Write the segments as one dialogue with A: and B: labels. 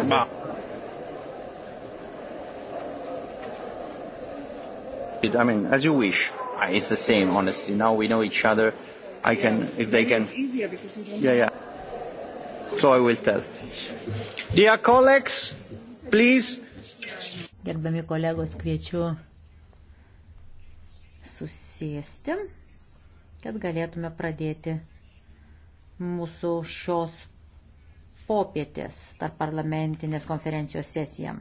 A: à fait. Ma. I mean, as you wish. Ah, it's the same, honestly. Now we know each other. I yeah. can, if they can. It's easier because you don't. Yeah,
B: yeah. So I will tell. Dear colleagues, please. Gerbiami kolegos, kviečiu susėsti, kad galėtume pradėti mūsų šios popietės tarp parlamentinės konferencijos sesijam.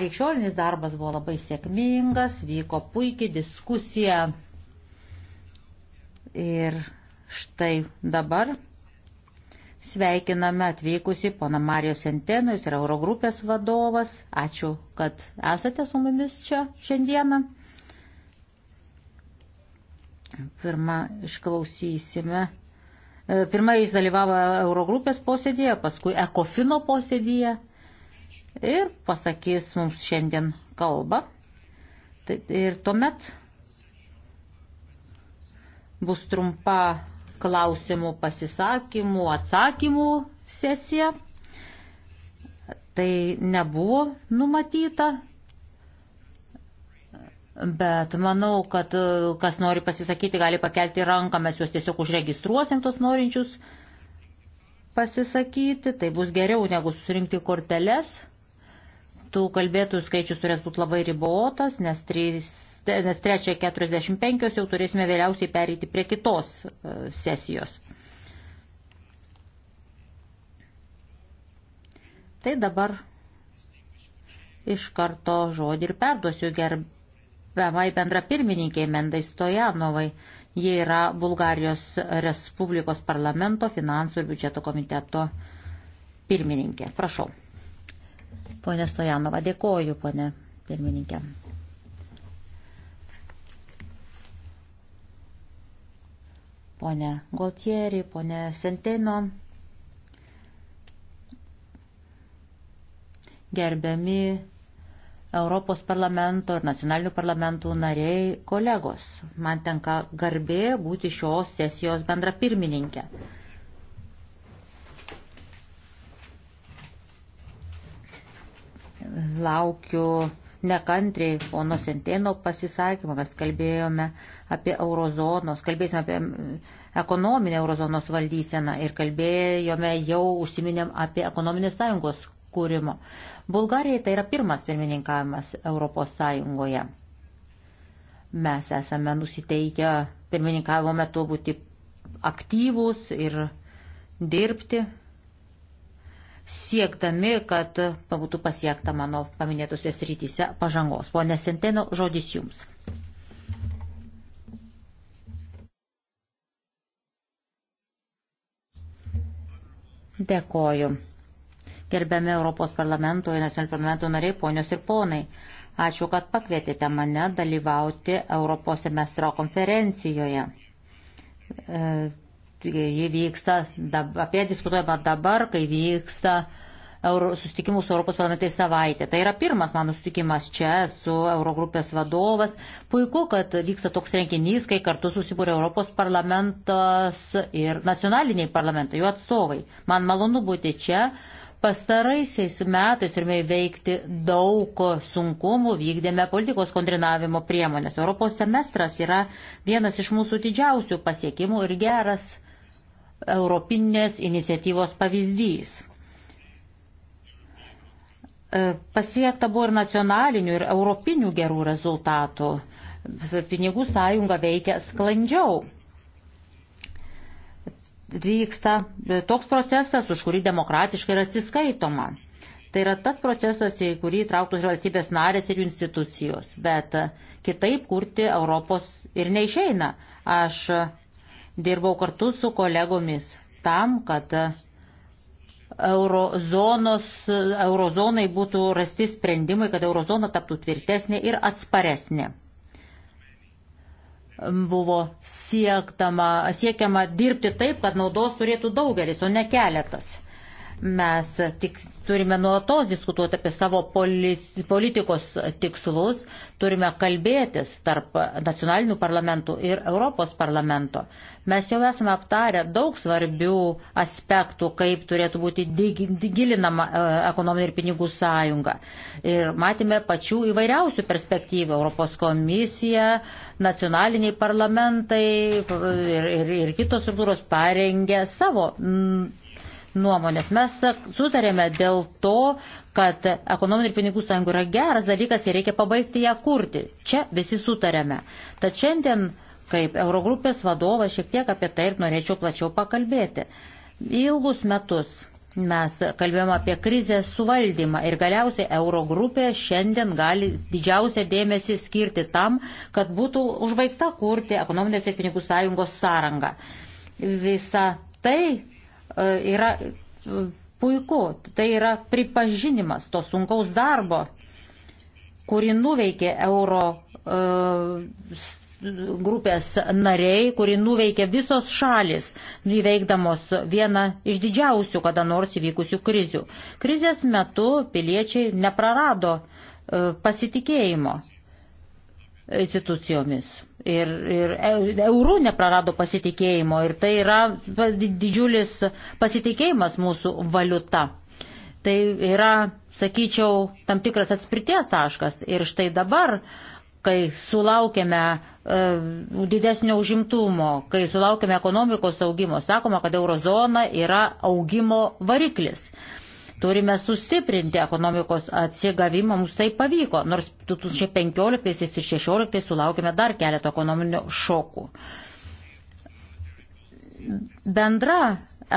B: Reikščiolinis darbas buvo labai sėkmingas, vyko puikiai diskusija ir štai dabar sveikiname atvykusi pona Marijos Sentenų, jis yra Eurogrupės vadovas. Ačiū, kad esate su mumis čia šiandieną. Pirmą išklausysime E, Pirmai jis dalyvavo Eurogrupės posėdėje, paskui Ekofino posėdėje ir pasakys mums šiandien kalbą. Tai ir tuomet bus trumpa klausimų, pasisakymų, atsakymų sesija. Tai nebuvo numatyta Bet manau, kad e, kas nori pasisakyti, gali pakelti ranką, mes juos tiesiog užregistruosim tos norinčius pasisakyti, tai bus geriau negu susirinkti korteles. Tų kalbėtojų skaičius turės būti labai ribotas, nes, 3, nes 3.45 jau turėsime vėliausiai pereiti prie kitos e, sesijos. Tai dabar iš karto žodį ir perduosiu gerbėjai gerbiamai bendra pirmininkiai Mendai Stojanovai. Jie yra Bulgarijos Respublikos parlamento finansų ir biudžeto komiteto pirmininkė. Prašau. Pone Stojanova, dėkoju, pone pirmininkė. Pone Goltieri, pone Senteno. gerbiami Europos parlamento ir nacionalinių parlamentų nariai, kolegos. Man tenka garbė būti šios sesijos bendra pirmininkė. Laukiu nekantriai pono Sentėno pasisakymą. Mes kalbėjome apie eurozonos, kalbėsime apie mm, ekonominę eurozonos valdyseną ir kalbėjome jau užsiminėm apie ekonominės sąjungos kūrimo. Bulgarijai tai yra pirmas pirmininkavimas Europos Sąjungoje. Mes esame nusiteikę pirmininkavimo metu būti aktyvūs ir dirbti, siekdami, kad būtų pasiekta mano paminėtose srityse pažangos. Pone Senteno, žodis jums. Dėkoju gerbiami Europos parlamento ir nacionalinio parlamento nariai, ponios ir ponai. Ačiū, kad pakvietėte mane dalyvauti Europos semestro konferencijoje. E, ji vyksta, apie diskutuojama dabar, kai vyksta susitikimų su Europos parlamentai savaitė. Tai yra pirmas mano susitikimas čia su Eurogrupės vadovas. Puiku, kad vyksta toks renginys, kai kartu susibūrė Europos parlamentas ir nacionaliniai parlamentai, jų atstovai. Man malonu būti čia Pastaraisiais metais turime įveikti daug sunkumų, vykdėme politikos kontrinavimo priemonės. Europos semestras yra vienas iš mūsų didžiausių pasiekimų ir geras europinės iniciatyvos pavyzdys. E, pasiekta buvo ir nacionalinių, ir europinių gerų rezultatų. Pinigų sąjunga veikia sklandžiau vyksta toks procesas, už kurį demokratiškai yra atsiskaitoma. Tai yra tas procesas, į kurį trauktus valstybės narės ir jų institucijos. Bet kitaip kurti Europos ir neišeina. Aš dirbau kartu su kolegomis tam, kad eurozonos, eurozonai būtų rasti sprendimai, kad eurozona taptų tvirtesnė ir atsparesnė buvo siektama, siekiama dirbti taip, kad naudos turėtų daugelis, o ne keletas. Mes tik turime nuolatos diskutuoti apie savo politikos tikslus, turime kalbėtis tarp nacionalinių parlamentų ir Europos parlamento. Mes jau esame aptarę daug svarbių aspektų, kaip turėtų būti gilinama e, ekonominė ir pinigų sąjunga. Ir matėme pačių įvairiausių perspektyvų. Europos komisija, nacionaliniai parlamentai e, ir, ir, ir kitos struktūros parengė savo nuomonės. Mes sutarėme dėl to, kad ekonominė ir pinigų sąjunga yra geras dalykas ir reikia pabaigti ją kurti. Čia visi sutarėme. Tad šiandien, kaip Eurogrupės vadovas, šiek tiek apie tai ir norėčiau plačiau pakalbėti. Ilgus metus mes kalbėjome apie krizės suvaldymą ir galiausiai Eurogrupė šiandien gali didžiausią dėmesį skirti tam, kad būtų užbaigta kurti ekonominės ir pinigų sąjungos sąrangą. Visa tai E, yra e, puiku, tai yra pripažinimas to sunkaus darbo, kurį nuveikė euro e, grupės nariai, kurį nuveikė visos šalis, nuveikdamos vieną iš didžiausių kada nors įvykusių krizių. Krizės metu piliečiai neprarado pasitikėjimo institucijomis. Ir, ir eurų neprarado pasitikėjimo ir tai yra didžiulis pasitikėjimas mūsų valiuta. Tai yra, sakyčiau, tam tikras atspirties taškas. Ir štai dabar, kai sulaukėme e, didesnio užimtumo, kai sulaukime ekonomikos augimo, sakoma, kad eurozona yra augimo variklis. Turime sustiprinti ekonomikos atsigavimą, mums tai pavyko, nors 2015 ir 2016 sulaukime dar keletą ekonominių šokų. Bendra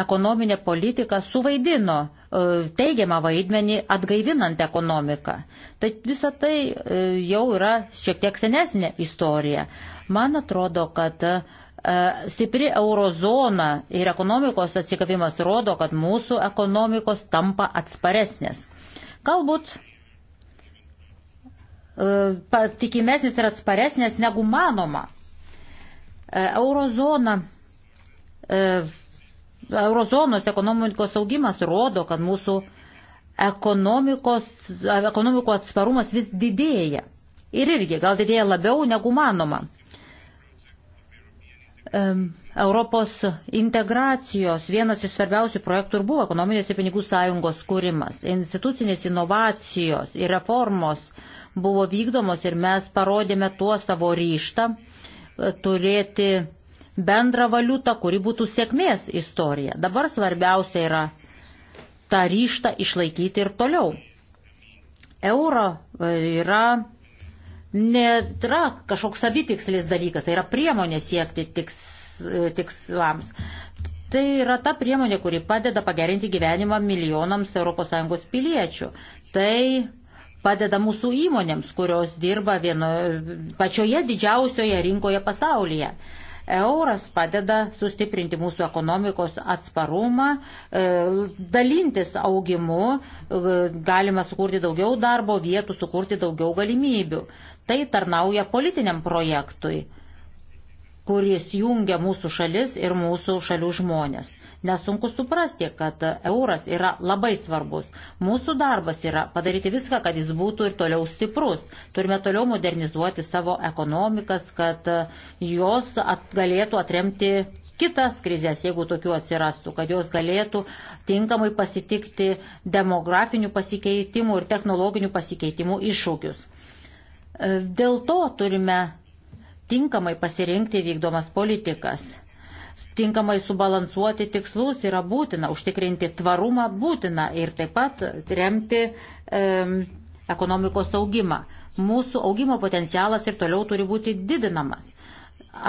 B: ekonominė politika suvaidino e, teigiamą vaidmenį atgaivinant ekonomiką. Tai visa tai e, jau yra šiek tiek senesnė istorija. Man atrodo, kad E, stipri eurozona ir ekonomikos atsikavimas rodo, kad mūsų ekonomikos tampa atsparesnės. Galbūt e, patikimesnis ir atsparesnės negu manoma. E, eurozona, eurozonos ekonomikos augimas rodo, kad mūsų ekonomikos, ekonomikos atsparumas vis didėja. Ir irgi gal didėja labiau negu manoma. Europos integracijos vienas iš svarbiausių projektų ir buvo ekonominės ir pinigų sąjungos kūrimas. Institucinės inovacijos ir reformos buvo vykdomos ir mes parodėme tuo savo ryštą e, turėti bendrą valiutą, kuri būtų sėkmės istorija. Dabar svarbiausia yra tą ryštą išlaikyti ir toliau. Euro e, yra nėra kažkoks savitikslis dalykas, tai yra priemonė siekti tiks, tikslams. Tai yra ta priemonė, kuri padeda pagerinti gyvenimą milijonams ES piliečių. Tai padeda mūsų įmonėms, kurios dirba vieno, pačioje didžiausioje rinkoje pasaulyje. Euras padeda sustiprinti mūsų ekonomikos atsparumą, e, dalintis augimu, e, galima sukurti daugiau darbo vietų, sukurti daugiau galimybių. Tai tarnauja politiniam projektui, kuris jungia mūsų šalis ir mūsų šalių žmonės. Nesunku suprasti, kad euras yra labai svarbus. Mūsų darbas yra padaryti viską, kad jis būtų ir toliau stiprus. Turime toliau modernizuoti savo ekonomikas, kad jos at, galėtų atremti kitas krizės, jeigu tokių atsirastų, kad jos galėtų tinkamai pasitikti demografinių pasikeitimų ir technologinių pasikeitimų iššūkius. Dėl to turime tinkamai pasirinkti vykdomas politikas tinkamai subalansuoti tikslus yra būtina, užtikrinti tvarumą būtina ir taip pat remti e, ekonomikos augimą. Mūsų augimo potencialas ir toliau turi būti didinamas.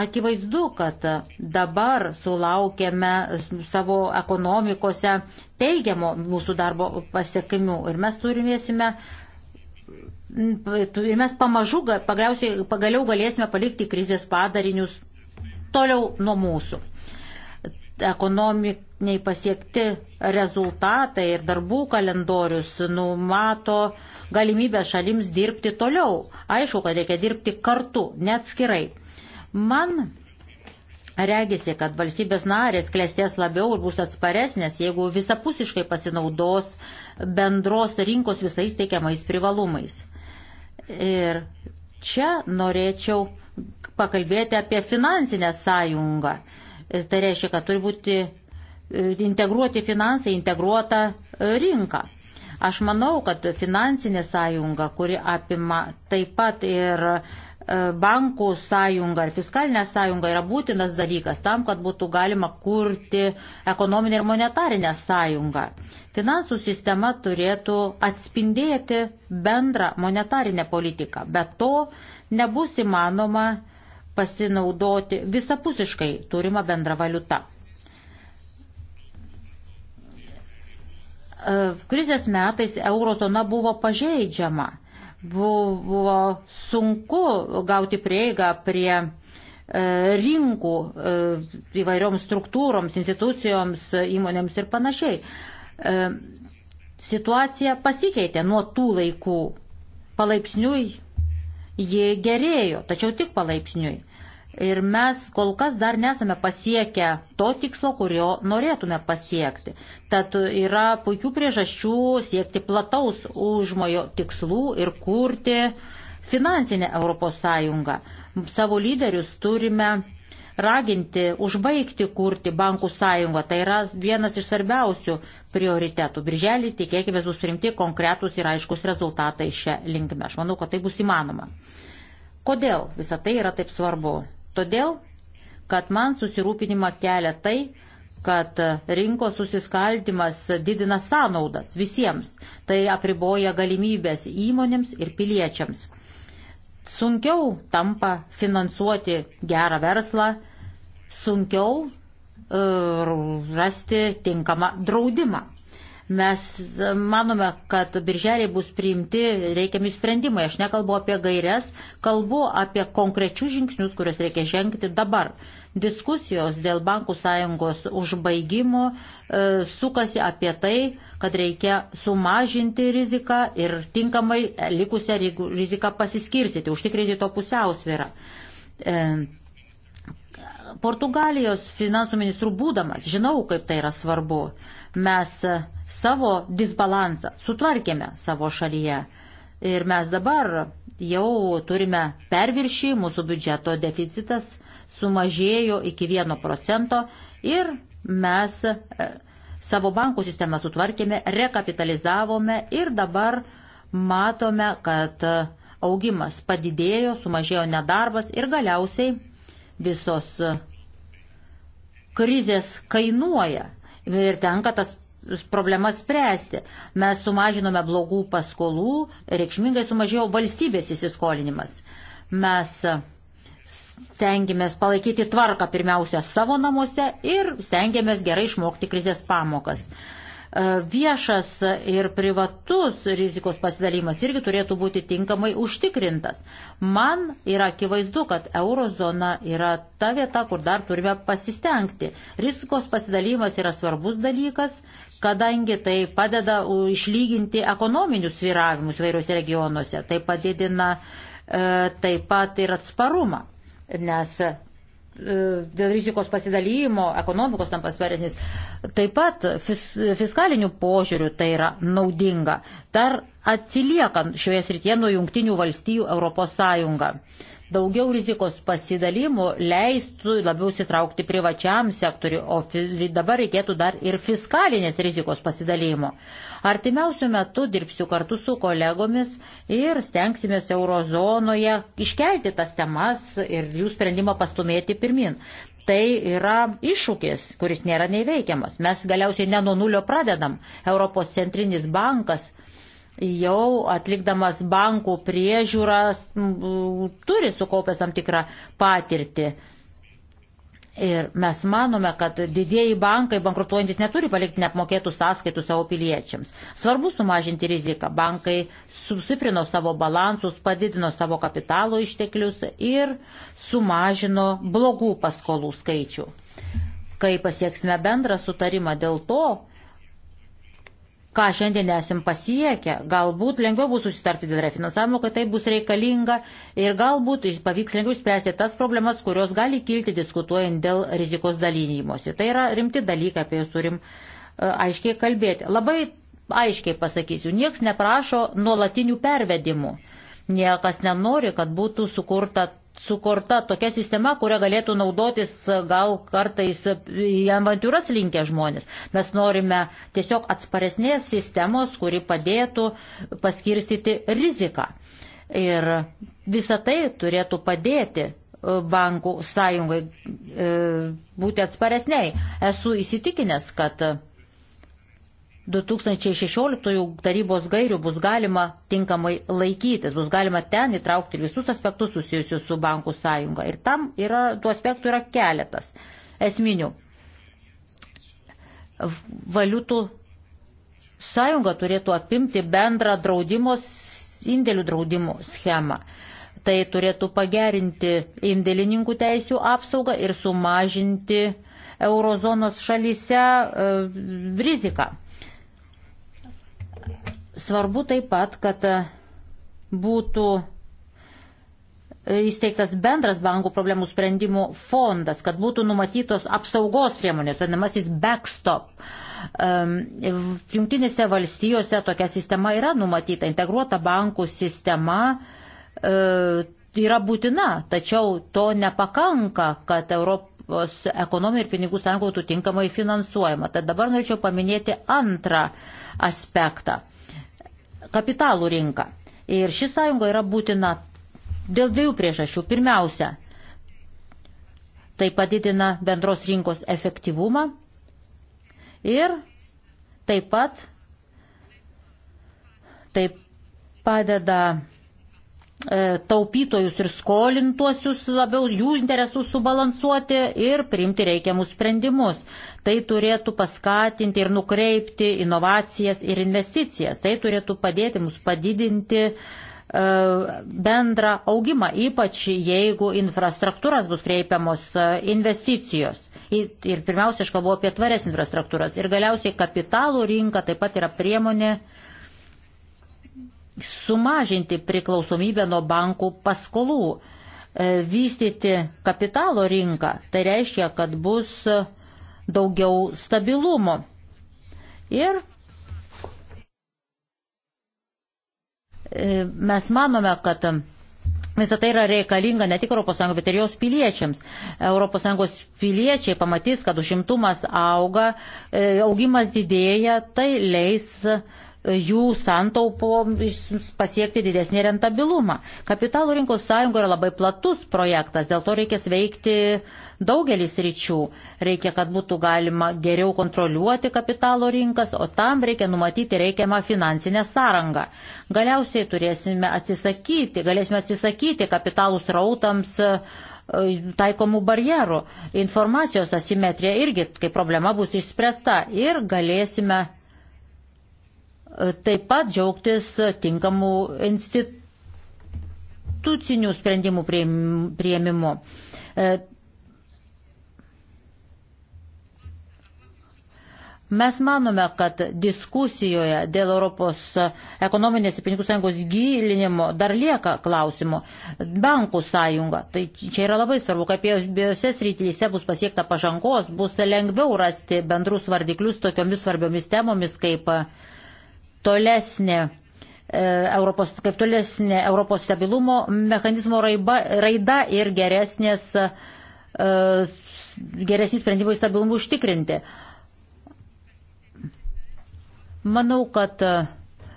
B: Akivaizdu, kad dabar sulaukėme savo ekonomikose teigiamo mūsų darbo pasiekimių ir mes turimėsime ir mes pamažu, pagaliau galėsime palikti krizės padarinius toliau nuo mūsų ekonominiai pasiekti rezultatai ir darbų kalendorius numato galimybę šalims dirbti toliau. Aišku, kad reikia dirbti kartu, net skirai. Man regisi, kad valstybės narės klėstės labiau ir bus atsparesnės, jeigu visapusiškai pasinaudos bendros rinkos visais teikiamais privalumais. Ir čia norėčiau pakalbėti apie finansinę sąjungą. Tai reiškia, kad turi būti e, integruoti finansai, integruota e, rinka. Aš manau, kad finansinė sąjunga, kuri apima taip pat ir e, bankų sąjunga ar fiskalinė sąjunga yra būtinas dalykas tam, kad būtų galima kurti ekonominę ir monetarinę sąjungą. Finansų sistema turėtų atspindėti bendrą monetarinę politiką. Be to nebus įmanoma pasinaudoti visapusiškai turimą bendrą valiutą. E, krizės metais eurozona buvo pažeidžiama, buvo sunku gauti prieigą prie e, rinkų e, įvairioms struktūroms, institucijoms, įmonėms ir panašiai. Situacija pasikeitė nuo tų laikų. Palaipsniui ji gerėjo, tačiau tik palaipsniui. Ir mes kol kas dar nesame pasiekę to tikslo, kurio norėtume pasiekti. Tad yra puikių priežasčių siekti plataus užmojo tikslų ir kurti finansinę ES. Savo lyderius turime raginti užbaigti kurti bankų sąjungą. Tai yra vienas iš svarbiausių prioritetų. Birželį tikėkime bus rimti konkretūs ir aiškus rezultatai šią linkmę. Aš manau, kad tai bus įmanoma. Kodėl visa tai yra taip svarbu? Todėl, kad man susirūpinimą kelia tai, kad rinkos susiskaldimas didina sąnaudas visiems. Tai apriboja galimybės įmonėms ir piliečiams sunkiau tampa finansuoti gerą verslą, sunkiau e, rasti tinkamą draudimą. Mes e, manome, kad birželiai bus priimti reikiami sprendimai. Aš nekalbu apie gairias, kalbu apie konkrečius žingsnius, kuriuos reikia žengti dabar. Diskusijos dėl bankų sąjungos užbaigimo e, sukasi apie tai, kad reikia sumažinti riziką ir tinkamai likusią riziką pasiskirstyti, užtikrinti to pusiausvyrą. E, Portugalijos finansų ministrų būdamas žinau, kaip tai yra svarbu. Mes e, savo disbalansą sutvarkėme savo šalyje ir mes dabar jau turime perviršį, mūsų biudžeto deficitas sumažėjo iki 1 procento ir mes e, savo bankų sistemą sutvarkėme, rekapitalizavome ir dabar matome, kad e, augimas padidėjo, sumažėjo nedarbas ir galiausiai visos e, krizės kainuoja ir tenka tas problemas spręsti. Mes sumažinome blogų paskolų, reikšmingai sumažėjo valstybės įsiskolinimas. Mes e, stengiamės palaikyti tvarką pirmiausia savo namuose ir stengiamės gerai išmokti krizės pamokas viešas ir privatus rizikos pasidalymas irgi turėtų būti tinkamai užtikrintas. Man yra akivaizdu, kad eurozona yra ta vieta, kur dar turime pasistengti. Rizikos pasidalymas yra svarbus dalykas, kadangi tai padeda išlyginti ekonominius sviravimus vairiuose regionuose, tai padidina e, taip pat ir atsparumą, nes E, dėl rizikos pasidalymo, ekonomikos tam pasvaresnis. Taip pat fis, fiskalinių požiūrių tai yra naudinga. Dar atsilieka šioje srityje nuo jungtinių valstybių Europos Sąjunga. Uh, daugiau rizikos pasidalymų leistų labiau sitraukti privačiam sektoriu, o dabar reikėtų dar ir fiskalinės rizikos pasidalymo. Artimiausių metų dirbsiu kartu su kolegomis ir stengsimės eurozonoje iškelti tas temas ir jų sprendimą pastumėti pirmin. Tai yra iššūkis, kuris nėra neįveikiamas. Mes galiausiai ne nuo nulio pradedam. Europos centrinis bankas jau atlikdamas bankų priežiūrą turi sukaupęs tam tikrą patirtį. Ir mes manome, kad didieji bankai bankrutuojantis neturi palikti neapmokėtų sąskaitų savo piliečiams. Svarbu sumažinti riziką. Bankai susiprino savo balansus, padidino savo kapitalo išteklius ir sumažino blogų paskolų skaičių. Kai pasieksime bendrą sutarimą dėl to, ką šiandien esam pasiekę, galbūt lengviau bus susitarti dėl refinansavimo, kad tai bus reikalinga ir galbūt pavyks lengviau išspręsti tas problemas, kurios gali kilti diskutuojant dėl rizikos dalynymosi. Tai yra rimti dalykai, apie juos turim e, aiškiai kalbėti. Labai aiškiai pasakysiu, niekas neprašo nuolatinių pervedimų. Niekas nenori, kad būtų sukurta sukurta tokia sistema, kurią galėtų naudotis e, gal kartais e, į avantūras linkę žmonės. Mes norime tiesiog atsparesnės sistemos, kuri padėtų paskirstyti riziką. Ir visa tai turėtų padėti e, bankų sąjungai būti atsparesniai. Esu įsitikinęs, kad 2016 tarybos gairių bus galima tinkamai laikytis, bus galima ten įtraukti visus aspektus susijusius su bankų sąjunga. Ir tam yra, tų aspektų yra keletas esminių. Valiutų sąjunga turėtų apimti bendrą draudimos, indėlių draudimo schemą. Tai turėtų pagerinti indėlininkų teisių apsaugą ir sumažinti eurozonos šalyse e, riziką Svarbu taip pat, kad e, būtų e, įsteigtas bendras bankų problemų sprendimų fondas, kad būtų numatytos apsaugos priemonės, vadinamasis backstop. Junktinėse valstijose tokia sistema yra numatyta, integruota bankų sistema e, yra būtina, tačiau to nepakanka, kad Europos ekonomija ir pinigų sąjunga būtų tinkamai finansuojama. Tad dabar norėčiau paminėti antrą aspektą kapitalų rinką. Ir ši sąjunga yra būtina dėl dviejų priežasčių. Pirmiausia, tai padidina bendros rinkos efektyvumą ir taip pat tai padeda E, taupytojus ir skolintuosius labiau jų interesus subalansuoti ir priimti reikiamus sprendimus. Tai turėtų paskatinti ir nukreipti inovacijas ir investicijas. Tai turėtų padėti mums padidinti e, bendrą augimą, ypač jeigu infrastruktūras bus kreipiamos e, investicijos. Ir pirmiausia, aš kalbu apie tvarias infrastruktūras. Ir galiausiai kapitalų rinka taip pat yra priemonė uh, sumažinti priklausomybę nuo bankų paskolų, e, vystyti kapitalo rinką. Tai reiškia, kad bus daugiau stabilumo. Ir e, mes manome, kad Visą tai yra reikalinga ne tik ES, bet ir jos piliečiams. ES piliečiai pamatys, kad užimtumas auga, e, augimas didėja, tai leis jų santaupoms pasiekti didesnį rentabilumą. Kapitalų rinkos sąjunga yra labai platus projektas, dėl to reikės veikti daugelis ryčių. Reikia, kad būtų galima geriau kontroliuoti kapitalo rinkas, o tam reikia numatyti reikiamą finansinę sąrangą. Galiausiai turėsime atsisakyti, galėsime atsisakyti kapitalų srautams e, taikomų barjerų. Informacijos asimetrija irgi kaip problema bus išspręsta ir galėsime E, taip pat džiaugtis tinkamų institucinių sprendimų prieimimu. E, mes manome, kad diskusijoje dėl Europos ekonominės ir pinigų sąjungos gilinimo dar lieka klausimų. Bankų sąjunga, tai čia yra labai svarbu, kad abiejose srityse bus pasiekta pažangos, bus lengviau rasti bendrus vardiklius tokiomis svarbiomis temomis kaip uh, tolesnė e, Europos, kaip tolesnė Europos stabilumo mechanizmo raiba, raida ir geresnės, e, geresnį sprendimų stabilumų užtikrinti. Manau, kad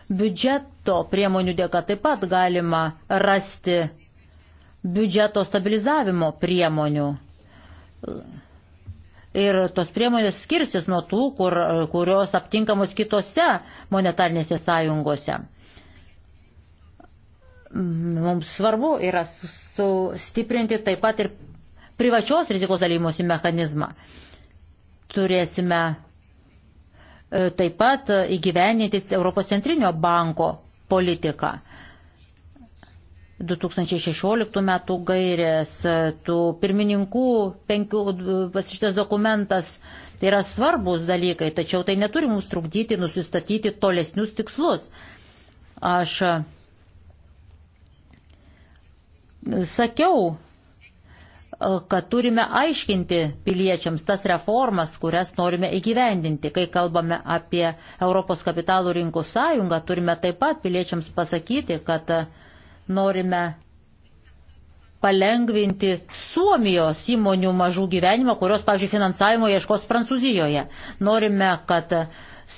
B: biudžeto priemonių dėka taip pat galima rasti biudžeto stabilizavimo priemonių. Ir tos priemonės skirsis nuo tų, kur, kurios aptinkamos kitose monetarnėse sąjungose. Mums svarbu yra sustiprinti taip pat ir privačios rizikos dalymosi mechanizmą. Turėsime e, taip pat įgyveninti Europos centrinio banko politiką. 2016 metų gairės, tų pirmininkų penkių pasištas dokumentas, tai yra svarbus dalykai, tačiau tai neturi mums trukdyti nusistatyti tolesnius tikslus. Aš sakiau, kad turime aiškinti piliečiams tas reformas, kurias norime įgyvendinti. Kai kalbame apie Europos kapitalų rinkų sąjungą, turime taip pat piliečiams pasakyti, kad uh, norime palengvinti Suomijos įmonių mažų gyvenimą, kurios, pavyzdžiui, finansavimo ieškos Prancūzijoje. Norime, kad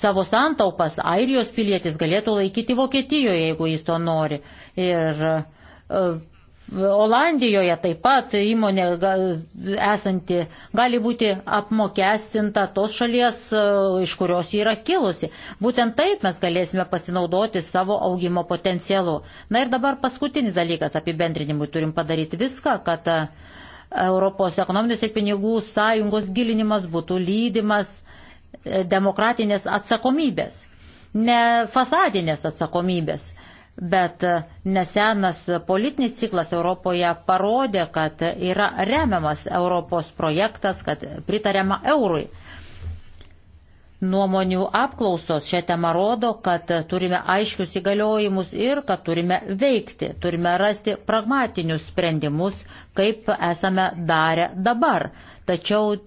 B: savo santaupas Airijos pilietis galėtų laikyti Vokietijoje, jeigu jis to nori. Ir e, Olandijoje taip pat įmonė esanti gali būti apmokestinta tos šalies, e, iš kurios yra kilusi. Būtent taip mes galėsime pasinaudoti savo augimo potencialu. Na ir dabar paskutinis dalykas apibendrinimui turim padaryti viską, kad e, Europos ekonominės ir pinigų sąjungos gilinimas būtų lydimas e, demokratinės atsakomybės, ne fasadinės atsakomybės bet e, nesenas politinis ciklas Europoje parodė, kad yra remiamas Europos projektas, kad pritariama eurui. Nuomonių apklausos šią temą rodo, kad turime aiškius įgaliojimus ir kad turime veikti, turime rasti pragmatinius sprendimus, kaip esame darę dabar. Tačiau e,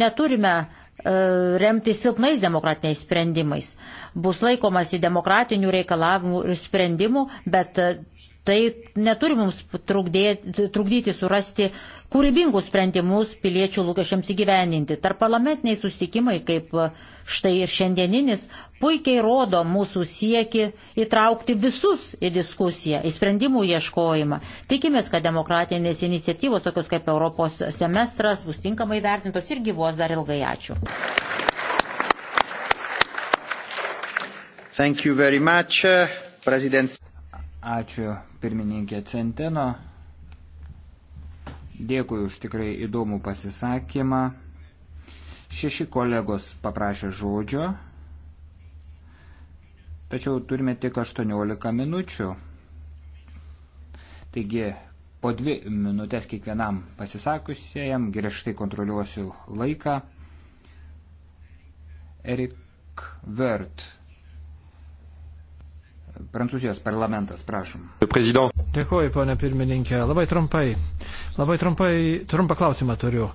B: neturime E, remtis silpnais demokratiniais sprendimais. Bus laikomasi demokratinių reikalavimų ir sprendimų, bet e, tai neturi mums trukdėti, trukdyti surasti kūrybingus sprendimus piliečių lūkesčiams įgyveninti. Tarp parlamentiniai sustikimai, kaip štai ir šiandieninis, puikiai rodo mūsų sieki įtraukti visus į diskusiją, į sprendimų ieškojimą. Tikimės, kad demokratinės iniciatyvos, tokios kaip Europos semestras, bus tinkamai vertintos ir gyvos dar ilgai. Ačiū.
A: Thank you very much, uh, President. Ačiū pirmininkė Centeno. Dėkui už tikrai įdomų pasisakymą. Šeši kolegos paprašė žodžio, tačiau turime tik 18 minučių. Taigi po dvi minutės kiekvienam pasisakusiejam griežtai kontroliuosiu laiką. Erik Vert Prancūzijos parlamentas, prašom.
C: Dėkuoju, ponė pirmininkė. Labai trumpai, labai trumpai, trumpą klausimą turiu.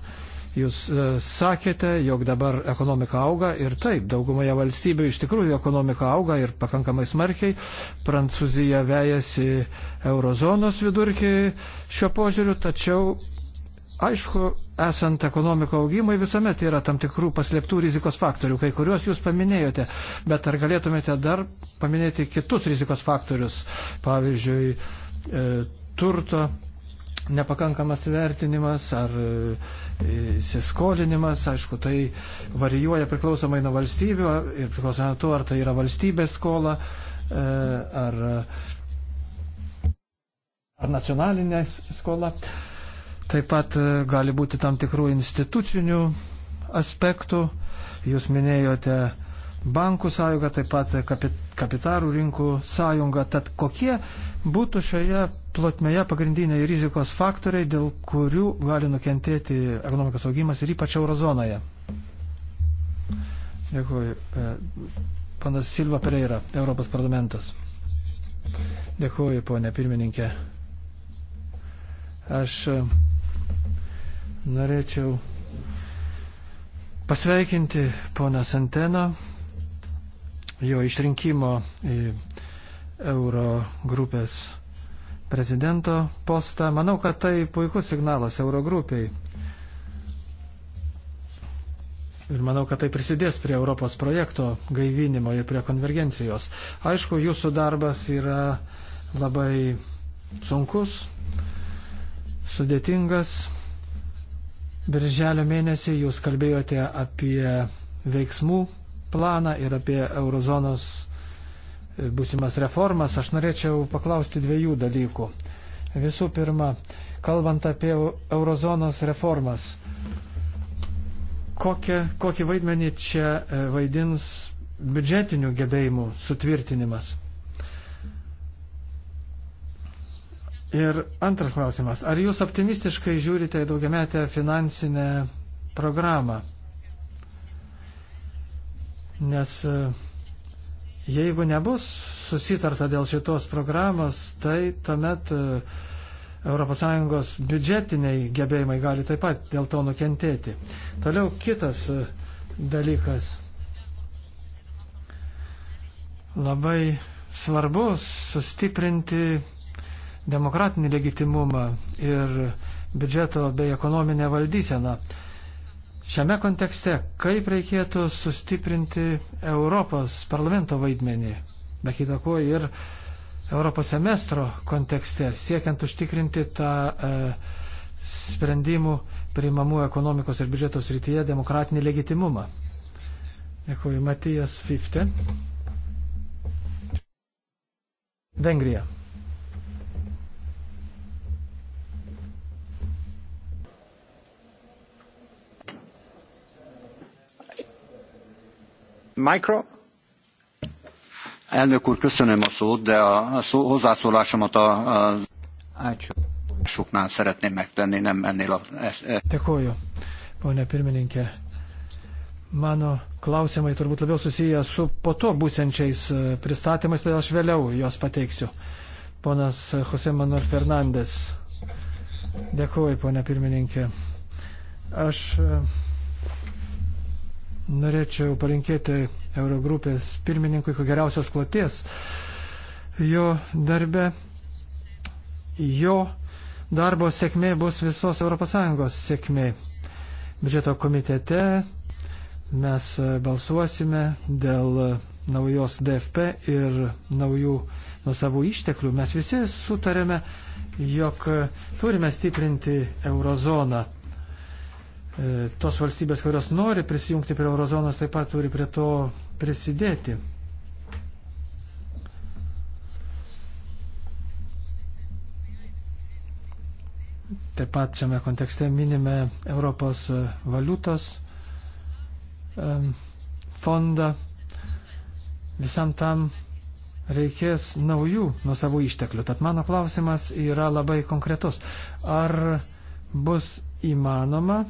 C: Jūs e, sakėte, jog dabar ekonomika auga ir taip, daugumoje valstybių iš tikrųjų ekonomika auga ir pakankamai smarkiai. Prancūzija vejasi eurozonos vidurkį šiuo požiūriu, tačiau aišku, esant ekonomiko augimui visuomet yra tam tikrų paslėptų rizikos faktorių, kai kuriuos jūs paminėjote, bet ar galėtumėte dar paminėti kitus rizikos faktorius, pavyzdžiui, e, turto nepakankamas vertinimas ar e, įsiskolinimas, aišku, tai varijuoja priklausomai nuo valstybių ir priklausomai nuo to, ar tai yra valstybės skola, e, ar, ar nacionalinė skola. E, Taip pat e, gali būti tam tikrų institucinių aspektų. Jūs minėjote bankų sąjungą, taip pat kapitarų rinkų sąjungą. Tad kokie būtų šioje plotmėje pagrindiniai rizikos faktoriai, dėl kurių gali nukentėti ekonomikos augimas ir ypač eurozonoje? Dėkuoju. E, panas Silva Pereira, Europos parlamentas. Dėkuoju, ponė pirmininkė. Aš e, Norėčiau pasveikinti poną Santeną, jo išrinkimo į Euro grupės prezidento postą. Manau, kad tai puikus signalas Euro grupiai. Ir manau, kad tai prisidės prie Europos projekto gaivinimo ir prie konvergencijos. Aišku, jūsų darbas yra labai sunkus, sudėtingas, Birželio mėnesį jūs kalbėjote apie veiksmų planą ir apie eurozonos e, būsimas reformas. Aš norėčiau paklausti dviejų dalykų. Visų pirma, kalbant apie eurozonos reformas, kokia, kokį vaidmenį čia e, vaidins biudžetinių gebėjimų sutvirtinimas? Ir antras klausimas. Ar jūs optimistiškai žiūrite į daugiametę finansinę programą? Nes e, jeigu nebus susitarta dėl šitos programos, tai tuomet ES biudžetiniai gebėjimai gali taip pat dėl to nukentėti. Toliau kitas e, dalykas. Labai svarbu sustiprinti demokratinį legitimumą ir biudžeto bei ekonominę valdyseną. Šiame kontekste, kaip reikėtų sustiprinti Europos parlamento vaidmenį, be kitako ir Europos semestro kontekste, siekiant užtikrinti tą e, sprendimų priimamų ekonomikos ir biudžeto srityje demokratinį legitimumą. Dėkuoju, Matijas Fifte. Vengrija.
A: Micro. Elnök úr, köszönöm a szót, de a szó, hozzászólásomat a, a Ačiū. Suknál szeretném megtenni, nem ennél a...
C: Dėkuoju, e- ponė pirmininkė. Mano klausimai turbūt labiau susiję su po to būsiančiais e, pristatymais, todėl aš vėliau juos pateiksiu. Ponas Jose Manuel Fernandes. Dėkuoju, ponė pirmininkė. Aš e, Norėčiau palinkėti Eurogrupės pirmininkui ko geriausios kloties jo darbe. Jo darbo sėkmė bus visos ES sėkmė. Biudžeto komitete mes balsuosime dėl naujos DFP ir naujų nuo savų išteklių. Mes visi sutarėme, jog turime stiprinti eurozoną. E, tos valstybės, kurios nori prisijungti prie eurozonos, taip pat turi prie to prisidėti. Taip pat šiame kontekste minime Europos valiutos fondą. Visam tam reikės naujų nuo savų išteklių. Tad mano klausimas yra labai konkretus. Ar bus įmanoma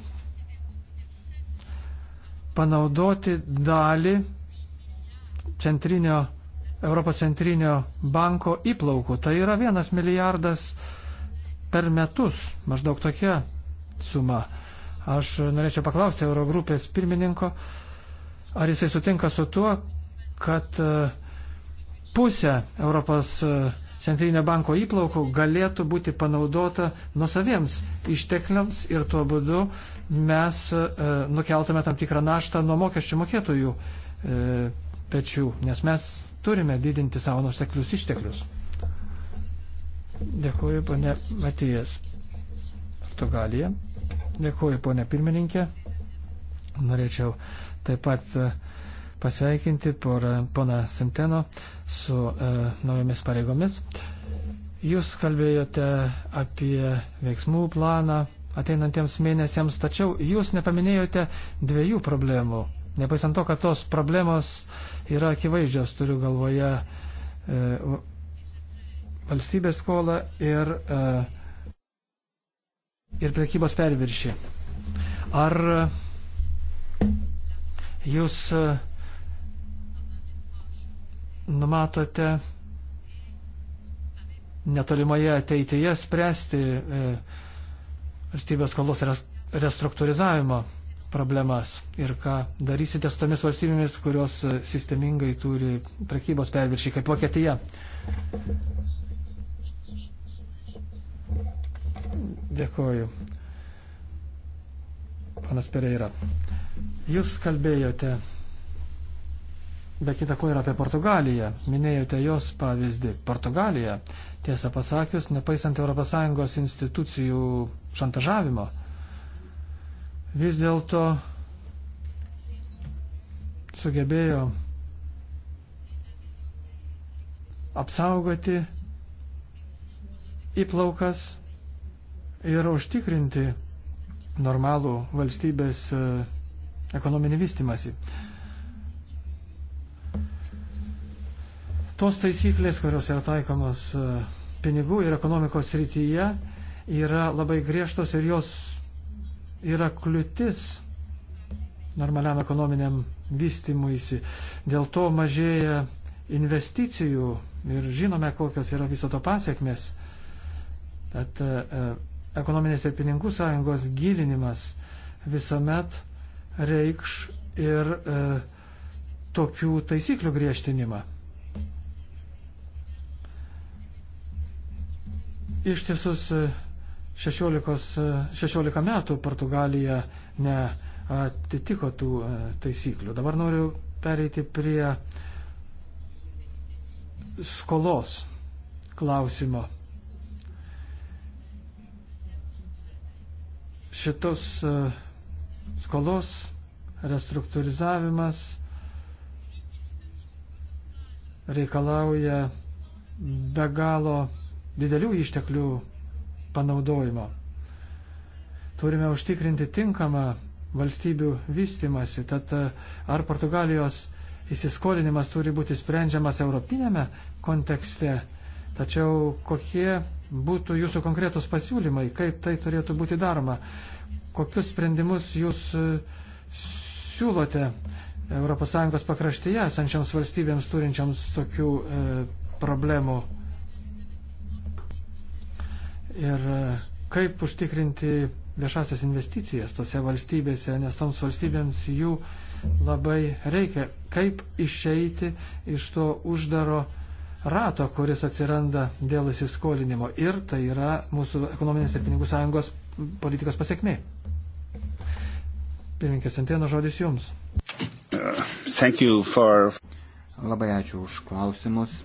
C: panaudoti dalį centrinio, Europos centrinio banko įplaukų. Tai yra vienas milijardas per metus, maždaug tokia suma. Aš norėčiau paklausti Eurogrupės pirmininko, ar jisai sutinka su tuo, kad e, pusė Europos e, centrinio banko įplaukų galėtų būti panaudota nusaviems ištekliams ir tuo būdu mes e, nukeltume tam tikrą naštą nuo mokesčių mokėtojų e, pečių, nes mes turime didinti savo nuoseklius išteklius. Dėkuoju, ponė Matijas. Portugalija. Dėkuoju, ponė pirmininkė. Norėčiau taip pat e, pasveikinti poną Senteno su e, naujomis pareigomis. Jūs kalbėjote apie veiksmų planą, ateinantiems mėnesiams, tačiau jūs nepaminėjote dviejų problemų. Nepaisant to, kad tos problemos yra akivaizdžios, turiu galvoje e, valstybės skolą ir, e, ir priekybos perviršį. Ar jūs e, numatote netolimoje ateityje spręsti e, valstybės skolos restruktūrizavimo problemas ir ką darysite su tomis valstybėmis, kurios e, sistemingai turi prekybos perviršį, kaip Vokietija. Dėkoju. Panas Pereira, jūs kalbėjote be kita ko ir apie Portugaliją. Minėjote jos pavyzdį. Portugalija, tiesą pasakius, nepaisant ES institucijų šantažavimo, vis dėlto sugebėjo apsaugoti įplaukas ir užtikrinti normalų valstybės e, ekonominį vystimąsi. Tos taisyklės, kurios yra taikomos e, pinigų ir ekonomikos srityje, yra labai griežtos ir jos yra kliūtis normaliam ekonominiam vystimuisi. Dėl to mažėja investicijų ir žinome, kokios yra viso to pasiekmes. Tad e, e, ekonominės ir pinigų sąjungos gilinimas visuomet reikš ir e, tokių taisyklių griežtinimą. Ištisus 16, e, 16 e, metų Portugalija neatitiko tų e, taisyklių. Dabar noriu pereiti prie skolos klausimo. Šitos skolos restruktūrizavimas reikalauja be galo didelių išteklių panaudojimo. Turime užtikrinti tinkamą valstybių vystimasi. Tad ar Portugalijos įsiskolinimas turi būti sprendžiamas europinėme kontekste? Tačiau kokie būtų jūsų konkretus pasiūlymai, kaip tai turėtų būti daroma? Kokius sprendimus jūs e, siūlote ES pakraštyje esančioms valstybėms turinčioms tokių e, problemų? Ir e, kaip užtikrinti viešasias investicijas tose valstybėse, nes toms valstybėms jų labai reikia. Kaip išeiti iš to uždaro rato, kuris atsiranda dėl įsiskolinimo. Ir tai yra mūsų ekonominės ir pinigų sąjungos politikos pasiekmė. Pirminkės Antėno žodis jums.
A: For... Labai ačiū už klausimus.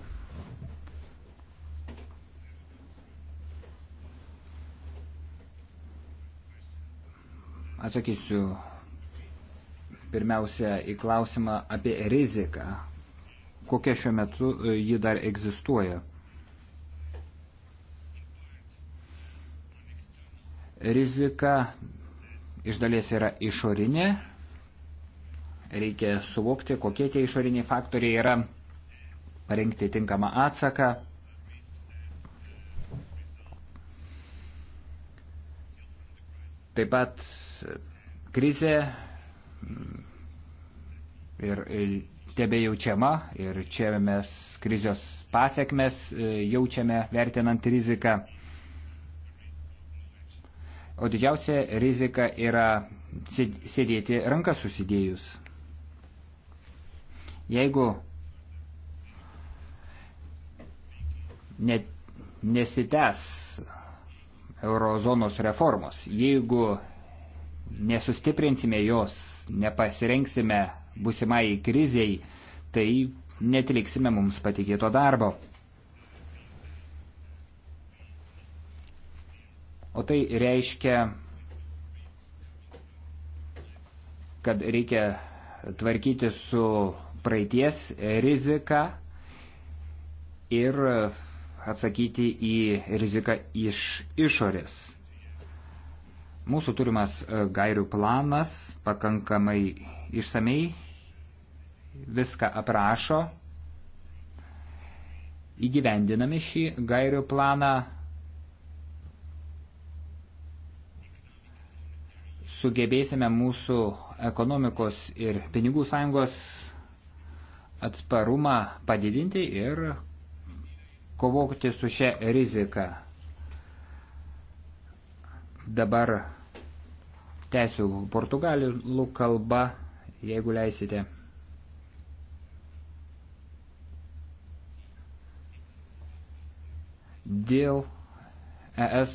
A: Atsakysiu pirmiausia į klausimą apie riziką. Kokia šiuo metu e, ji dar egzistuoja? Rizika iš dalies yra išorinė. Reikia suvokti, kokie tie išoriniai faktoriai yra, parengti tinkamą atsaką. Taip pat krizė ir tebe jaučiama ir čia mes krizės pasiekmes e, jaučiame vertinant riziką. O didžiausia rizika yra sėdėti rankas susidėjus. Jeigu net nesitęs eurozonos reformos, jeigu nesustiprinsime jos, nepasirengsime busimai kriziai, tai netliksime mums patikėto darbo. O tai reiškia, kad reikia tvarkyti su praeities rizika ir atsakyti į riziką iš išorės. Mūsų turimas e, gairių planas pakankamai išsamei viską aprašo. Įgyvendinami šį gairių planą sugebėsime mūsų ekonomikos ir pinigų sąjungos atsparumą padidinti ir kovokti su šia rizika. Dabar Tęsiu portugalų kalbą, jeigu leisite. Dėl ES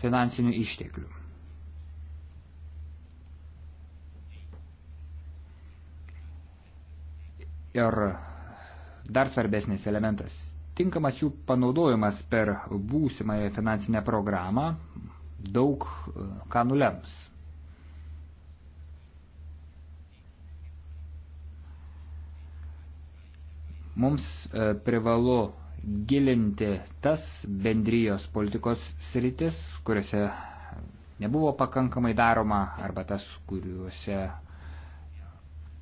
A: finansinių išteklių. Ir dar svarbesnis elementas - tinkamas jų panaudojimas per būsimąją finansinę programą daug e, ką nulems. Mums e, privalu gilinti tas bendrijos politikos sritis, kuriuose nebuvo pakankamai daroma arba tas, kuriuose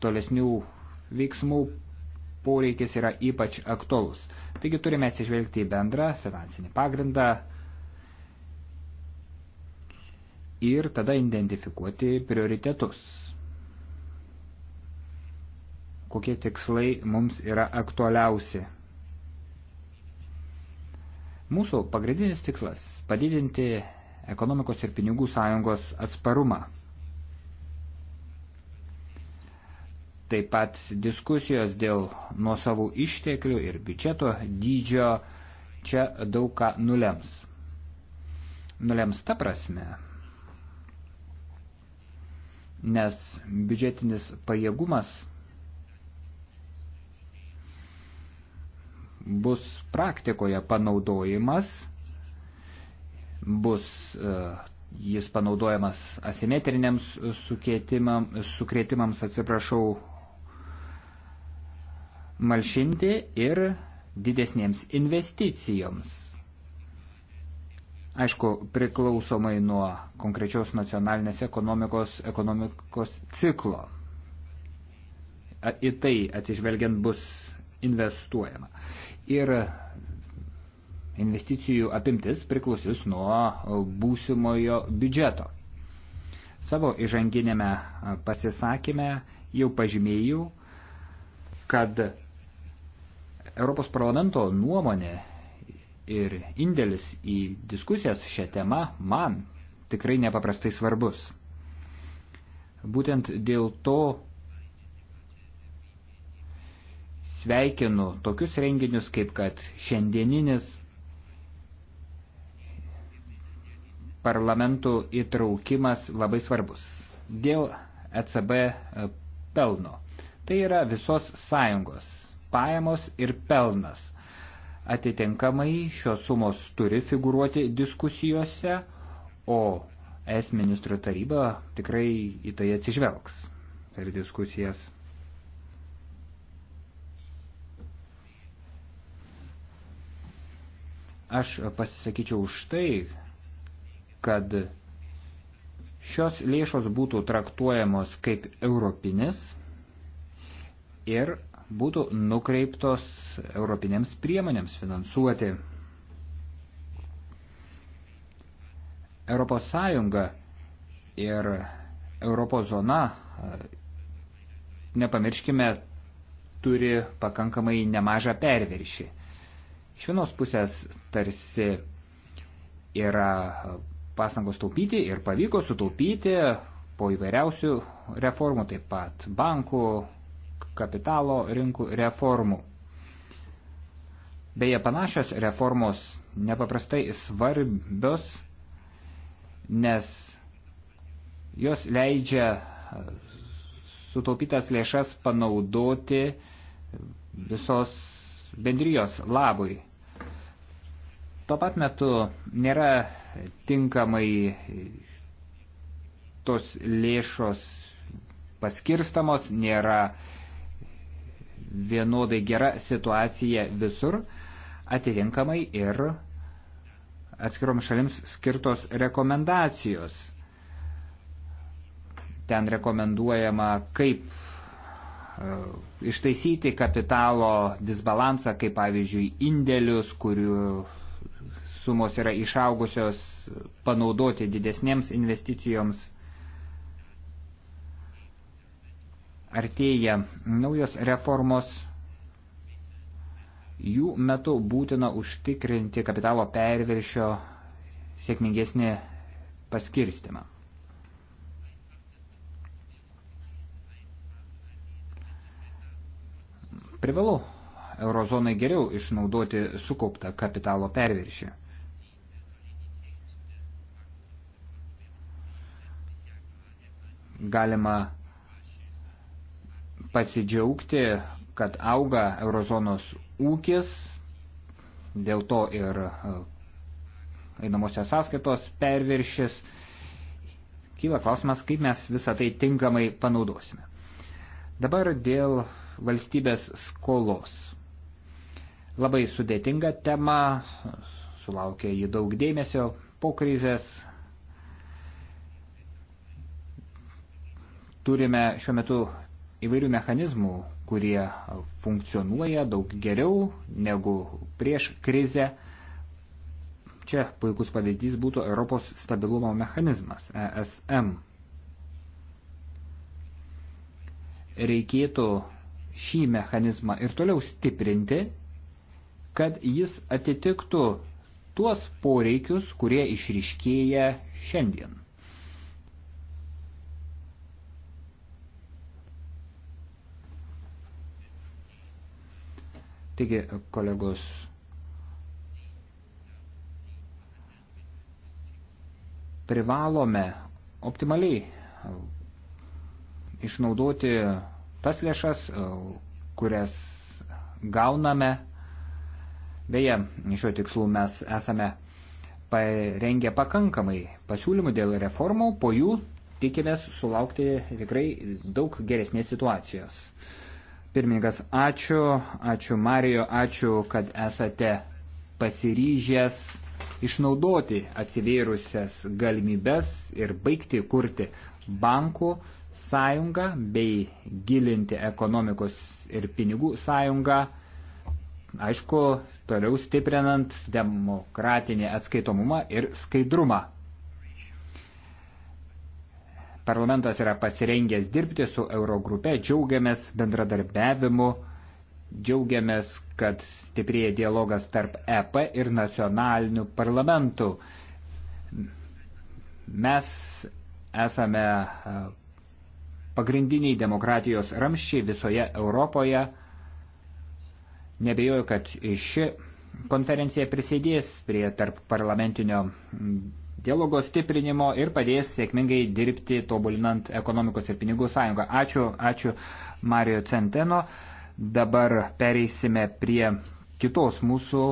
A: tolesnių veiksmų poreikis yra ypač aktuolus. Taigi turime atsižvelgti į bendrą finansinį pagrindą ir tada identifikuoti prioritetus kokie tikslai mums yra aktualiausi. Mūsų pagrindinis tikslas - padidinti ekonomikos ir pinigų sąjungos atsparumą. Taip pat diskusijos dėl nuosavų išteklių ir biudžeto dydžio čia daug ką nulems. Nulems ta prasme, nes biudžetinis pajėgumas bus praktikoje panaudojimas, bus e, jis panaudojamas asimetriniams sukretimams, atsiprašau, malšinti ir didesnėms investicijoms. Aišku, priklausomai nuo konkrečios nacionalinės ekonomikos, ekonomikos ciklo. Į tai atsižvelgiant bus investuojama ir investicijų apimtis priklausys nuo būsimojo biudžeto. Savo įžanginėme pasisakymę jau pažymėjau, kad Europos parlamento nuomonė ir indėlis į diskusijas šią temą man tikrai nepaprastai svarbus. Būtent dėl to sveikinu tokius renginius, kaip kad šiandieninis parlamentų įtraukimas labai svarbus dėl ECB e, pelno. Tai yra visos sąjungos pajamos ir pelnas. Atitinkamai šios sumos turi figuruoti diskusijose, o es ministrų taryba tikrai į tai atsižvelgs per diskusijas. Aš pasisakyčiau už tai, kad šios lėšos būtų traktuojamos kaip europinis ir būtų nukreiptos europinėms priemonėms finansuoti. Europos Sąjunga ir Europos zona, nepamirškime, turi pakankamai nemažą perviršį. Iš vienos pusės tarsi yra pastangos taupyti ir pavyko sutaupyti po įvairiausių reformų, taip pat bankų, kapitalo rinkų reformų. Beje, panašios reformos nepaprastai svarbios, nes jos leidžia sutaupytas lėšas panaudoti visos bendrijos labui. Tuo pat metu nėra tinkamai tos lėšos paskirstamos, nėra vienodai gera situacija visur, atitinkamai ir atskirom šalims skirtos rekomendacijos. Ten rekomenduojama, kaip E, ištaisyti kapitalo disbalansą, kaip pavyzdžiui indėlius, kurių sumos yra išaugusios, panaudoti didesnėms investicijoms. Artėja naujos reformos. Jų metu būtina užtikrinti kapitalo perviršio sėkmingesnį paskirstimą. privalu eurozonai geriau išnaudoti sukauptą kapitalo perviršį. Galima pasidžiaugti, kad auga eurozonos ūkis, dėl to ir e, einamosios sąskaitos perviršis. Kyla klausimas, kaip mes visą tai tinkamai panaudosime. Dabar dėl valstybės skolos. Labai sudėtinga tema, sulaukė jį daug dėmesio po krizės. Turime šiuo metu įvairių mechanizmų, kurie funkcionuoja daug geriau negu prieš krizę. Čia puikus pavyzdys būtų Europos stabilumo mechanizmas ESM. Reikėtų šį mechanizmą ir toliau stiprinti, kad jis atitiktų tuos poreikius, kurie išriškėja šiandien. Taigi, kolegos, privalome optimaliai išnaudoti tas lėšas, e, kurias gauname. Beje, šiuo tikslu mes esame parengę pakankamai pasiūlymų dėl reformų, po jų tikimės sulaukti tikrai daug geresnės situacijos. Pirmininkas, ačiū, ačiū Marijo, ačiū, kad esate pasiryžęs išnaudoti atsivėrusias galimybes ir baigti kurti bankų sąjungą bei gilinti ekonomikos ir pinigų sąjungą, aišku, toliau stiprinant demokratinį atskaitomumą ir skaidrumą. Parlamentas yra pasirengęs dirbti su Eurogrupe, džiaugiamės bendradarbiavimu, džiaugiamės, kad stiprėja dialogas tarp EP ir nacionalinių parlamentų. Mes esame pagrindiniai demokratijos ramščiai visoje Europoje. Nebejoju, kad ši konferencija prisidės prie tarp parlamentinio dialogo stiprinimo ir padės sėkmingai dirbti tobulinant ekonomikos ir pinigų sąjungą. Ačiū, ačiū Mario Centeno. Dabar pereisime prie kitos mūsų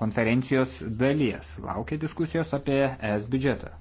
A: konferencijos dalies. Laukia diskusijos apie ES biudžetą.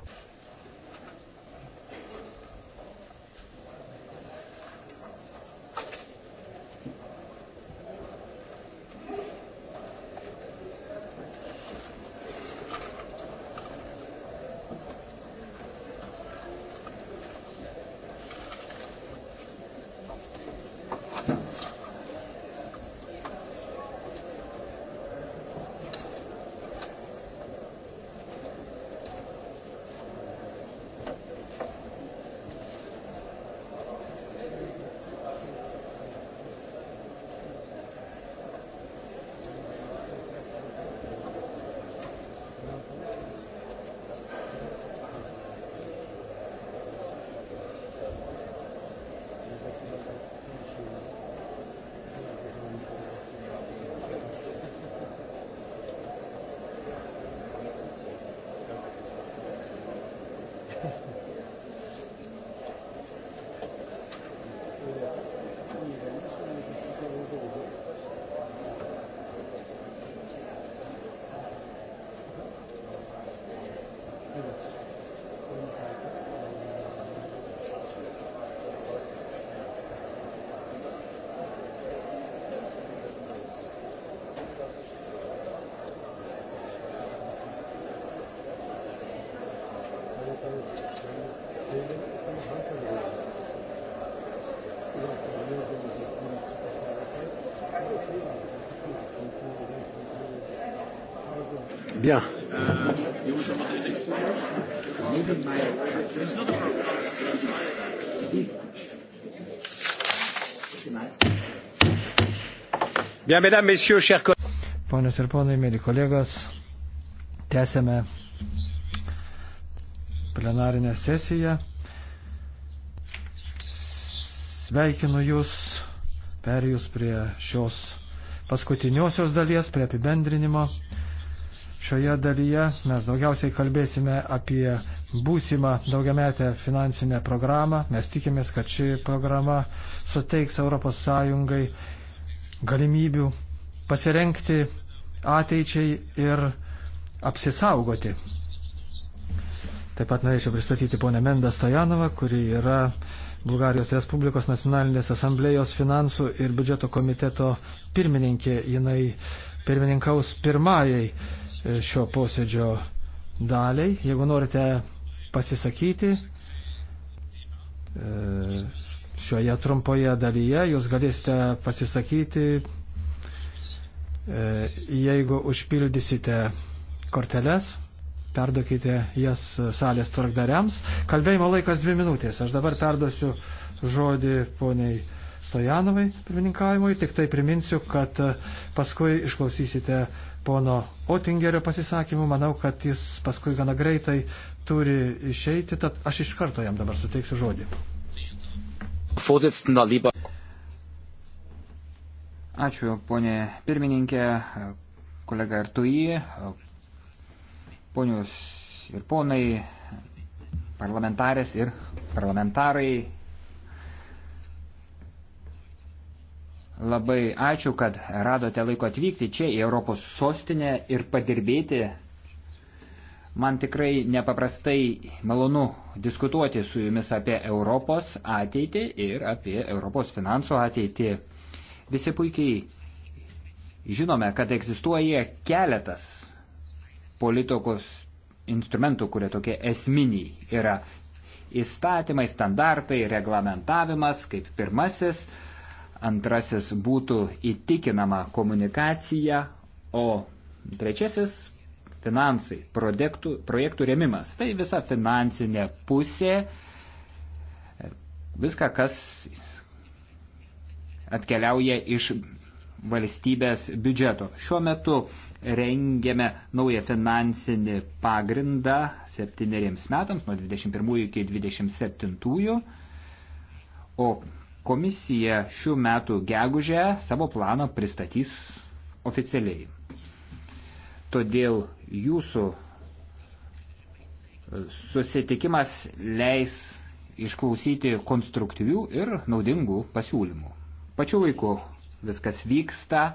C: Ponios ir ponai, mėly kolegos, tęsėme plenarinę sesiją. Sveikinu Jūs, perėjus prie šios paskutiniosios dalies, prie apibendrinimo. Šioje dalyje mes daugiausiai kalbėsime apie būsimą daugiametę finansinę programą. Mes tikimės, kad ši programa suteiks ES galimybių pasirenkti ateičiai ir apsisaugoti. Taip pat norėčiau pristatyti ponę Mendą Stojanovą, kuri yra Bulgarijos Respublikos nacionalinės asamblėjos finansų ir biudžeto komiteto pirmininkė. Jinai pirmininkaus pirmajai e, šio posėdžio daliai. Jeigu norite pasisakyti, e, šioje trumpoje dalyje jūs galėsite pasisakyti, e, jeigu užpildysite korteles, perduokite jas salės tvarkdariams. Kalbėjimo laikas dvi minutės. Aš dabar perduosiu žodį poniai Stojanovai pirmininkavimui. Tik tai priminsiu, kad paskui išklausysite pono Otingerio pasisakymų. Manau, kad jis paskui gana greitai turi išeiti, tad aš iš karto jam dabar suteiksiu žodį.
A: Vorsitzender, lieber. Ačiū, ponė pirmininkė, kolega Artui, ponius ir ponai, parlamentarės ir parlamentarai. Labai ačiū, kad radote laiko atvykti čia į Europos sostinę ir padirbėti Man tikrai nepaprastai malonu diskutuoti su jumis apie Europos ateitį ir apie Europos finansų ateitį. Visi puikiai žinome, kad egzistuoja keletas politikos instrumentų, kurie tokie esminiai yra įstatymai, standartai, reglamentavimas kaip pirmasis, antrasis būtų įtikinama komunikacija, o trečiasis finansai, projektų, projektų remimas. Tai visa finansinė pusė, viską, kas atkeliauja iš valstybės biudžeto. Šiuo metu rengiame naują finansinį pagrindą septyneriems metams, nuo 21 iki 27. O komisija šių metų gegužę savo planą pristatys oficialiai. Todėl jūsų susitikimas leis išklausyti konstruktyvių ir naudingų pasiūlymų. Pačiu laiku viskas vyksta.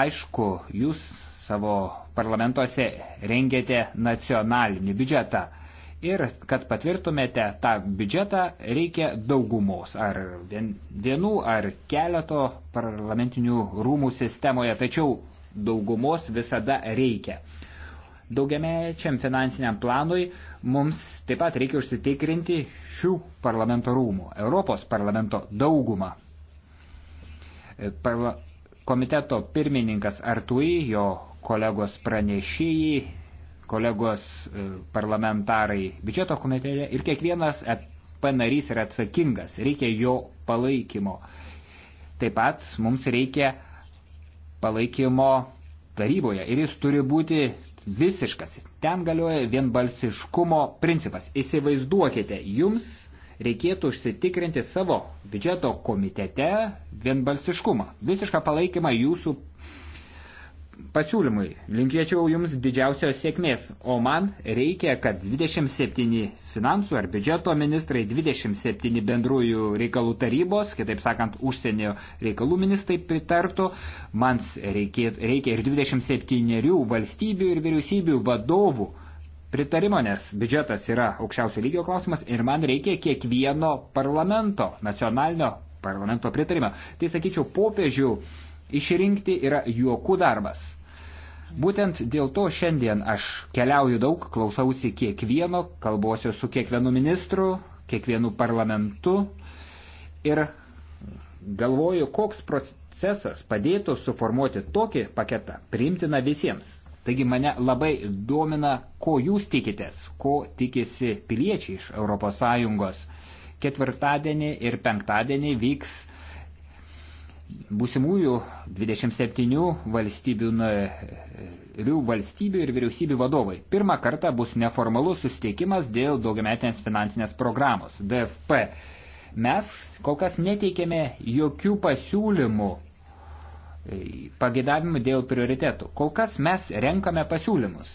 A: Aišku, jūs savo parlamentuose rengėte nacionalinį biudžetą. Ir kad patvirtumėte tą biudžetą, reikia daugumos ar vienų ar keleto parlamentinių rūmų sistemoje. Tačiau daugumos visada reikia. Daugiamečiam finansiniam planui mums taip pat reikia užsitikrinti šių parlamento rūmų, Europos parlamento daugumą. E, parla komiteto pirmininkas Artui, jo kolegos pranešėjai, kolegos e, parlamentarai biudžeto komitete ir kiekvienas EP narys yra atsakingas, reikia jo palaikymo. Taip pat mums reikia palaikymo taryboje ir jis turi būti visiškas. Ten galioja vienbalsiškumo principas. Įsivaizduokite, jums reikėtų užsitikrinti savo biudžeto komitete vienbalsiškumą, visišką palaikymą jūsų pasiūlymui. Linkėčiau Jums didžiausios sėkmės, o man reikia, kad 27 finansų ar biudžeto ministrai, 27 bendrųjų reikalų tarybos, kitaip sakant, užsienio reikalų ministrai pritartų, man reikia, reikia ir 27 valstybių ir vyriausybių vadovų pritarimo, nes biudžetas yra aukščiausio lygio klausimas ir man reikia kiekvieno parlamento, nacionalinio parlamento pritarimo. Tai sakyčiau, popiežių išrinkti yra juokų darbas. Būtent dėl to šiandien aš keliauju daug, klausausi kiekvieno, kalbuosiu su kiekvienu ministru, kiekvienu parlamentu ir galvoju, koks procesas padėtų suformuoti tokį paketą priimtiną visiems. Taigi mane labai domina, ko jūs tikitės, ko tikisi piliečiai iš ES. Ketvirtadienį ir penktadienį vyks būsimųjų 27 valstybių narių valstybių ir vyriausybių vadovai. Pirmą kartą bus neformalus susitikimas dėl daugiametinės finansinės programos DFP. Mes kol kas neteikėme jokių pasiūlymų e, pagėdavimų dėl prioritetų. Kol kas mes renkame pasiūlymus.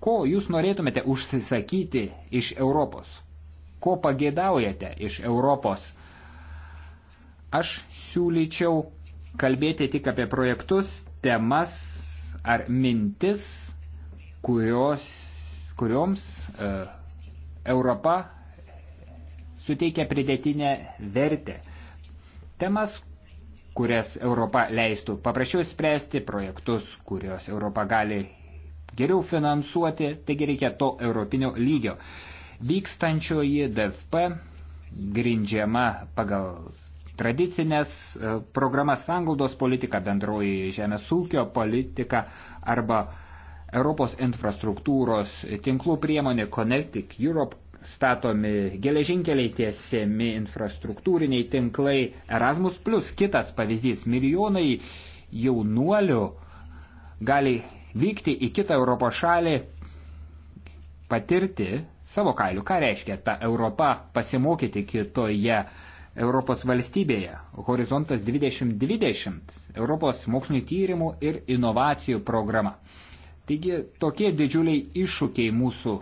A: Ko jūs norėtumėte užsisakyti iš Europos? Ko pagėdaujate iš Europos? Aš siūlyčiau kalbėti tik apie projektus, temas ar mintis, kurios, kurioms uh, Europa suteikia pridėtinę vertę. Temas, kurias Europa leistų paprasčiau spręsti, projektus, kuriuos Europa gali geriau finansuoti, taigi reikia to europinio lygio. Vykstančioji DFP grindžiama pagal tradicinės e, programas sanglaudos politika, bendroji žemės ūkio politika arba Europos infrastruktūros tinklų priemonė Connectic Europe statomi geležinkeliai tiesiami infrastruktūriniai tinklai Erasmus Plus kitas pavyzdys milijonai jaunuolių gali vykti į kitą Europos šalį patirti savo kailių, ką reiškia ta Europa pasimokyti kitoje Europos valstybėje. Horizontas 2020 - Europos mokslinio tyrimų ir inovacijų programa. Taigi tokie didžiuliai iššūkiai mūsų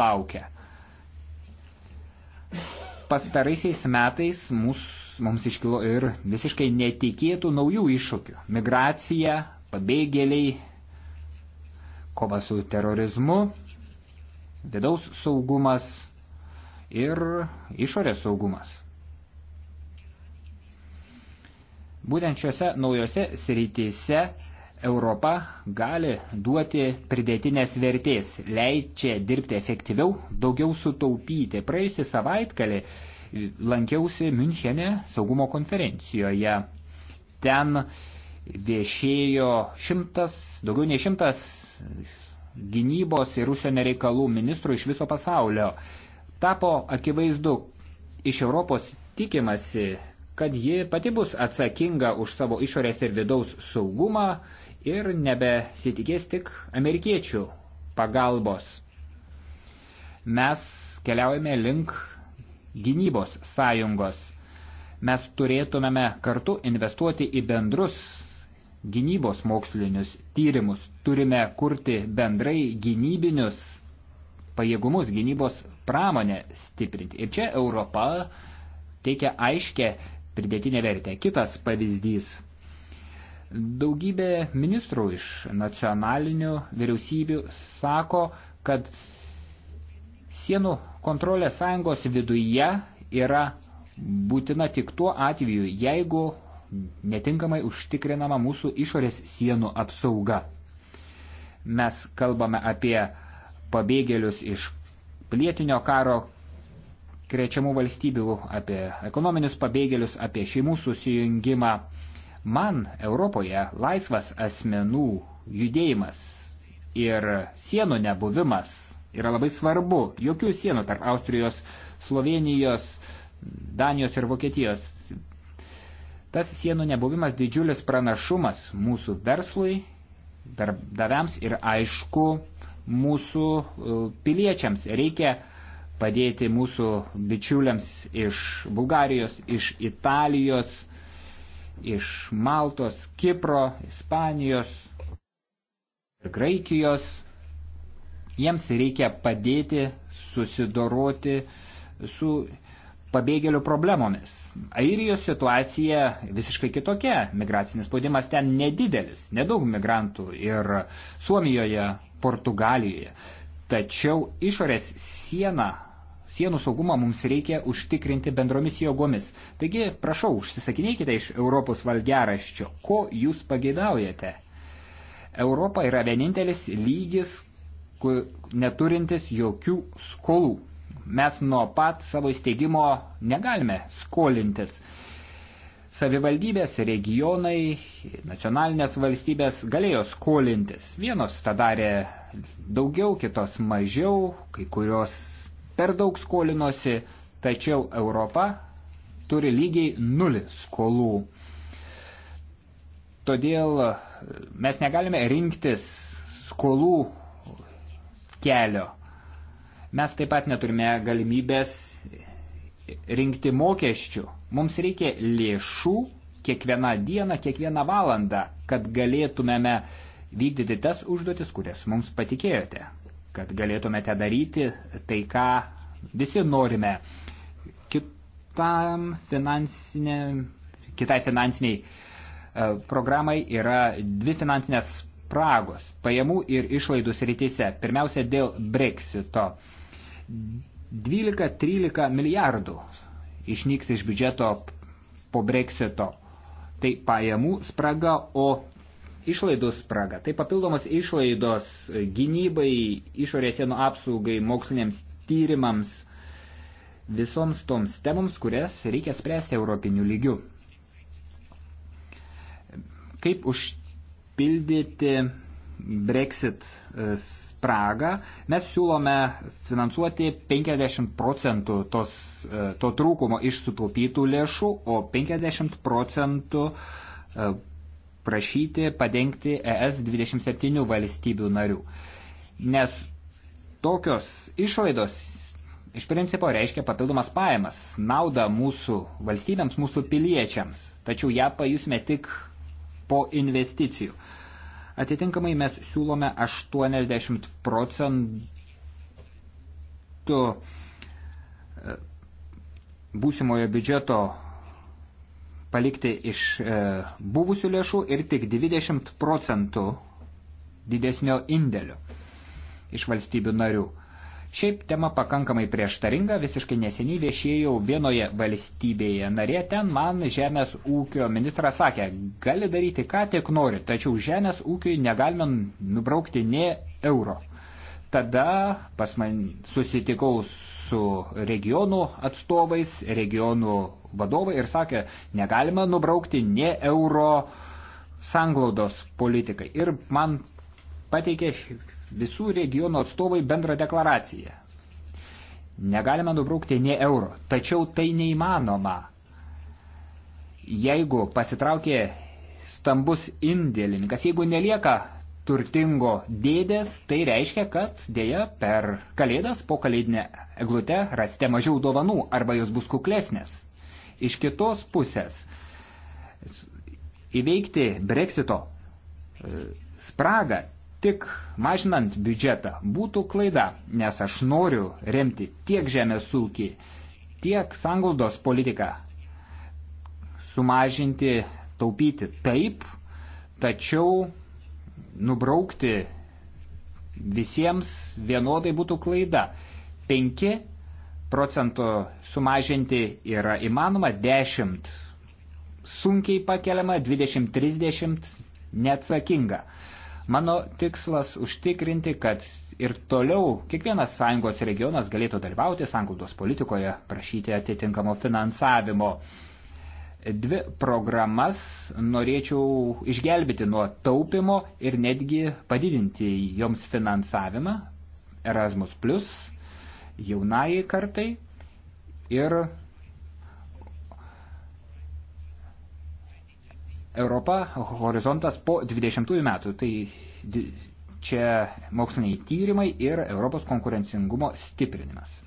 A: laukia. Pastaraisiais metais mūs, mums iškilo ir visiškai netikėtų naujų iššūkių. Migracija, pabėgėliai, kova su terorizmu, vidaus saugumas ir išorės saugumas. Būtent šiuose naujose srityse Europa gali duoti pridėtinės vertės, leidžia dirbti efektyviau, daugiau sutaupyti. Praėjusį savaitgalį lankiausi Münchenė saugumo konferencijoje. Ten viešėjo šimtas, daugiau nei šimtas gynybos ir užsienio reikalų ministrų iš viso pasaulio. Tapo akivaizdu, iš Europos tikimasi kad ji pati bus atsakinga už savo išorės ir vidaus saugumą ir nebesitikės tik amerikiečių pagalbos. Mes keliaujame link gynybos sąjungos. Mes turėtumėme kartu investuoti į bendrus gynybos mokslinius tyrimus. Turime kurti bendrai gynybinius pajėgumus, gynybos pramonę stiprinti. Ir čia Europa teikia aiškę pridėtinę vertę. Kitas pavyzdys. Daugybė ministrų iš nacionalinių vyriausybių sako, kad sienų kontrolės sąjungos viduje yra būtina tik tuo atveju, jeigu netinkamai užtikrinama mūsų išorės sienų apsauga. Mes kalbame apie pabėgėlius iš plėtinio karo krečiamų valstybių, apie ekonominius pabėgėlius, apie šeimų susijungimą. Man Europoje laisvas asmenų judėjimas ir sienų nebuvimas yra labai svarbu. Jokių sienų tarp Austrijos, Slovenijos, Danijos ir Vokietijos. Tas sienų nebuvimas didžiulis pranašumas mūsų verslui, darbdaviams ir aišku mūsų e, piliečiams. Reikia padėti mūsų bičiuliams iš Bulgarijos, iš Italijos, iš Maltos, Kipro, Ispanijos ir Graikijos. Jiems reikia padėti susidoroti su pabėgėlių problemomis. Airijos situacija visiškai kitokia. Migracinis spaudimas ten nedidelis, nedaug migrantų ir Suomijoje, Portugalijoje. Tačiau išorės siena sienų saugumą mums reikia užtikrinti bendromis jėgomis. Taigi, prašau, užsisakinėkite iš Europos valgiaraščio, ko jūs pageidaujate. Europa yra vienintelis lygis, neturintis jokių skolų. Mes nuo pat savo įsteigimo negalime skolintis. Savivaldybės, regionai, nacionalinės valstybės galėjo skolintis. Vienos tą darė daugiau, kitos mažiau, kai kurios per daug skolinosi, tačiau Europa turi lygiai nulį skolų. Todėl e, mes negalime rinktis skolų kelio. Mes taip pat neturime galimybės rinkti mokesčių. Mums reikia lėšų kiekvieną dieną, kiekvieną valandą, kad galėtumėme vykdyti tas užduotis, kurias mums patikėjote kad galėtumėte daryti tai, ką visi norime. Kitam finansinė, kitai finansiniai e, programai yra dvi finansinės spragos - pajamų ir išlaidų srityse. Pirmiausia, dėl breksito. 12-13 milijardų išnyks iš biudžeto po breksito. Tai pajamų spraga, o išlaidų spraga. Tai papildomos išlaidos gynybai, išorės sienų apsaugai, moksliniams tyrimams, visoms toms temoms, kurias reikia spręsti europinių lygių. Kaip užpildyti Brexit e, spragą, mes siūlome finansuoti 50 procentų tos, e, to trūkumo iš sutaupytų lėšų, o 50 procentų e, prašyti padengti ES 27 valstybių narių. Nes tokios išlaidos iš principo reiškia papildomas pajamas, naudą mūsų valstybėms, mūsų piliečiams, tačiau ją pajusime tik po investicijų. Atitinkamai mes siūlome 80 procentų e, būsimojo biudžeto palikti iš e, buvusių lėšų ir tik 20 procentų didesnio indėlio iš valstybių narių. Šiaip tema pakankamai prieštaringa, visiškai neseniai viešėjau vienoje valstybėje narė, ten man žemės ūkio ministras sakė, gali daryti ką tik nori, tačiau žemės ūkiui negalime nubraukti nė euro. Tada pas man susitikau su regionų atstovais, regionų vadovai ir sakė, negalima nubraukti ne euro sanglaudos politikai. Ir man pateikė visų regionų atstovai bendrą deklaraciją. Negalime nubraukti ne euro, tačiau tai neįmanoma. Jeigu pasitraukė stambus indėlininkas, jeigu nelieka turtingo dėdės, tai reiškia, kad dėja per kalėdas po kalėdinę eglutę rasite mažiau dovanų arba jos bus kuklesnės. Iš kitos pusės įveikti breksito e, spragą tik mažinant biudžetą būtų klaida, nes aš noriu remti tiek žemės ūkį, tiek sanglaudos politiką, sumažinti, taupyti taip, tačiau nubraukti visiems vienodai būtų klaida. 5 procentų sumažinti yra įmanoma, 10 sunkiai pakeliama, 20-30 neatsakinga. Mano tikslas užtikrinti, kad ir toliau kiekvienas sąjungos regionas galėtų dalyvauti sąjungos politikoje, prašyti atitinkamo finansavimo dvi programas norėčiau išgelbėti nuo taupimo ir netgi padidinti joms finansavimą Erasmus Plus jaunajai kartai ir Europa horizontas po 20 metų. Tai čia moksliniai tyrimai ir Europos konkurencingumo stiprinimas.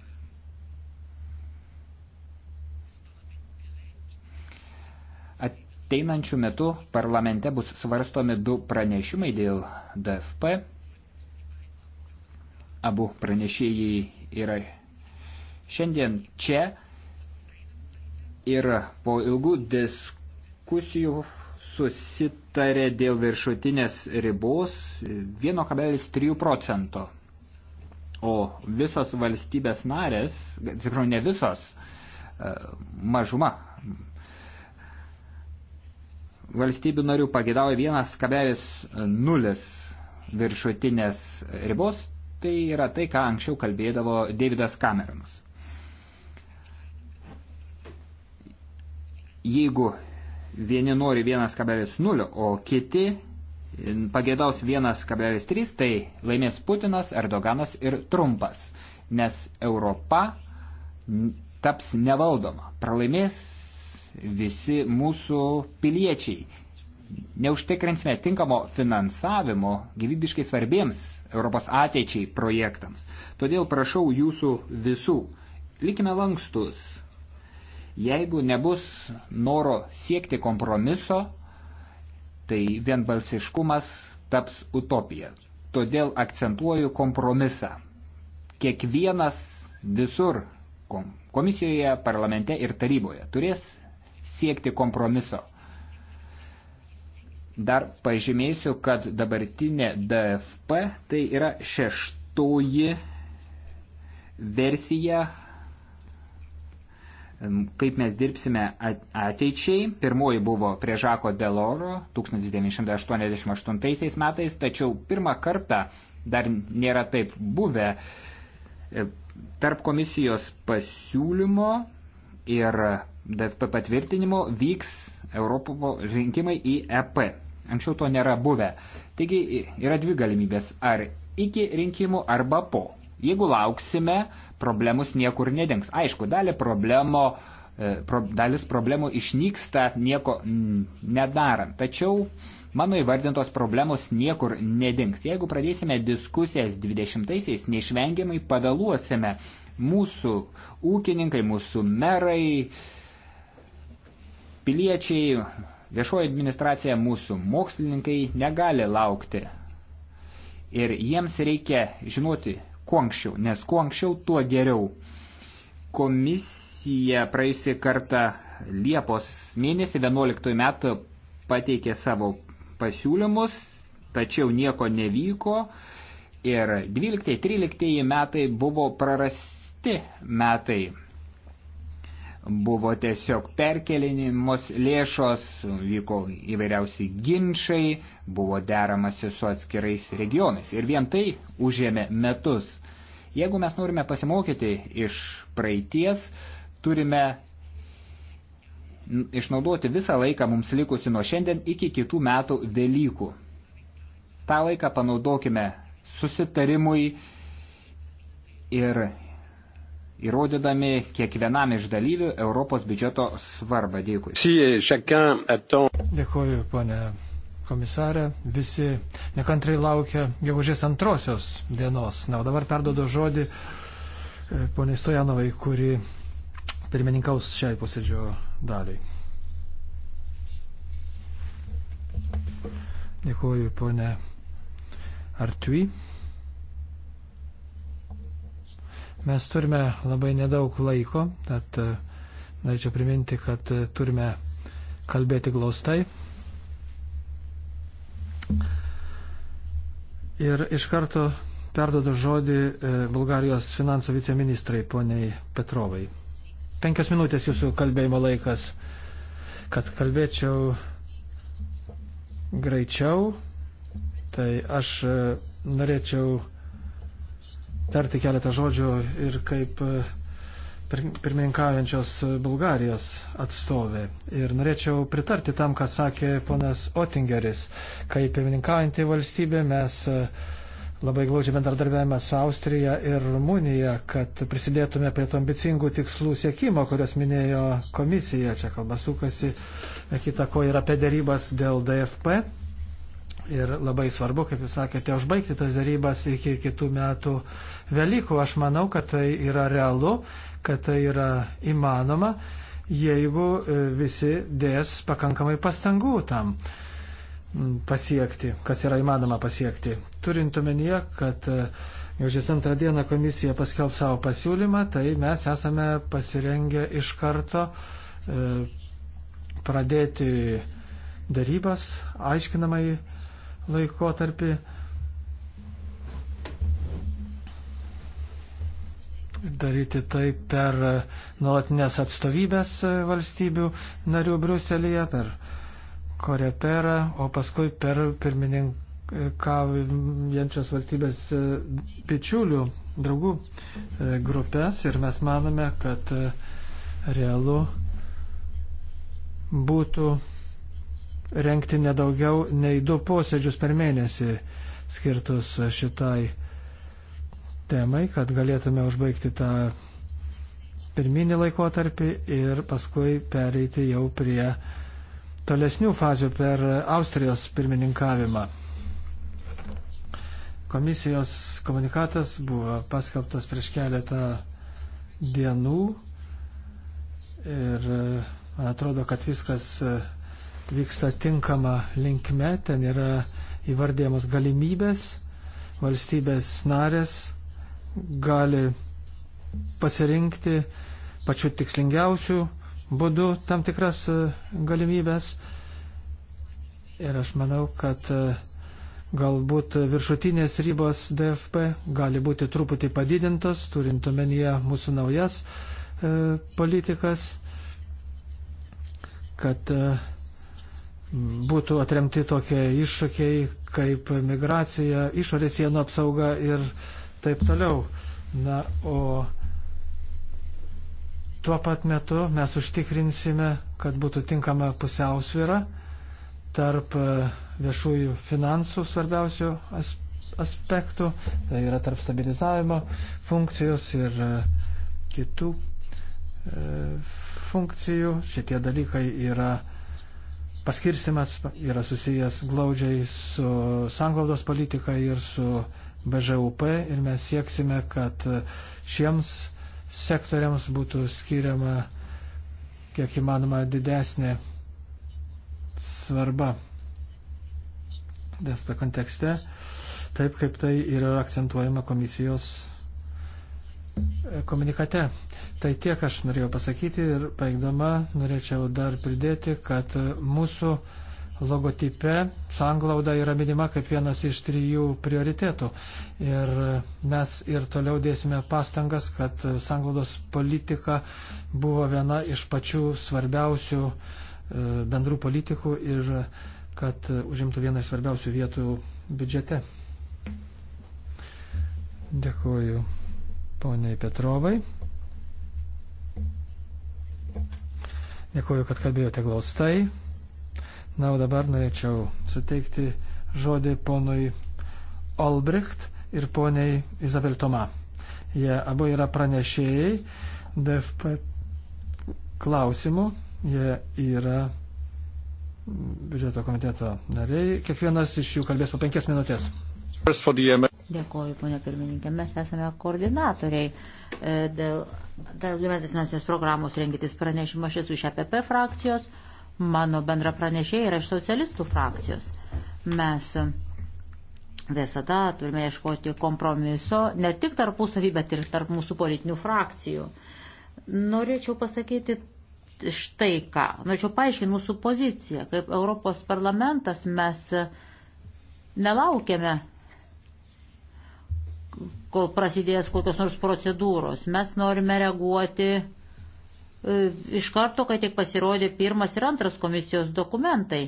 A: Teinančių metų parlamente bus svarstomi du pranešimai dėl DFP. Abu pranešėjai yra šiandien čia ir po ilgų diskusijų susitarė dėl viršutinės ribos 1,3 procento. O visos valstybės narės, atsiprašau, ne visos, e, mažuma valstybių narių pagėdavo 1,0 viršutinės ribos, tai yra tai, ką anksčiau kalbėdavo Davidas Cameronas. Jeigu vieni nori 1,0, o kiti pagėdaus 1,3, tai laimės Putinas, Erdoganas ir Trumpas, nes Europa taps nevaldoma, pralaimės visi mūsų piliečiai. Neužtikrinsime tinkamo finansavimo gyvybiškai svarbiems Europos ateičiai projektams. Todėl prašau jūsų visų, likime lankstus. Jeigu nebus noro siekti kompromiso, tai vienbalsiškumas taps utopija. Todėl akcentuoju kompromisą. Kiekvienas visur komisijoje, parlamente ir taryboje turės siekti kompromiso. Dar pažymėsiu, kad dabartinė DFP tai yra šeštoji versija, kaip mes dirbsime ateičiai. Pirmoji buvo prie Žako Deloro 1988 metais, tačiau pirmą kartą dar nėra taip buvę e, tarp komisijos pasiūlymo ir DFP patvirtinimo vyks Europo rinkimai į EP. Anksčiau to nėra buvę. Taigi yra dvi galimybės - ar iki rinkimų arba po. Jeigu lauksime, problemus niekur nedings. Aišku, dalį problemo, e, pro, dalis problemų išnyksta nieko nedarant. Tačiau mano įvardintos problemos niekur nedings. Jeigu pradėsime diskusijas 20-aisiais, neišvengiamai pavėluosime mūsų ūkininkai, mūsų merai, piliečiai, viešoji administracija, mūsų mokslininkai negali laukti. Ir jiems reikia žinoti kuo anksčiau, nes kuo anksčiau, tuo geriau. Komisija praėjusį kartą Liepos mėnesį 11 metų pateikė savo pasiūlymus, tačiau nieko nevyko ir 12-13 metai buvo prarasti metai buvo tiesiog perkelinimos lėšos, vyko įvairiausi ginčiai, buvo deramasi su atskirais regionais. Ir vien tai užėmė metus. Jeigu mes norime pasimokyti iš praeities, turime išnaudoti visą laiką mums likusi nuo šiandien iki kitų metų Velykų. Ta laiką panaudokime susitarimui ir įrodydami kiekvienam iš dalyvių Europos biudžeto svarbą. Dėkui. Eh,
C: Dėkuoju, ponė komisarė. Visi nekantrai laukia gegužės antrosios dienos. Na, o dabar perdodu žodį eh, ponė Stojanovai, kuri pirmininkaus šiai posėdžio daliai. Dėkuoju, ponė Artui. Mes turime labai nedaug laiko, tad e, norėčiau priminti, kad e, turime kalbėti glaustai. Ir iš karto perdodu žodį e, Bulgarijos finansų viceministrai, poniai Petrovai. Penkios minutės jūsų kalbėjimo laikas, kad kalbėčiau greičiau, tai aš norėčiau tarti keletą žodžių ir kaip e, pirmininkaujančios Bulgarijos atstovė. Ir norėčiau pritarti tam, ką sakė ponas Otingeris. Kaip pirmininkaujantį valstybę mes e, labai glaudžiai bendradarbiavame su Austrija ir Rumunija, kad prisidėtume prie to ambicingų tikslų siekimo, kurios minėjo komisija. Čia kalba sukasi, kita ko yra apie dėrybas dėl DFP Ir labai svarbu, kaip jūs sakėte, užbaigti tas darybas iki kitų metų Velykų. Aš manau, kad tai yra realu, kad tai yra įmanoma, jeigu e, visi dės pakankamai pastangų tam pasiekti, kas yra įmanoma pasiekti. Turint omenyje, kad e, gegužės antrą dieną komisija paskelb savo pasiūlymą, tai mes esame pasirengę iš karto e, pradėti darybas, aiškinamai laikotarpį. Daryti tai per nuolatinės atstovybės valstybių narių Bruselėje, per koreperą, o paskui per pirmininkaujančios valstybės bičiulių, draugų grupės. Ir mes manome, kad realu būtų renkti nedaugiau nei du posėdžius per mėnesį skirtus šitai temai, kad galėtume užbaigti tą pirminį laikotarpį ir paskui pereiti jau prie tolesnių fazių per Austrijos pirmininkavimą. Komisijos komunikatas buvo paskelbtas prieš keletą dienų ir e, man atrodo, kad viskas e, vyksta tinkama linkme, ten yra įvardėjamos galimybės, valstybės narės gali pasirinkti pačiu tikslingiausiu būdu tam tikras e, galimybės. Ir aš manau, kad e, galbūt viršutinės ribos DFP gali būti truputį padidintos, turint omenyje mūsų naujas e, politikas, kad e, būtų atremti tokie iššūkiai kaip migracija, išorės sienų apsauga ir taip toliau. Na, o tuo pat metu mes užtikrinsime, kad būtų tinkama pusiausvyra tarp e, viešųjų finansų svarbiausių aspektų, tai yra tarp stabilizavimo funkcijos ir e, kitų e, funkcijų. Šitie dalykai yra paskirstimas yra susijęs glaudžiai su sanglaudos politika ir su BŽUP ir mes sieksime, kad šiems sektoriams būtų skiriama kiek įmanoma didesnė svarba DFP kontekste, taip kaip tai yra akcentuojama komisijos komunikate. Tai tiek aš norėjau pasakyti ir baigdama norėčiau dar pridėti, kad mūsų logotipe sanglauda yra minima kaip vienas iš trijų prioritetų. Ir mes ir toliau dėsime pastangas, kad sanglaudos politika buvo viena iš pačių svarbiausių e, bendrų politikų ir kad užimtų vieną iš svarbiausių vietų biudžete. Dėkuoju poniai Petrovai. Dėkuoju, kad kalbėjote glaustai. Na, o dabar norėčiau suteikti žodį ponui Olbricht ir poniai Izabel Toma. Jie abu yra pranešėjai DFP klausimų, jie yra biudžeto komiteto nariai. Kiekvienas iš jų kalbės po penkias minutės.
B: Dėkoju, ponia pirmininkė. Mes esame koordinatoriai e, dėl dalyvės finansinės programos rengitis pranešimą. Aš esu iš APP frakcijos, mano bendra pranešėja yra iš socialistų frakcijos. Mes visada turime ieškoti kompromiso ne tik tarpusavį, bet ir tarp mūsų politinių frakcijų. Norėčiau pasakyti štai ką. Norėčiau paaiškinti mūsų poziciją. Kaip Europos parlamentas mes nelaukėme kol prasidės kokios nors procedūros. Mes norime reaguoti e, iš karto, kai tik pasirodė pirmas ir antras komisijos dokumentai.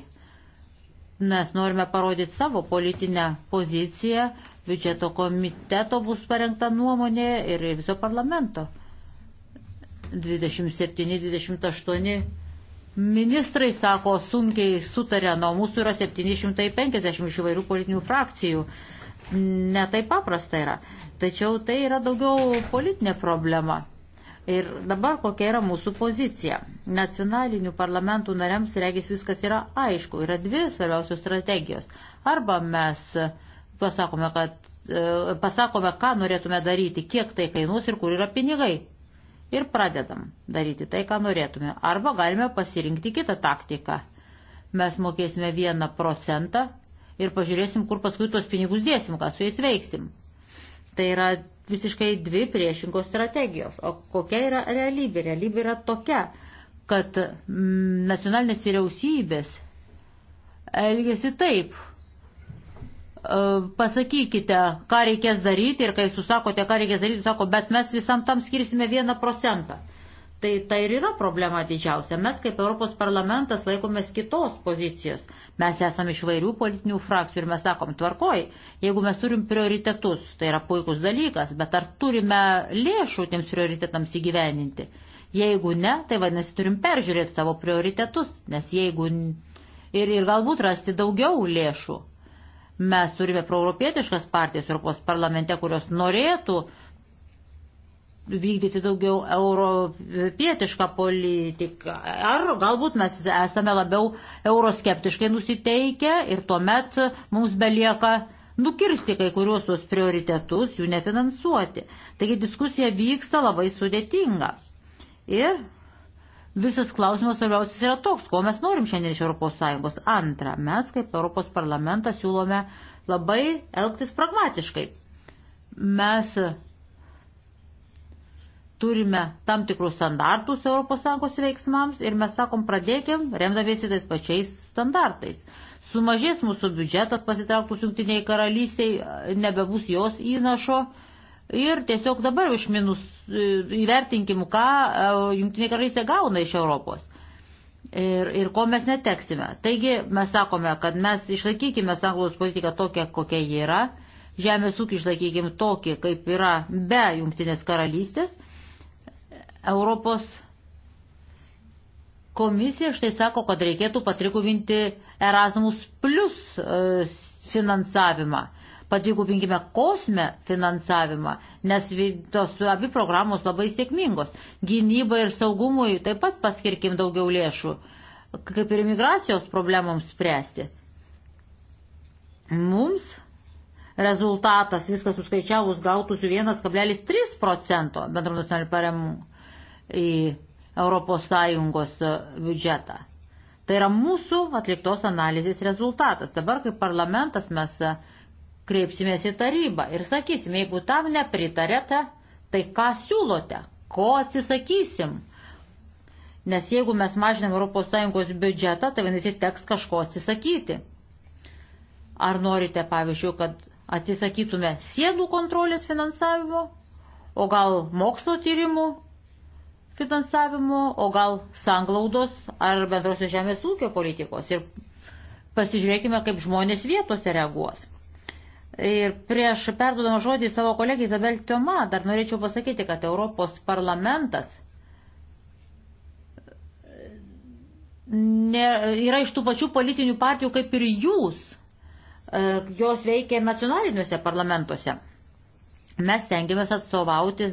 B: Mes norime parodyti savo politinę poziciją, biudžeto komiteto bus parengta nuomonė ir viso parlamento. 27-28 ministrai, sako, sunkiai sutarė, nuo mūsų yra 750 iš įvairių politinių frakcijų netai paprasta yra. Tačiau tai yra daugiau politinė problema. Ir dabar kokia yra mūsų pozicija. Nacionalinių parlamentų nariams regis viskas yra aišku. Yra dvi svarbiausios strategijos. Arba mes pasakome, kad, e, pasakome, ką norėtume daryti, kiek tai kainuos ir kur yra pinigai. Ir pradedam daryti tai, ką norėtume. Arba galime pasirinkti kitą taktiką. Mes mokėsime vieną procentą ir pažiūrėsim, kur paskui tuos pinigus dėsim, ką su jais veiksim. Tai yra visiškai dvi priešingos strategijos. O kokia yra realybė? Realybė yra tokia, kad mm, nacionalinės vyriausybės elgesi taip. E, pasakykite, ką reikės daryti ir kai susakote, ką reikės daryti, sako, bet mes visam tam skirsime vieną procentą. Tai tai ir yra problema didžiausia. Mes kaip Europos parlamentas laikomės kitos pozicijos. Mes esame iš vairių politinių frakcijų ir mes sakom, tvarkoj, jeigu mes turim prioritetus, tai yra puikus dalykas, bet ar turime lėšų tiems prioritetams įgyveninti? Jeigu ne, tai vadinasi, turim peržiūrėti savo prioritetus, nes jeigu ir, ir galbūt rasti daugiau lėšų. Mes turime proeuropietiškas partijas Europos parlamente, kurios norėtų uh, vykdyti daugiau europietišką politiką. Ar galbūt mes esame labiau euroskeptiškai nusiteikę ir tuomet mums belieka nukirsti kai kuriuos tos prioritetus, jų nefinansuoti. Taigi diskusija vyksta labai sudėtinga. Ir visas klausimas svarbiausias yra toks, ko mes norim šiandien iš ES. Antra, mes kaip Europos parlamentas siūlome labai elgtis pragmatiškai. Mes turime tam tikrus standartus ES veiksmams ir mes sakom, pradėkim remdavėsi tais pačiais standartais. Sumažės mūsų biudžetas pasitrauktus jungtiniai karalystiai, nebebus jos įnašo ir tiesiog dabar iš minus e, įvertinkim, ką e, jungtiniai karalystė gauna iš Europos. Ir, ir ko mes neteksime. Taigi mes sakome, kad mes išlaikykime sanglaudos politiką tokią, kokia ji yra, žemės ūkį išlaikykim tokį, kaip yra be jungtinės karalystės Europos komisija štai sako, kad reikėtų patrikubinti Erasmus plus e, finansavimą. Patrikubinkime kosme finansavimą, nes tos abi programos labai sėkmingos. Gynybai ir saugumui taip pat paskirkim daugiau lėšų, kaip ir migracijos problemams spręsti. Mums rezultatas viskas suskaičiavus gautųsi 1,3 procento bendro nacionalinių paremų į ES biudžetą. Tai yra mūsų atliktos analizės rezultatas. Dabar kaip parlamentas mes kreipsimės į tarybą ir sakysim, jeigu tam nepritarėte, tai ką siūlote, ko atsisakysim. Nes jeigu mes mažinam ES biudžetą, tai vadinasi teks kažko atsisakyti. Ar norite, pavyzdžiui, kad atsisakytume sienų kontrolės finansavimo, o gal mokslo tyrimų finansavimo, o gal sanglaudos ar bendrosios žemės ūkio politikos. Ir pasižiūrėkime, kaip žmonės vietose reaguos. Ir prieš perdodamą žodį savo kolegijai Izabel Tioma dar norėčiau pasakyti, kad Europos parlamentas ne, yra iš tų pačių politinių partijų kaip ir jūs. E, jos veikia ir nacionaliniuose parlamentuose. Mes tengiamės atstovauti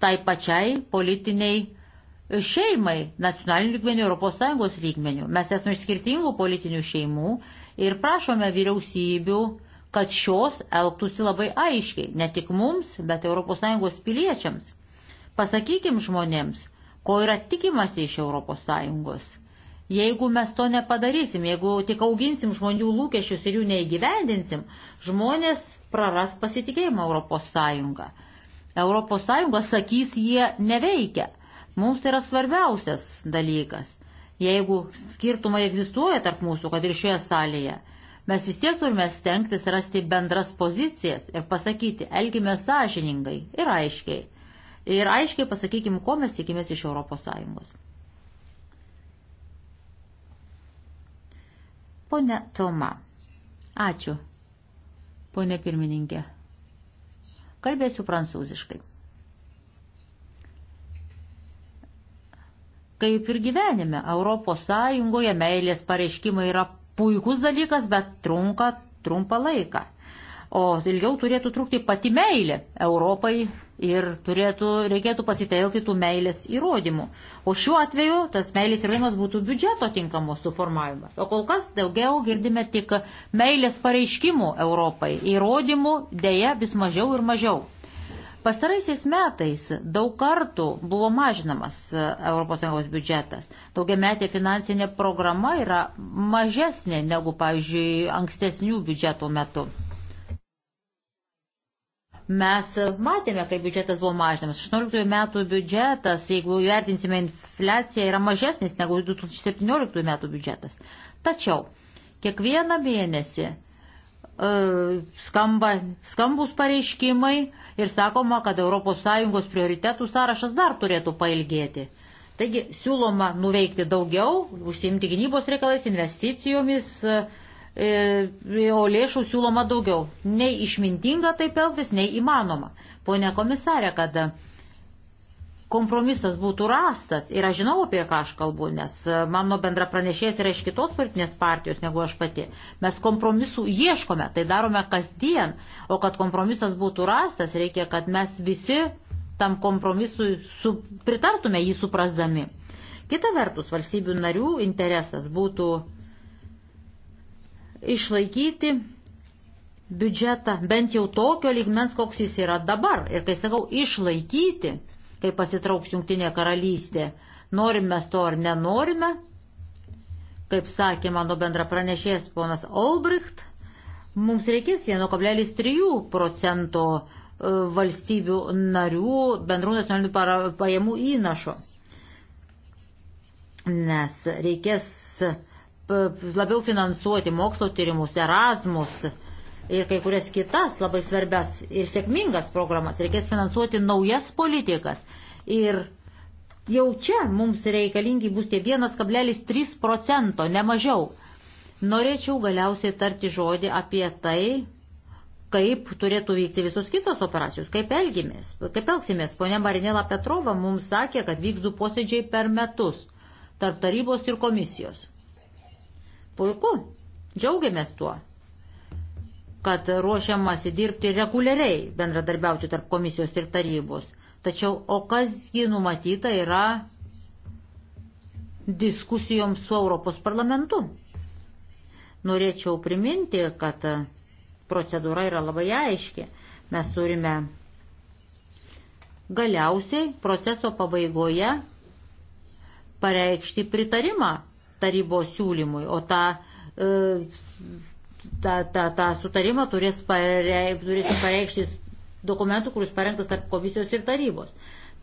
B: tai pačiai politiniai šeimai, nacionalinių lygmenių, ES lygmenių. Mes esame iš skirtingų politinių šeimų ir prašome vyriausybių, kad šios elgtųsi labai aiškiai, ne tik mums, bet ES piliečiams. Pasakykim žmonėms, ko yra tikimasi iš ES. Jeigu mes to nepadarysim, jeigu tik auginsim žmonių lūkesčius ir jų neįgyvendinsim, žmonės praras pasitikėjimą ES. ES sakys jie neveikia. Mums tai yra svarbiausias dalykas. Jeigu skirtumai egzistuoja tarp mūsų, kad ir šioje salėje, mes vis tiek turime stengtis rasti bendras pozicijas ir pasakyti, elgime sąžiningai ir aiškiai. Ir aiškiai pasakykime, ko mes tikimės iš ES. Pone Toma. Ačiū. Pone pirmininkė. Kalbėsiu prancūziškai. Kaip ir gyvenime, Europos Sąjungoje meilės pareiškimai yra puikus dalykas, bet trunka trumpą laiką o ilgiau turėtų trukti pati meilė Europai ir turėtų, reikėtų pasitelkti tų meilės įrodymų. O šiuo atveju tas meilės įrodymas būtų biudžeto tinkamos suformavimas. O kol kas daugiau girdime tik meilės pareiškimų Europai. Įrodymų dėja vis mažiau ir mažiau. Pastaraisiais metais daug kartų buvo mažinamas e, ES biudžetas. Daugiametė finansinė programa yra mažesnė negu, pavyzdžiui, ankstesnių biudžetų metų. Mes matėme, kaip biudžetas buvo mažinamas. 16 metų biudžetas, jeigu vertinsime infliaciją, yra mažesnis negu 2017 metų biudžetas. Tačiau kiekvieną mėnesį e, skamba, skambus pareiškimai ir sakoma, kad ES prioritetų sąrašas dar turėtų pailgėti. Taigi siūloma nuveikti daugiau, užsiimti gynybos reikalais, investicijomis, uh, E, o lėšų siūloma daugiau. Nei išmintinga taip elgtis, nei įmanoma. Pone komisarė, kad kompromisas būtų rastas, ir aš žinau, apie ką aš kalbu, nes mano bendra pranešėjas yra iš kitos politinės partijos negu aš pati. Mes kompromisų ieškome, tai darome kasdien, o kad kompromisas būtų rastas, reikia, kad mes visi tam kompromisui su, pritartume jį suprasdami. Kita vertus, valstybių narių interesas būtų išlaikyti biudžetą bent jau tokio lygmens, koks jis yra dabar. Ir kai sakau išlaikyti, kai pasitrauks Junktinė karalystė, norim mes to ar nenorime, kaip sakė mano bendra pranešėjas ponas Olbricht, mums reikės 1,3 procento e, valstybių narių bendrų nacionalinių pajamų įnašo. Nes reikės E, labiau finansuoti mokslo tyrimus, Erasmus ir kai kurias kitas labai svarbias ir sėkmingas programas. Reikės finansuoti naujas politikas. Ir jau čia mums reikalingi bus tie 1,3 procento, ne mažiau. Norėčiau galiausiai tarti žodį apie tai, kaip turėtų vykti visos kitos operacijos, kaip elgimės, kaip elgsimės. Pone Marinėla Petrova mums sakė, kad vyks du posėdžiai per metus tarp tarybos ir komisijos. Puiku, džiaugiamės tuo, kad ruošiamasi dirbti reguliariai, bendradarbiauti tarp komisijos ir tarybos. Tačiau, o kasgi numatyta yra diskusijoms su Europos parlamentu. Norėčiau priminti, kad procedūra yra labai aiški. Mes turime galiausiai proceso pabaigoje pareikšti pritarimą tarybos siūlymui, o tą, e, tą, tą, tą sutarimą turės pareik, turėsim pareikšti dokumentų, kuris parengtas tarp komisijos ir tarybos.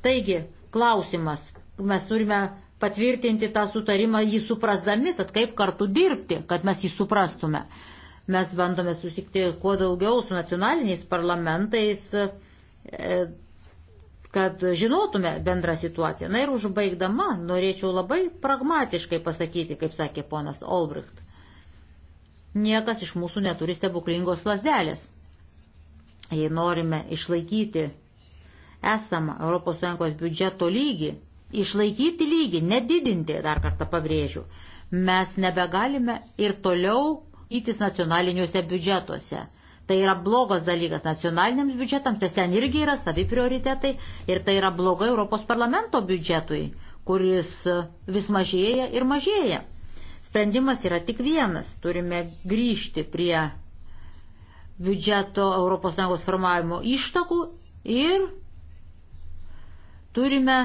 B: Taigi, klausimas, mes turime patvirtinti tą sutarimą jį suprasdami, tad kaip kartu dirbti, kad mes jį suprastume. Mes bandome susikti kuo daugiau su nacionaliniais parlamentais, e, kad žinotume bendrą situaciją. Na ir užbaigdama norėčiau labai pragmatiškai pasakyti, kaip sakė ponas Olbricht. Niekas iš mūsų neturi stebuklingos lasdelės. Jei norime išlaikyti esamą ES biudžeto lygį, išlaikyti lygį, nedidinti, dar kartą pabrėžiu, mes nebegalime ir toliau įtis nacionaliniuose biudžetuose Tai yra blogas dalykas nacionaliniams biudžetams, nes ten irgi yra savi prioritetai ir tai yra blogai Europos parlamento biudžetui, kuris vis mažėja ir mažėja. Sprendimas yra tik vienas. Turime grįžti prie biudžeto ES formavimo ištakų ir turime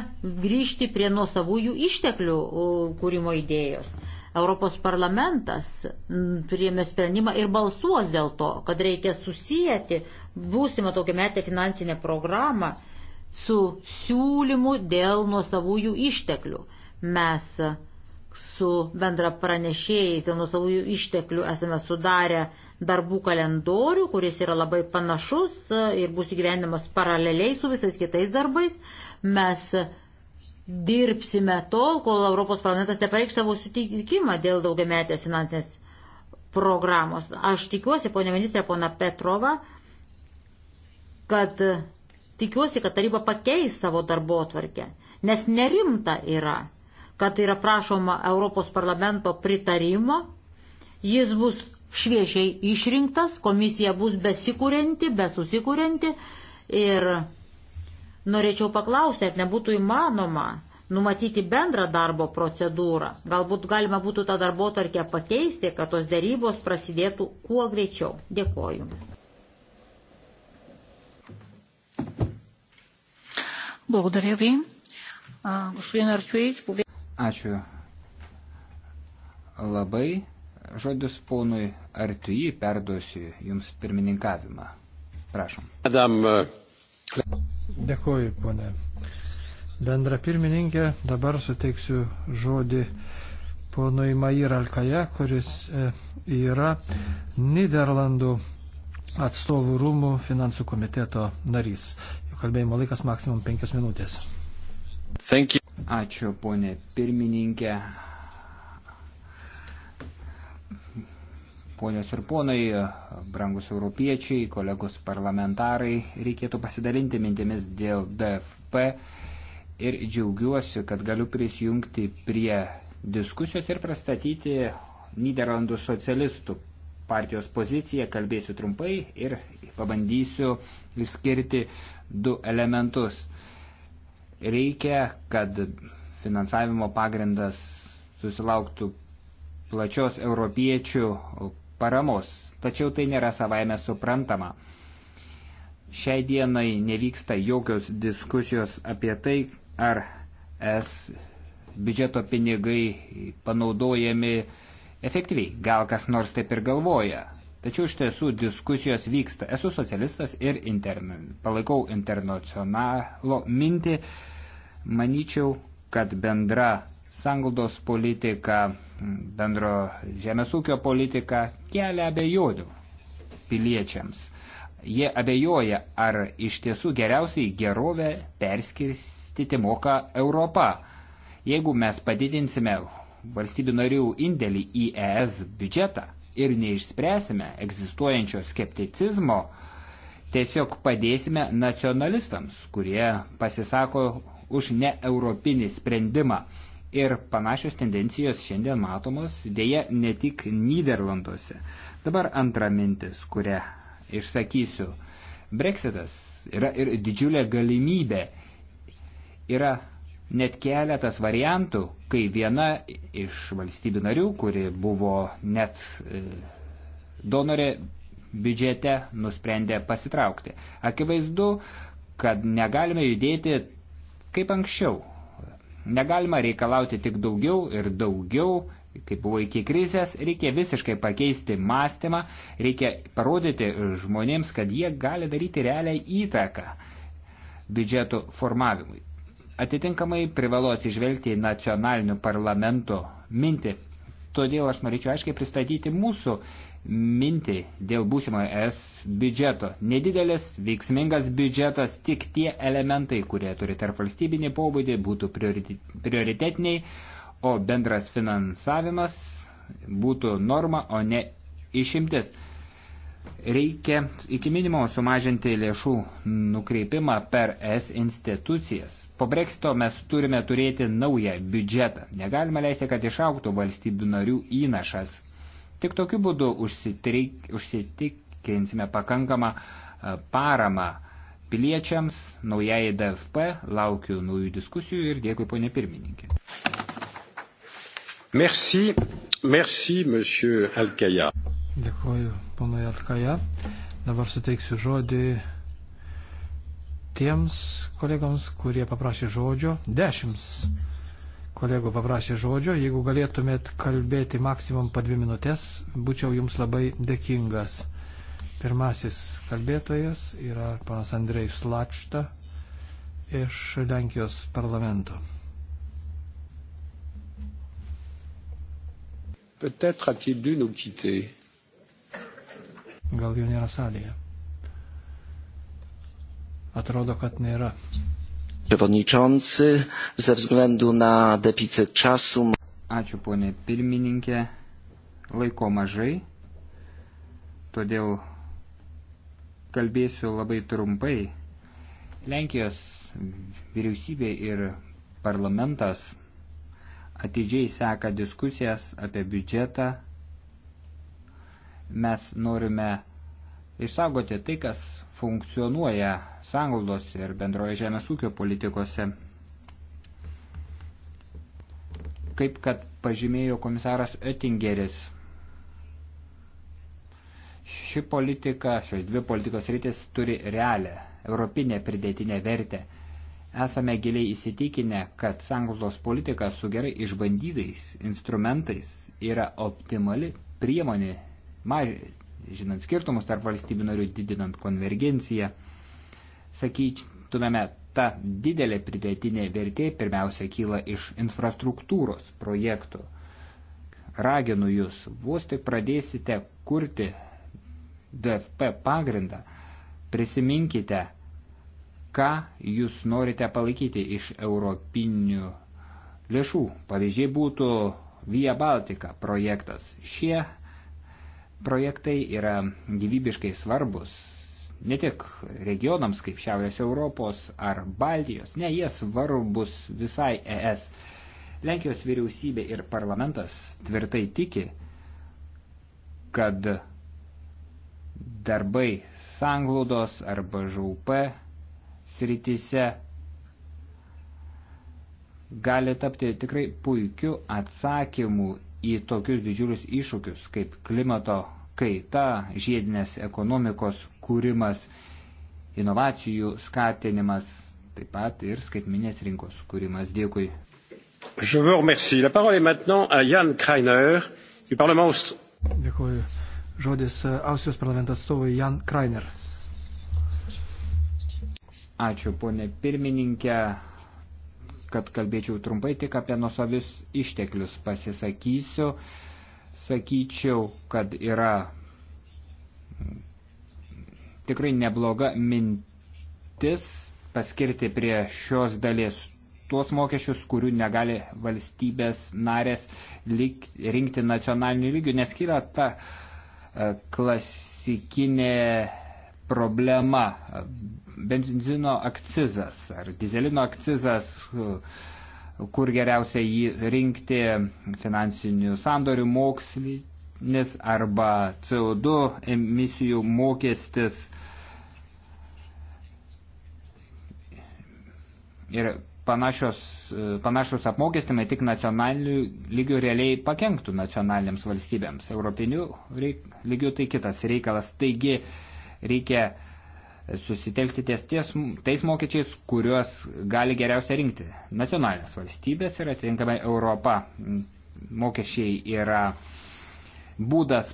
B: grįžti prie nuosavųjų išteklių uh, kūrimo idėjos. Europos parlamentas priėmė sprendimą ir balsuos dėl to, kad reikia susijęti būsimą tokią metę finansinę programą su siūlymu dėl nuosavųjų išteklių. Mes su bendra pranešėjais dėl nuosavųjų išteklių esame sudarę darbų kalendorių, kuris yra labai panašus e, ir bus įgyvendamas paraleliai su visais kitais darbais. Mes dirbsime tol, kol Europos parlamentas nepareikš savo sutikimą dėl daugiametės finansinės programos. Aš tikiuosi, ponė ministrė, pona Petrova, kad tikiuosi, kad taryba pakeis savo darbo atvarkę, nes nerimta yra, kad yra prašoma Europos parlamento pritarimo, jis bus šviežiai išrinktas, komisija bus besikūrenti, besusikūrenti ir Norėčiau paklausti, ar nebūtų įmanoma numatyti bendrą darbo procedūrą. Galbūt galima būtų tą darbo tarkę pakeisti, kad tos dėrybos prasidėtų kuo greičiau. Dėkoju. Благодаря ви. Господин Артюис,
A: Ačiū labai. Žodis ponui Artui perduosiu jums pirmininkavimą. Prašom. Madame.
C: Dėkuoju, ponė. Bendra pirmininkė, dabar suteiksiu žodį ponui Mair Alkaja, kuris e, yra Niderlandų atstovų rūmų finansų komiteto narys. Jų kalbėjimo laikas maksimum penkias minutės.
A: Ačiū, ponė pirmininkė. Ponios ir ponai, brangus europiečiai, kolegos parlamentarai, reikėtų pasidalinti mintimis dėl DFP ir džiaugiuosi, kad galiu prisijungti prie diskusijos ir pristatyti Niderlandų socialistų partijos poziciją, kalbėsiu trumpai ir pabandysiu išskirti du elementus. Reikia, kad finansavimo pagrindas susilauktų plačios europiečių paramos, tačiau tai nėra savaime suprantama. Šiai dienai nevyksta jokios diskusijos apie tai, ar es biudžeto pinigai panaudojami efektyviai. Gal kas nors taip ir galvoja. Tačiau iš tiesų diskusijos vyksta. Esu socialistas ir interna, palaikau internacionalo mintį. Manyčiau, kad bendra sanglaudos politika, bendro žemės ūkio politika kelia abejonių piliečiams. Jie abejoja, ar iš tiesų geriausiai gerovę perskirstyti moka Europa. Jeigu mes padidinsime valstybių narių indėlį į ES biudžetą ir neišspręsime egzistuojančio skepticizmo, tiesiog padėsime nacionalistams, kurie pasisako už neeuropinį sprendimą. Ir panašios tendencijos šiandien matomos dėja ne tik Niderlanduose. Dabar antra mintis, kurią išsakysiu. Brexitas yra ir didžiulė galimybė. Yra net keletas variantų, kai viena iš valstybių narių, kuri buvo net e, donorė biudžete, nusprendė pasitraukti. Akivaizdu, kad negalime judėti kaip anksčiau Negalima reikalauti tik daugiau ir daugiau, kaip buvo iki krizės, reikia visiškai pakeisti mąstymą, reikia parodyti žmonėms, kad jie gali daryti realią įtaką biudžeto formavimui. Atitinkamai privalo atsižvelgti į nacionalinių parlamento mintį. Todėl aš norėčiau aiškiai pristatyti mūsų mintį dėl būsimo ES biudžeto. Nedidelis, veiksmingas biudžetas, tik tie elementai, kurie turi tarp valstybinį pobūdį, būtų prioritetiniai, o bendras finansavimas būtų norma, o ne išimtis. Reikia iki minimumo sumažinti lėšų nukreipimą per ES institucijas. Po breksito mes turime turėti naują biudžetą. Negalima leisti, kad išauktų valstybių narių įnašas. Tik tokiu būdu užsitreik, užsitikinsime pakankamą e, paramą piliečiams, naujai DFP, laukiu naujų diskusijų ir dėkui ponė pirmininkė. Merci, merci, monsieur Alkaja.
C: Dėkuoju, ponui Alkaja. Dabar suteiksiu žodį tiems kolegams, kurie paprašė žodžio. Dešimt kolegų paprašė žodžio. Jeigu galėtumėt kalbėti maksimum po dvi minutės, būčiau jums labai dėkingas. Pirmasis kalbėtojas yra panas Andrei Slačta iš Lenkijos parlamento.
A: Peut-être a-t-il dû nous
C: quitter. Gal jo nėra salėje. Atrodo, kad nėra. Przewodniczący, ze względu
A: na deficyt czasu. Ačiū, ponė pirmininkė. Laiko mažai, todėl kalbėsiu labai trumpai. Lenkijos vyriausybė ir parlamentas atidžiai seka diskusijas apie biudžetą. Mes norime išsaugoti tai, kas funkcionuoja sanglaudos ir bendroje žemės ūkio politikose. Kaip kad pažymėjo komisaras Oettingeris, ši politika, šios dvi politikos rytis turi realią europinę pridėtinę vertę. Esame giliai įsitikinę, kad sanglaudos politika su gerai išbandytais instrumentais yra optimali priemonė maž, žinant skirtumus tarp valstybių narių, didinant konvergenciją. Sakytumėme, ta didelė pridėtinė vertė pirmiausia kyla iš infrastruktūros projektų. Raginu jūs, vos tik pradėsite kurti DFP pagrindą, prisiminkite, ką jūs norite palaikyti iš europinių lėšų. Pavyzdžiai būtų Via Baltica projektas. Šie projektai yra gyvybiškai svarbus ne tik regionams kaip Šiaurės Europos ar Baltijos, ne, jie svarbus visai ES. Lenkijos vyriausybė ir parlamentas tvirtai tiki, kad darbai sanglaudos arba žaup srityse gali tapti tikrai puikiu atsakymu į tokius didžiulius iššūkius kaip klimato kaita, žiedinės ekonomikos kūrimas, inovacijų skatinimas, taip pat ir skaitminės rinkos kūrimas. Dėkui. Je vous remercie. La parole est maintenant à Jan Kreiner du Parlement
C: Dėkuoju. Žodis e, Austrijos parlamento atstovui Jan Kreiner.
A: Ačiū, ponė pirmininkė kad kalbėčiau trumpai tik apie nusavis išteklius pasisakysiu. Sakyčiau, kad yra tikrai nebloga mintis paskirti prie šios dalies tuos mokesčius, kurių negali valstybės narės lik, rinkti nacionaliniu lygiu, nes kyla ta e, klasikinė problema. Benzino akcizas ar dizelino akcizas, kur geriausia jį rinkti finansinių sandorių mokslinis arba CO2 emisijų mokestis. Ir panašios, panašus apmokestimai tik nacionalinių lygių realiai pakenktų nacionaliniams valstybėms. Europinių lygių tai kitas reikalas. Taigi, Reikia susitelkti ties, ties tais mokyčiais, kuriuos gali geriausia rinkti nacionalinės valstybės ir atitinkamai Europa. Mokesčiai yra būdas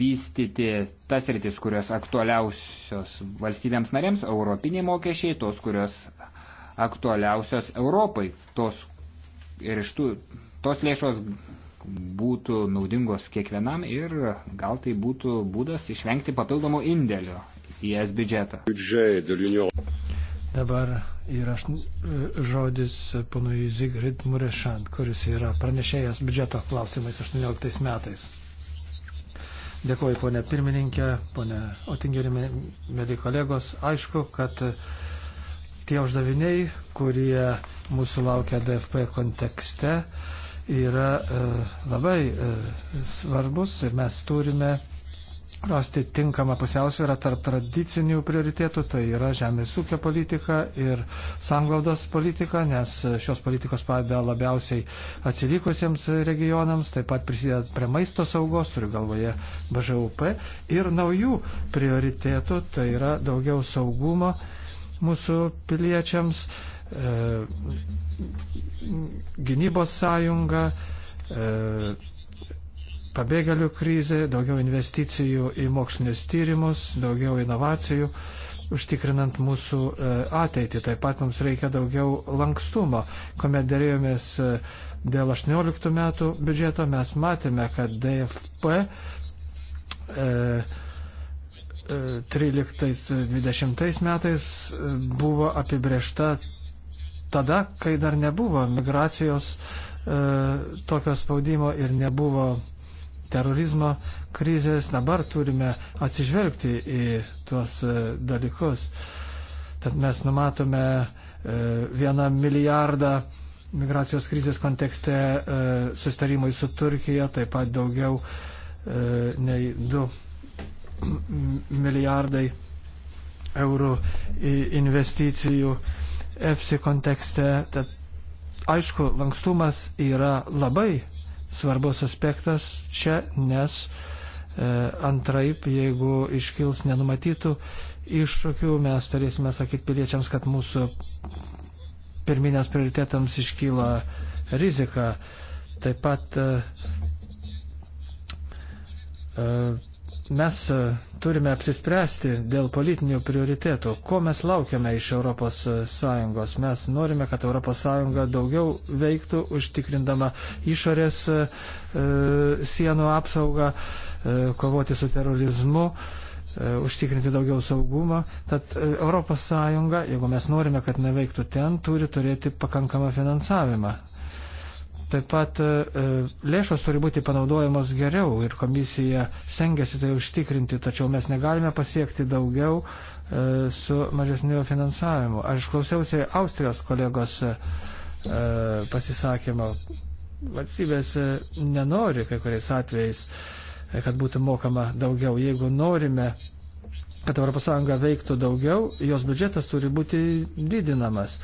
A: vystyti tas rytis, kurios aktualiausios valstybėms narėms, europiniai mokesčiai, tos, kurios aktualiausios Europai, tos ir iš tų, tos lėšos būtų naudingos kiekvienam ir gal tai būtų būdas išvengti papildomų indėlių
C: į es biudžetą. Dabar yra žodis ponui Zigrid Murešant, kuris yra pranešėjas biudžeto klausimais 18 metais. Dėkuoju, ponė pirmininkė, ponė Otingeri, mėly kolegos. Aišku, kad tie uždaviniai, kurie mūsų laukia DFP kontekste, uh, yra e, labai e, svarbus ir mes turime rasti tinkamą pusiausvyrą tarp tradicinių prioritėtų, tai yra žemės ūkio politika ir sanglaudos politika, nes šios politikos padeda labiausiai atsilikusiems regionams, taip pat prisideda prie maisto saugos, turiu galvoje BŽUP, ir naujų prioritėtų, tai yra daugiau saugumo mūsų piliečiams E, gynybos sąjunga, e, pabėgėlių krizė, daugiau investicijų į mokslinius tyrimus, daugiau inovacijų, užtikrinant mūsų e, ateitį. Taip pat mums reikia daugiau lankstumo. Komet dėrėjomės dėl 18 metų biudžeto, mes matėme, kad DFP 13-20 metais buvo apibriešta tada, kai dar nebuvo migracijos e, tokio spaudimo ir nebuvo terorizmo krizės, dabar turime atsižvelgti į tuos e, dalykus. Tad mes numatome e, vieną milijardą migracijos krizės kontekste e, sustarimui su Turkija, taip pat daugiau e, nei 2 milijardai eurų investicijų. E, EFSI kontekste. Tad, aišku, lankstumas yra labai svarbus aspektas čia, nes e, antraip, jeigu iškils nenumatytų iššūkių, mes turėsime sakyti piliečiams, kad mūsų pirminės prioritetams iškyla rizika. Taip pat e, e, Mes e, turime apsispręsti dėl politinių prioritėtų. Ko mes laukiame iš ES? E, mes norime, kad ES daugiau veiktų, užtikrindama išorės e, e, sienų apsaugą, e, kovoti su terorizmu, e, užtikrinti daugiau saugumą. Tad ES, jeigu mes norime, kad neveiktų ten, turi turėti pakankamą finansavimą. Taip pat e, e, lėšos turi būti panaudojamos geriau ir komisija stengiasi tai užtikrinti, tačiau mes negalime pasiekti daugiau e, su mažesniu finansavimu. Aš klausiausi Austrijos kolegos pasisakymo. Valstybės nenori kai kuriais atvejais, kad būtų mokama daugiau. Jeigu norime, kad ES veiktų daugiau, jos biudžetas turi būti didinamas.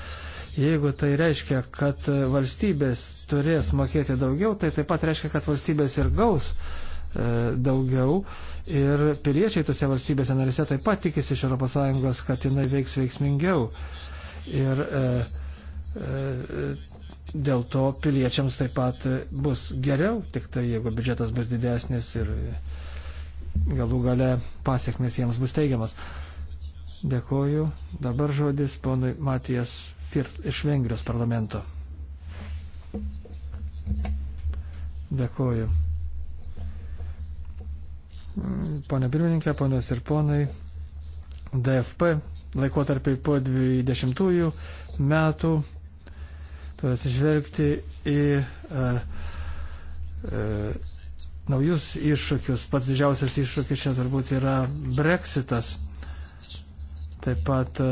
C: Jeigu tai reiškia, kad valstybės turės mokėti daugiau, tai taip pat reiškia, kad valstybės ir gaus e, daugiau. Ir piliečiai tose valstybėse narise taip pat tikisi iš ES, kad jinai veiks veiksmingiau. Ir e, e, dėl to piliečiams taip pat bus geriau, tik tai jeigu biudžetas bus didesnis ir galų gale pasiekmes jiems bus teigiamas. Dėkoju. Dabar žodis ponui Matijas iš Vengrijos parlamento. Dėkuoju. Pone pirmininkė, ponios ir ponai, DFP laikotarpiai po 20 metų turi atsižvelgti į e, e, naujus iššūkius. Pats didžiausias iššūkis čia turbūt yra Brexitas. Taip pat e,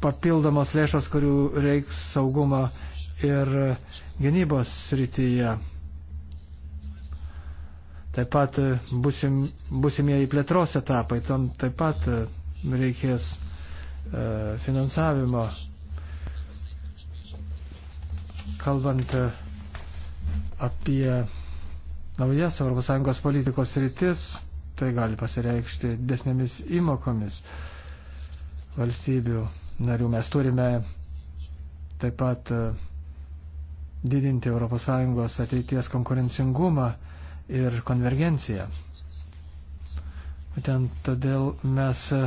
C: papildomos lėšos, kurių reiks saugumo ir gynybos srityje. Taip pat busim, busimieji plėtros etapai, tam taip pat reikės e, finansavimo. Kalbant apie naujas ES politikos rytis, tai gali pasireikšti desnėmis įmokomis valstybių narių. Mes turime taip pat e, didinti ES ateities konkurencingumą ir konvergenciją. Būtent todėl mes e,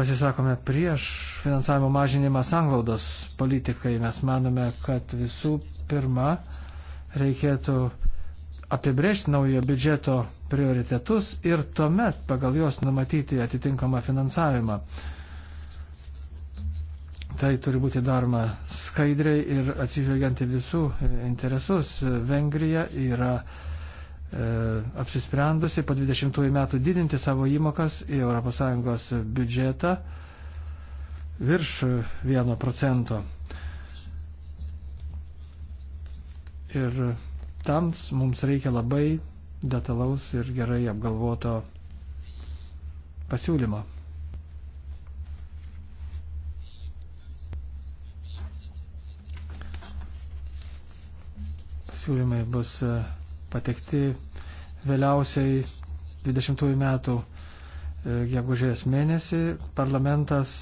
C: pasisakome prieš finansavimo mažinimą sanglaudos politikai. Mes manome, kad visų pirma reikėtų apibrėžti naujo biudžeto prioritetus ir tuomet pagal juos numatyti atitinkamą finansavimą. Tai turi būti daroma skaidriai ir atsižvelgiant į visų e, interesus. E, Vengrija yra e, apsisprendusi po 20 metų didinti savo įmokas į ES biudžetą virš 1 procento. Ir tams mums reikia labai detalaus ir gerai apgalvoto pasiūlymo. Siūlymai bus e, patekti vėliausiai 20 metų e, gegužės mėnesį. Parlamentas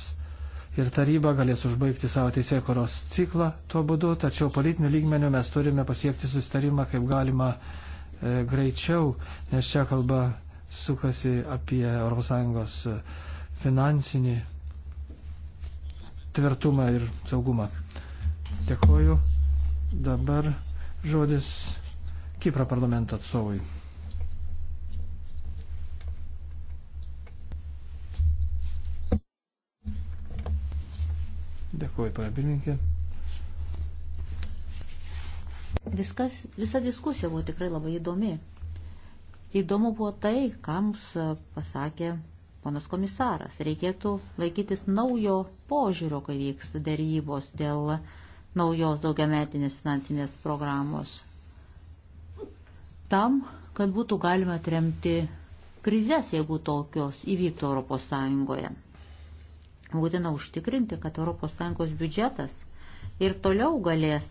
C: ir taryba galės užbaigti savo teisėkoros ciklą tuo būdu, tačiau politiniu lygmeniu mes turime pasiekti susitarimą kaip galima e, greičiau, nes čia kalba sukasi apie ES e, finansinį tvirtumą ir saugumą. Dėkuoju. Dabar žodis Kipro parlamento atstovui. Dėkuoju, pana pirmininkė.
B: Viskas, visa diskusija buvo tikrai labai įdomi. Įdomu buvo tai, ką mums pasakė ponas komisaras. Reikėtų laikytis naujo požiūrio, kai vyks dėrybos dėl uh, naujos daugiametinės finansinės programos. Tam, kad būtų galima atremti krizės, jeigu tokios įvyktų ES. Būtina užtikrinti, kad ES biudžetas ir toliau galės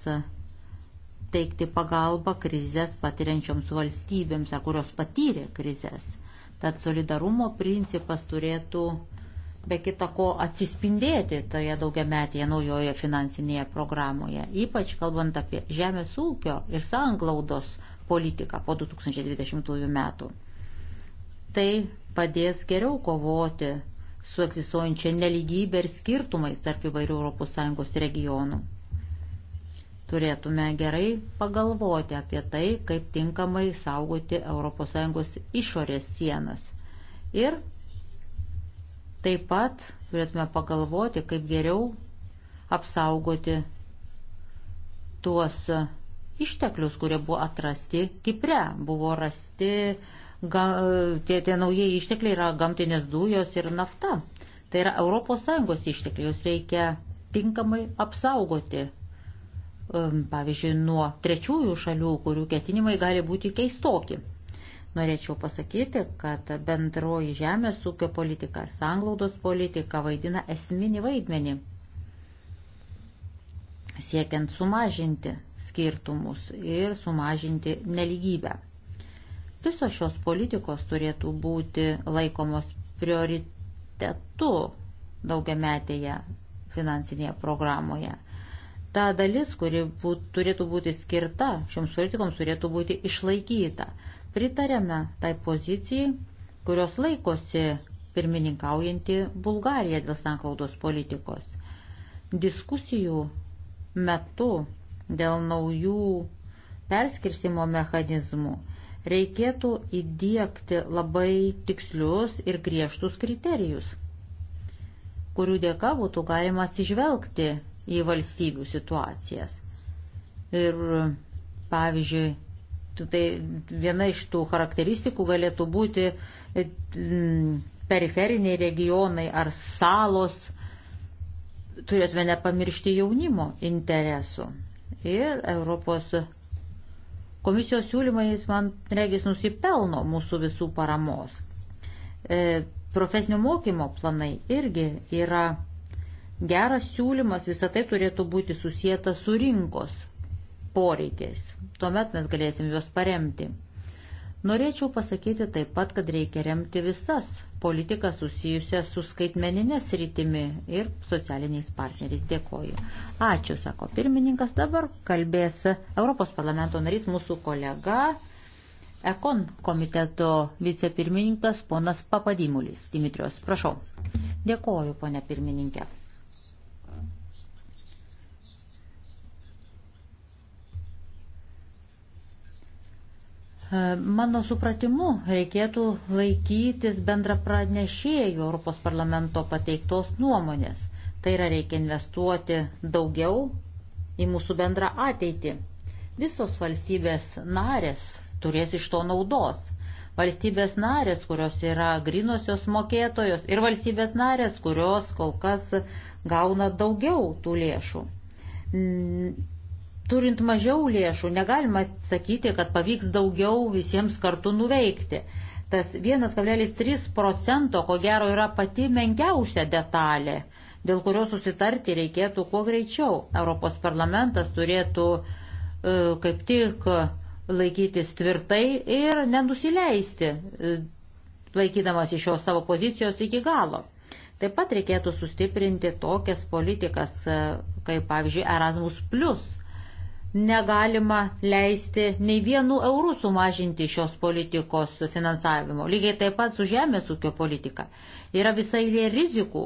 B: teikti pagalbą krizės patiriančioms valstybėms, ar kurios patyrė krizės. Tad solidarumo principas turėtų uh, be kita ko atsispindėti toje daugiametėje naujoje finansinėje programoje, ypač kalbant apie žemės ūkio ir sanglaudos politiką po 2020 metų. Tai padės geriau kovoti su egzistuojančia neligybė ir skirtumais tarp įvairių ES regionų. Turėtume gerai pagalvoti apie tai, kaip tinkamai saugoti ES išorės sienas ir Taip pat turėtume pagalvoti, kaip geriau apsaugoti tuos išteklius, kurie buvo atrasti Kipre. Buvo rasti, ga, tie, tie naujieji ištekliai yra gamtinės dujos ir nafta. Tai yra ES ištekliai, juos reikia tinkamai apsaugoti. Ehm, pavyzdžiui, nuo trečiųjų šalių, kurių ketinimai gali būti keistokie. Norėčiau pasakyti, kad bendroji žemės ūkio politika ir sanglaudos politika vaidina esminį vaidmenį siekiant sumažinti skirtumus ir sumažinti neligybę. Visos šios politikos turėtų būti laikomos prioritetu daugiametėje finansinėje programoje. Ta dalis, kuri būt, turėtų būti skirta šioms politikoms, turėtų būti išlaikyta pritarėme tai pozicijai, kurios laikosi pirmininkaujanti Bulgarija dėl sanklaudos politikos. Diskusijų metu dėl naujų perskirsimo mechanizmų reikėtų įdėkti labai tikslius ir griežtus kriterijus, kurių dėka būtų galima atsižvelgti į valstybių situacijas. Ir pavyzdžiui, Tai viena iš tų charakteristikų galėtų būti e, periferiniai regionai ar salos. Turėtume nepamiršti jaunimo interesų. Ir Europos komisijos siūlymais, man regis, nusipelno mūsų visų paramos. E, profesinio mokymo planai irgi yra geras siūlymas, visą tai turėtų būti susijęta su rinkos poreikiais. Tuomet mes galėsim juos paremti. Norėčiau pasakyti taip pat, kad reikia remti visas politikas susijusias su skaitmeninė sritimi ir socialiniais partneriais. Dėkoju. Ačiū, sako pirmininkas. Dabar kalbės Europos parlamento narys mūsų kolega, Ekon komiteto vicepirmininkas ponas Papadimulis Dimitrios. Prašau. Dėkoju, ponė pirmininkė. E, mano supratimu, reikėtų laikytis bendra pranešėjų Europos parlamento pateiktos nuomonės. Tai yra reikia investuoti daugiau į mūsų bendrą ateitį. Visos valstybės narės turės iš to naudos. Valstybės narės, kurios yra grinosios mokėtojos ir valstybės narės, kurios kol kas gauna daugiau tų lėšų turint mažiau lėšų negalima sakyti, kad pavyks daugiau visiems kartu nuveikti. Tas 1,3 procento, ko gero, yra pati menkiausia detalė, dėl kurios susitarti reikėtų kuo greičiau. Europos parlamentas turėtų e, kaip tik laikytis tvirtai ir nenusileisti, e, laikydamas iš šios savo pozicijos iki galo. Taip pat reikėtų sustiprinti tokias politikas, e, kaip pavyzdžiui Erasmus, negalima leisti nei vienu eurų sumažinti šios politikos finansavimo. Lygiai taip pat su žemės ūkio politika. Yra visai lė rizikų,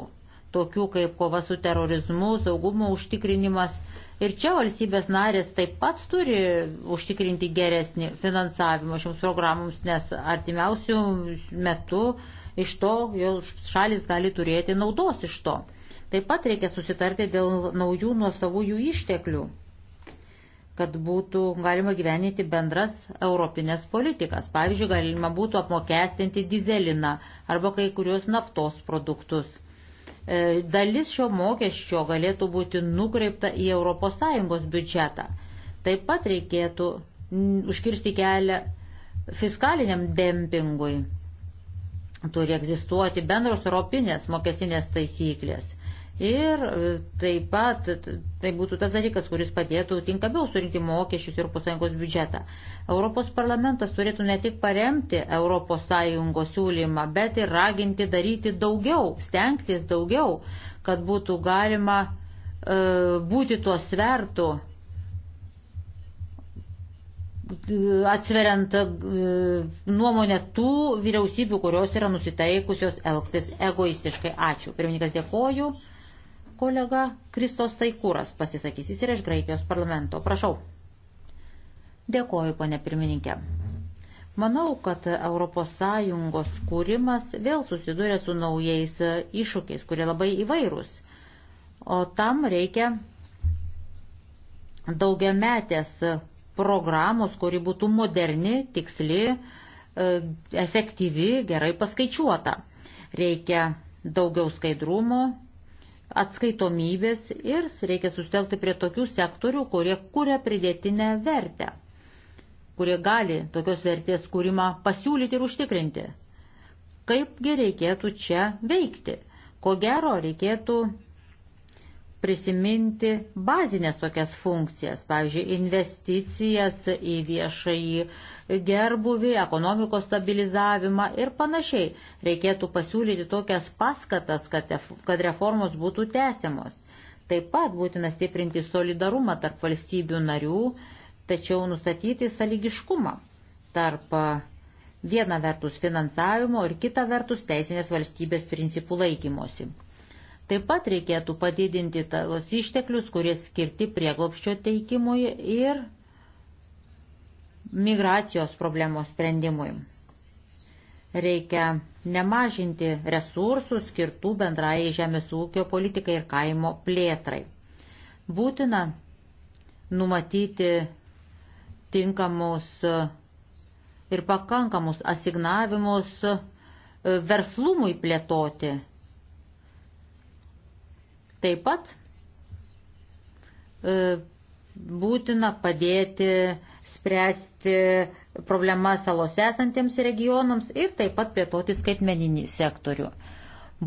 B: tokių kaip kova su terorizmu, saugumo užtikrinimas. Ir čia valstybės narės taip pat turi užtikrinti geresnį finansavimą šioms programoms, nes artimiausių metų iš to jau šalis gali turėti naudos iš to. Taip pat reikia susitarti dėl naujų nuosavųjų išteklių kad būtų galima gyveninti bendras europinės politikas. Pavyzdžiui, galima būtų apmokestinti dizeliną arba kai kurios naftos produktus. E, dalis šio mokesčio galėtų būti nukreipta į ES biudžetą. Taip pat reikėtų užkirsti kelią fiskaliniam dempingui. Turi egzistuoti bendros europinės mokestinės taisyklės Ir e, taip pat tai būtų tas dalykas, kuris padėtų tinkabiau surinkti mokesčius ES biudžetą. Europos parlamentas turėtų ne tik paremti ES siūlymą, bet ir raginti daryti daugiau, stengtis daugiau, kad būtų galima e, būti tuo svertu e, atsveriant e, nuomonę tų vyriausybių, kurios yra nusiteikusios elgtis egoistiškai. Ačiū. Pirmininkas dėkoju. Kolega Kristos Saikūras pasisakys, jis yra iš Graikijos parlamento. Prašau. Dėkoju, ponė pirmininkė. Manau, kad ES kūrimas vėl susiduria su naujais iššūkiais, kurie labai įvairūs. O tam reikia daugiametės programos, kuri būtų moderni, tiksli, e, efektyvi, gerai paskaičiuota. Reikia daugiau skaidrumo, atskaitomybės ir reikia sustelkti prie tokių sektorių, kurie kuria pridėtinę vertę, kurie gali tokios vertės kūrimą pasiūlyti ir užtikrinti. Kaipgi reikėtų čia veikti? Ko gero reikėtų prisiminti bazinės tokias funkcijas, pavyzdžiui, investicijas į viešai gerbuvį, ekonomikos stabilizavimą ir panašiai. Reikėtų pasiūlyti tokias paskatas, kad, kad reformos būtų tęsiamos. Taip pat būtina stiprinti solidarumą tarp valstybių narių, tačiau nustatyti saligiškumą tarp viena vertus finansavimo ir kita vertus teisinės valstybės principų laikymosi. Taip pat reikėtų padidinti tos išteklius, kurie skirti prieglopščio teikimui ir migracijos problemos sprendimui. Reikia nemažinti resursų skirtų bendrai žemės ūkio politikai ir kaimo plėtrai. Būtina numatyti tinkamus ir pakankamus asignavimus e, verslumui plėtoti. Taip pat e, būtina padėti spręsti problemas salose esantiems regionams ir taip pat plėtoti skaitmeninį sektorių.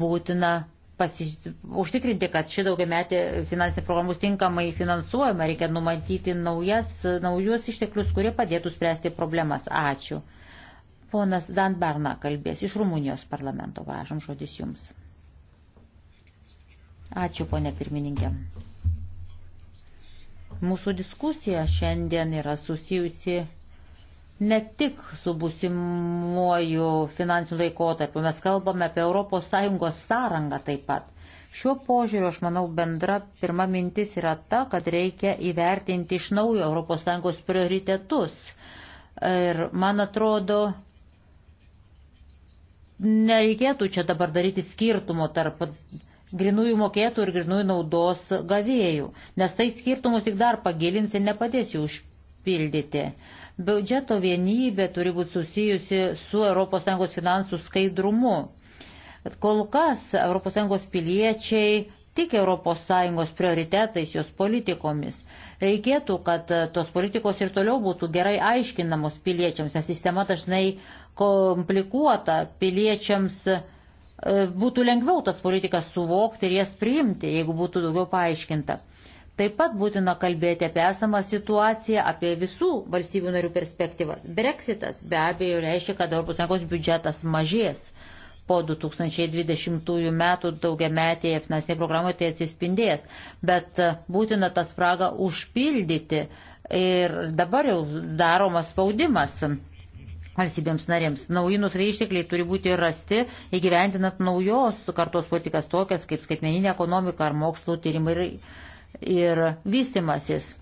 B: Būtina pasi... užtikrinti, kad ši daugiametė finansinė programos tinkamai finansuojama, reikia numatyti naujas, naujus išteklius, kurie padėtų spręsti problemas. Ačiū. Ponas Dan Barna kalbės iš Rumunijos parlamento. Prašom, žodis jums. Ačiū, ponė pirmininkė. Mūsų diskusija šiandien yra susijusi ne tik su busimuoju finansiniu laikotarpiu, mes kalbame apie ES sąrangą taip pat. Šiuo požiūriu, aš manau, bendra pirma mintis yra ta, kad reikia įvertinti iš naujo ES prioritetus. Ir man atrodo, nereikėtų čia dabar daryti skirtumo tarp grinųjų mokėtų ir grinųjų naudos gavėjų, nes tai skirtumus tik dar pagilins ir nepadės jų užpildyti. Biudžeto vienybė turi būti susijusi su ES finansų skaidrumu. Kol kas ES piliečiai tik ES prioritetais, jos politikomis. Reikėtų, kad tos politikos ir toliau būtų gerai aiškinamos piliečiams, nes sistema dažnai komplikuota piliečiams E, būtų lengviau tas politikas suvokti ir jas priimti, jeigu būtų daugiau paaiškinta. Taip pat būtina kalbėti apie esamą situaciją, apie visų valstybių narių perspektyvą. Brexitas be abejo reiškia, kad ES biudžetas mažės. Po 2020 metų daugiametėje finansinėje programoje tai atsispindės, bet e, būtina tą spragą užpildyti ir dabar jau daromas spaudimas valstybėms narėms. Nauji nusavi ištekliai turi būti rasti įgyvendinant naujos kartos politikas tokias kaip skaitmeninė ekonomika ar mokslo tyrimai ir, ir vystimasis.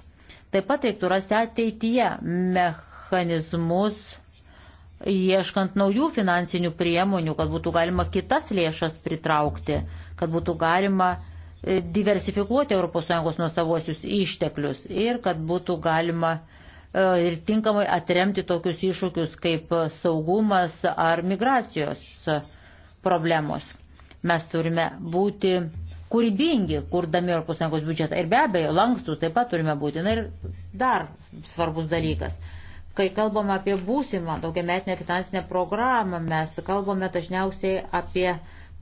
B: Taip pat reiktų rasti ateityje mechanizmus ieškant naujų finansinių priemonių, kad būtų galima kitas lėšas pritraukti, kad būtų galima e, diversifikuoti ES nuosavosius išteklius ir kad būtų galima uh, E, ir tinkamai atremti tokius iššūkius kaip saugumas ar migracijos problemos. Mes turime būti kūrybingi, kurdami Europos Sąjungos biudžetą. Ir be abejo, lankstų taip pat turime būti. Na ir dar svarbus dalykas. Kai kalbame apie būsimą daugiametinę finansinę programą, mes kalbame dažniausiai apie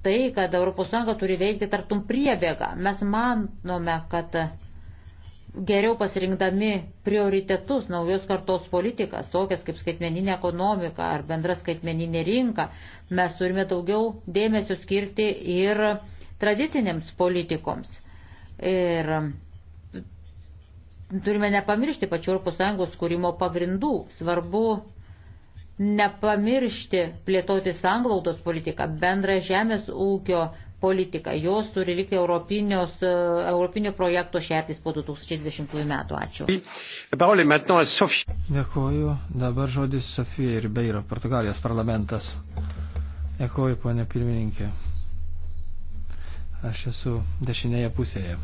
B: tai, kad ES turi veikti tartum priebėgą. Mes manome, kad geriau pasirinkdami prioritetus, naujos kartos politikas, tokias kaip skaitmeninė ekonomika ar bendra skaitmeninė rinka, mes turime daugiau dėmesio skirti ir tradicinėms politikoms. Ir turime nepamiršti pačių ES kūrimo pagrindų. Svarbu nepamiršti plėtoti sanglaudos politiką, bendrą žemės ūkio politika. Jos turi likti e, europinio projekto šertis po 2020 metų. Ačiū.
C: Dėkuoju. Dabar žodis Sofija ir Beiro, Portugalijos parlamentas. Dėkuoju, ponė pirmininkė. Aš esu dešinėje pusėje.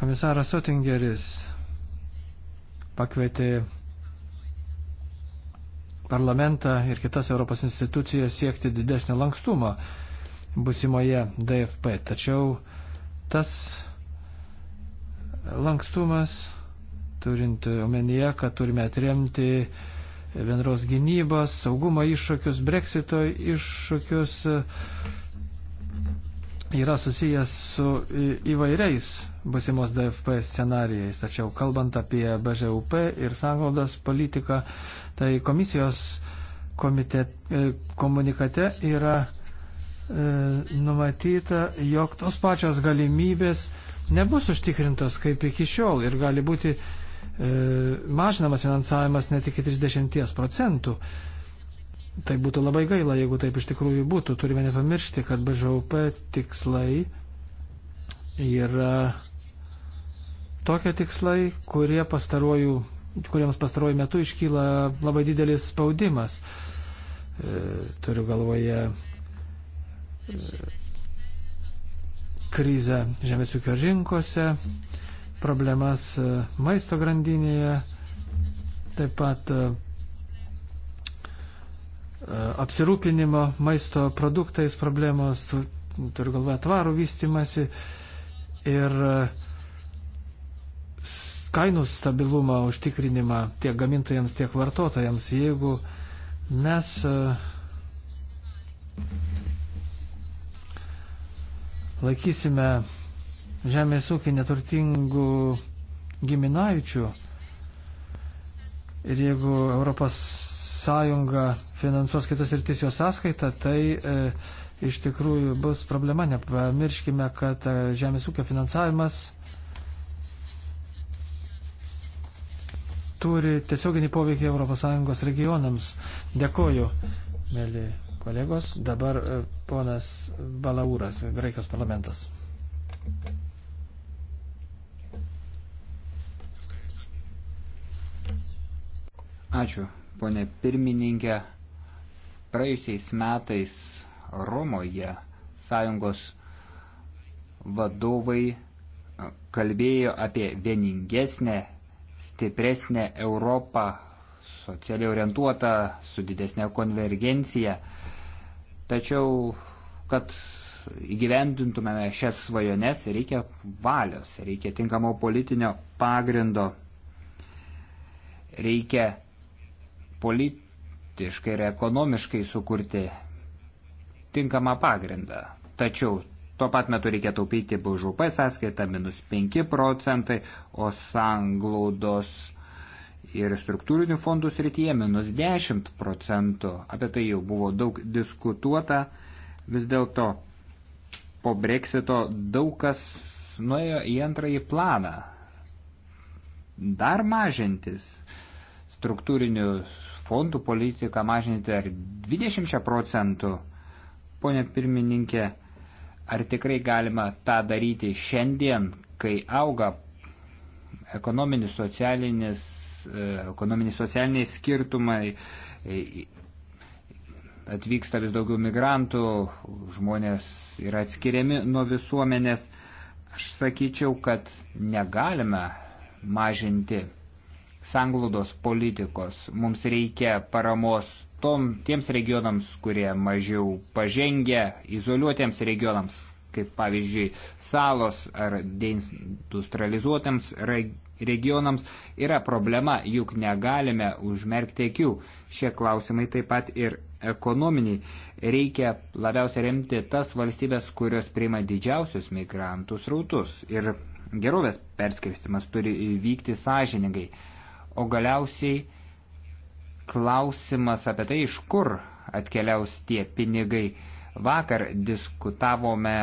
C: Komisaras Sotingeris pakvietė parlamentą ir kitas Europos institucijas siekti didesnio lankstumo busimoje DFP. Tačiau tas lankstumas, turint omenyje, kad turime atremti bendros gynybos, saugumo iššūkius, breksito iššūkius, yra susijęs su įvairiais busimos DFP scenarijais. Tačiau kalbant apie BŽUP ir sąnaudos politiką, tai komisijos komitet, e, komunikate yra E, numatyta, jog tos pačios galimybės nebus užtikrintos kaip iki šiol ir gali būti e, mažinamas finansavimas net iki 30 procentų. Tai būtų labai gaila, jeigu taip iš tikrųjų būtų. Turime nepamiršti, kad BŽUP tikslai yra tokie tikslai, kurie pastaruoju, kuriems pastaruoju metu iškyla labai didelis spaudimas. E, turiu galvoje krizę žemės ūkio rinkose, problemas e, maisto grandinėje, taip pat e, e, apsirūpinimo maisto produktais problemos, turiu galvoje tvarų vystimasi ir kainų stabilumą užtikrinimą tiek gamintojams, tiek vartotojams. Jeigu mes laikysime žemės ūkį neturtingų giminaičių ir jeigu Europos Sąjunga finansuos kitas ir ties jo sąskaita, tai e, iš tikrųjų bus problema. Nepamirškime, kad e, žemės ūkio finansavimas turi tiesioginį poveikį ES regionams. Dėkoju, mėly kolegos. Dabar e, ponas Balauras, Graikijos parlamentas.
A: Ačiū, ponė pirmininkė. Praėjusiais metais Romoje sąjungos vadovai e, kalbėjo apie vieningesnę, stipresnę Europą, socialiai orientuotą, su didesnė konvergencija. Tačiau, kad įgyvendintumėme šias svajones, reikia valios, reikia tinkamo politinio pagrindo, reikia politiškai ir ekonomiškai sukurti tinkamą pagrindą. Tačiau tuo pat metu reikia taupyti BŽP sąskaitą minus 5 procentai, o sanglaudos ir struktūrinių fondų srityje minus 10 procentų. Apie tai jau buvo daug diskutuota. Vis dėlto po breksito daug kas nuėjo į antrąjį planą. Dar mažintis struktūrinių fondų politiką mažinti ar 20 procentų. Pone pirmininkė, ar tikrai galima tą daryti šiandien, kai auga ekonominis, socialinis E, ekonominiai socialiniai skirtumai, e, atvyksta vis daugiau migrantų, žmonės yra atskiriami nuo visuomenės. Aš sakyčiau, kad negalime mažinti sanglaudos politikos. Mums reikia paramos tom, tiems regionams, kurie mažiau pažengia, izoliuotiems regionams, kaip pavyzdžiui salos ar deindustrializuotiems regionams yra problema, juk negalime užmerkti akių. Šie klausimai taip pat ir ekonominiai. Reikia labiausiai remti tas valstybės, kurios priima didžiausius migrantų srautus ir gerovės perskirstimas turi vykti sąžiningai. O galiausiai klausimas apie tai, iš kur atkeliaus tie pinigai. Vakar diskutavome,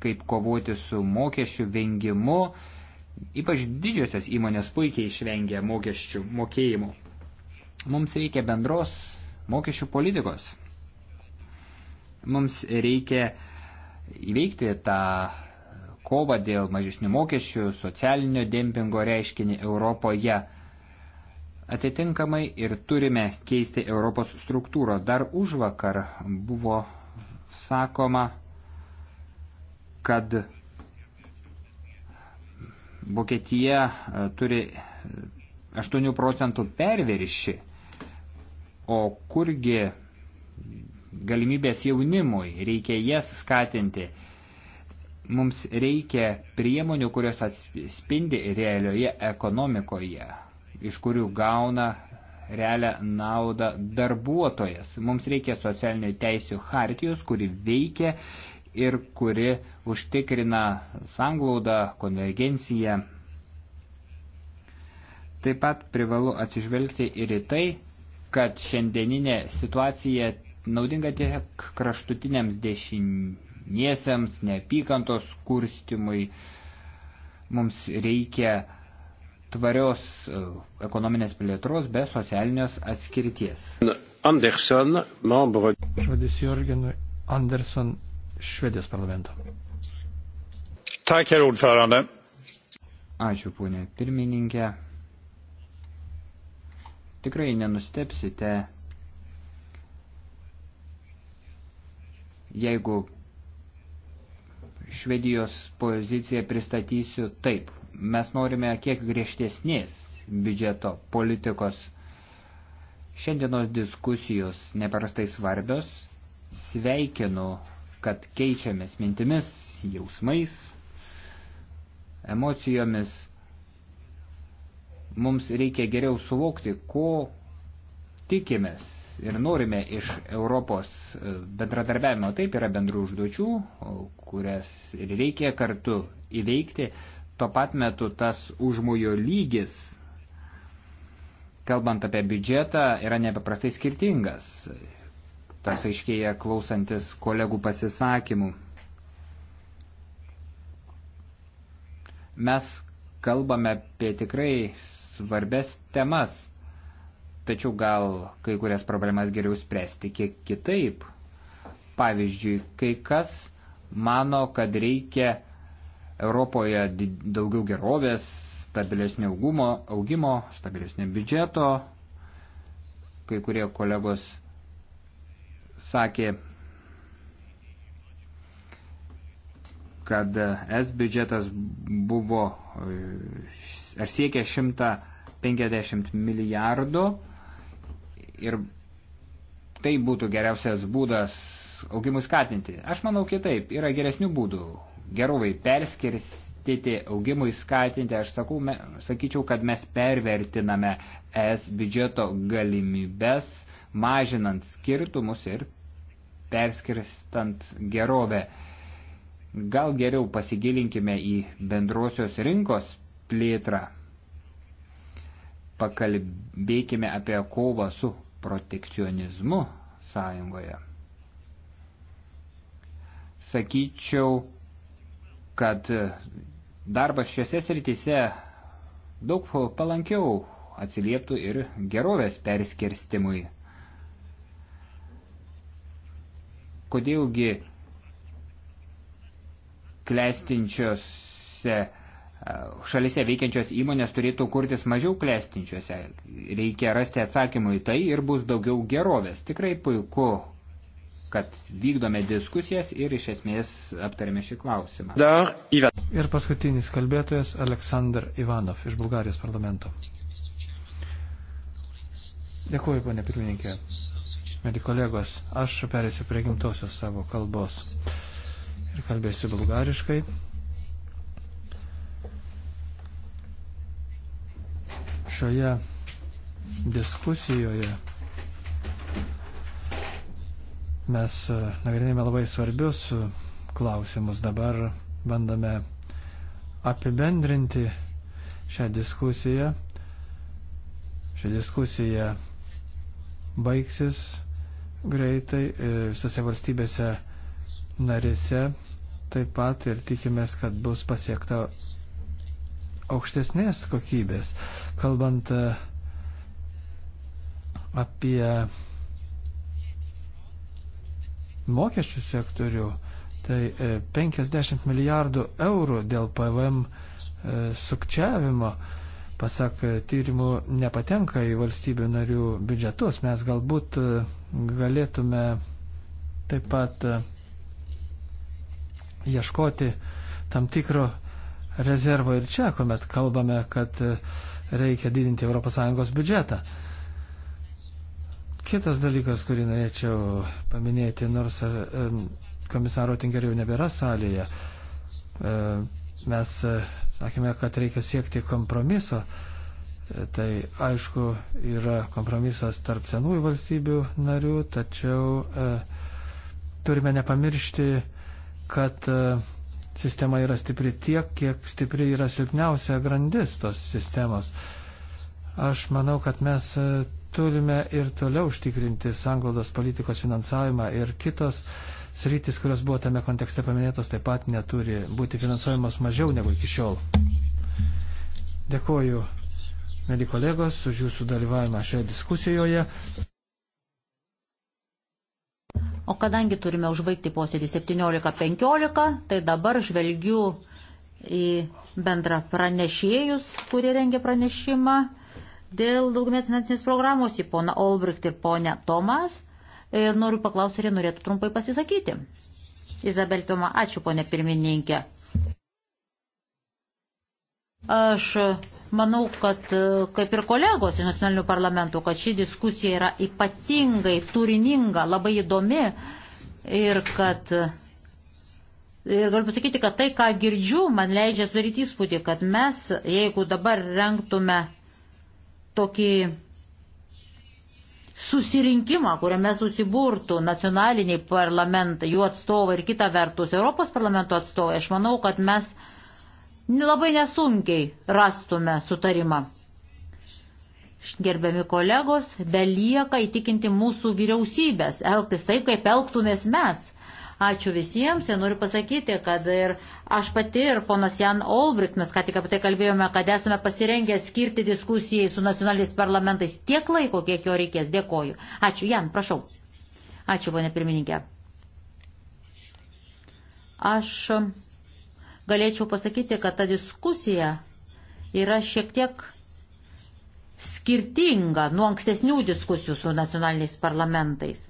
A: kaip kovoti su mokesčių vengimu, Ypač didžiosios įmonės puikiai išvengia mokesčių mokėjimų. Mums reikia bendros mokesčių politikos. Mums reikia įveikti tą kovą dėl mažesnių mokesčių, socialinio dempingo reiškinį Europoje. Atitinkamai ir turime keisti Europos struktūros. Dar už vakar buvo sakoma, kad Vokietija e, turi 8 e, procentų perviršį, o kurgi galimybės jaunimui, reikia jas skatinti. Mums reikia priemonių, kurios atspindi realioje ekonomikoje, iš kurių gauna realią naudą darbuotojas. Mums reikia socialinių teisių hartijos, kuri veikia ir kuri užtikrina sanglaudą, konvergenciją. Taip pat privalu atsižvelgti ir į tai, kad šiandieninė situacija naudinga tiek kraštutiniams dešiniesiems, neapykantos kurstimui. Mums reikia tvarios e, ekonominės plėtros be socialinės atskirties. Anderson, membre.
C: Žodis Jorgenui Anderson, Švedijos parlamento.
A: Ačiū, ponė pirmininkė. Tikrai nenustepsite, jeigu Švedijos poziciją pristatysiu taip. Mes norime kiek griežtesnės biudžeto politikos. Šiandienos diskusijos neparastai svarbios. Sveikinu kad keičiamės mintimis, jausmais, emocijomis. Mums reikia geriau suvokti, ko tikimės ir norime iš Europos bendradarbiavimo. Taip yra bendrų užduočių, kurias ir reikia kartu įveikti. Tuo pat metu tas užmojo lygis, kalbant apie biudžetą, yra nepaprastai skirtingas. Tas aiškėja klausantis kolegų pasisakymų. Mes kalbame apie tikrai svarbes temas, tačiau gal kai kurias problemas geriau spręsti kiek kitaip. Pavyzdžiui, kai kas mano, kad reikia Europoje daugiau gerovės, stabilesnio augumo, augimo, stabilesnio biudžeto. Kai kurie kolegos sakė, kad S biudžetas buvo e, ar siekia 150 milijardų ir tai būtų geriausias būdas augimui skatinti. Aš manau kitaip, yra geresnių būdų gerovai perskirstyti, augimui skatinti. Aš sakau, me, sakyčiau, kad mes pervertiname ES biudžeto galimybės, mažinant skirtumus ir perskirstant gerovę. Gal geriau pasigilinkime į bendrosios rinkos plėtrą. Pakalbėkime apie kovą su protekcionizmu sąjungoje. Sakyčiau, kad darbas šiuose srityse daug palankiau atsilieptų ir gerovės perskirstimui. Kodėlgi klestinčiose e, šalise veikiančios įmonės turėtų kurtis mažiau klestinčiose. Reikia rasti atsakymų į tai ir bus daugiau gerovės. Tikrai puiku, kad vykdome diskusijas ir iš esmės aptarėme šį klausimą.
C: Dar įvedame. Ir paskutinis kalbėtojas Aleksandr Ivanov iš Bulgarijos parlamento. Dėkuoju, ponė pirmininkė mėly kolegos, aš perėsiu prie gimtosios savo kalbos ir kalbėsiu bulgariškai. Šioje diskusijoje mes e, nagrinėjame labai svarbius e, klausimus. Dabar bandome apibendrinti šią diskusiją. Ši diskusija baigsis greitai e, visose valstybėse narėse taip pat ir tikimės, kad bus pasiekta aukštesnės kokybės. Kalbant e, apie mokesčių sektorių, tai 50 e, milijardų eurų dėl PVM sukčiavimo pasak tyrimų, nepatenka į valstybių narių biudžetus. Mes galbūt e, galėtume taip pat e, ieškoti tam tikro rezervo ir čia, kuomet kalbame, kad e, reikia didinti ES biudžetą. Kitas dalykas, kurį norėčiau paminėti, nors komisaro Tinkeriau nebėra salėje, mes sakėme, kad reikia siekti kompromiso. Tai aišku, yra kompromisas tarp senųjų valstybių narių, tačiau e, turime nepamiršti, kad e, sistema yra stipri tiek, kiek stipri yra silpniausia grandis tos sistemos. Aš manau, kad mes e, turime ir toliau užtikrinti sanglaudos politikos finansavimą ir kitos e, sritis, kurios buvo tame kontekste paminėtos, taip pat neturi būti finansuojamos mažiau negu iki šiol. Dėkoju, mėly kolegos, už jūsų dalyvavimą šioje diskusijoje.
B: O kadangi turime užbaigti posėdį 17.15, tai dabar žvelgiu į bendrą pranešėjus, kurie rengia pranešimą dėl daugumės finansinės programos į poną Olbricht ir ponę Tomas. E, noriu paklausti, ar jie norėtų trumpai pasisakyti. Izabel Toma, ačiū ponė pirmininkė. Aš manau, kad e, kaip ir kolegos iš nacionalinių parlamentų, kad ši diskusija yra ypatingai turininga, labai įdomi ir kad. Ir galiu pasakyti, kad tai, ką girdžiu, man leidžia sudaryti įspūdį, kad mes, jeigu dabar renktume tokį susirinkimą, kuriame susiburtų nacionaliniai parlamentai, jų atstovai ir kita vertus Europos parlamento atstovai, aš manau, kad mes labai nesunkiai rastume sutarimą. Gerbiami kolegos, belieka įtikinti mūsų vyriausybės elgtis taip, kaip elgtumės mes Ačiū visiems ir noriu pasakyti, kad ir aš pati ir ponas Jan Olbricht, mes ką tik apie tai kalbėjome, kad esame pasirengę skirti diskusijai su nacionaliais parlamentais tiek laiko, kiek jo reikės. Dėkoju. Ačiū, Jan, prašau. Ačiū, ponė pirmininkė. Aš galėčiau pasakyti, kad ta diskusija yra šiek tiek skirtinga nuo ankstesnių diskusijų su nacionaliniais parlamentais.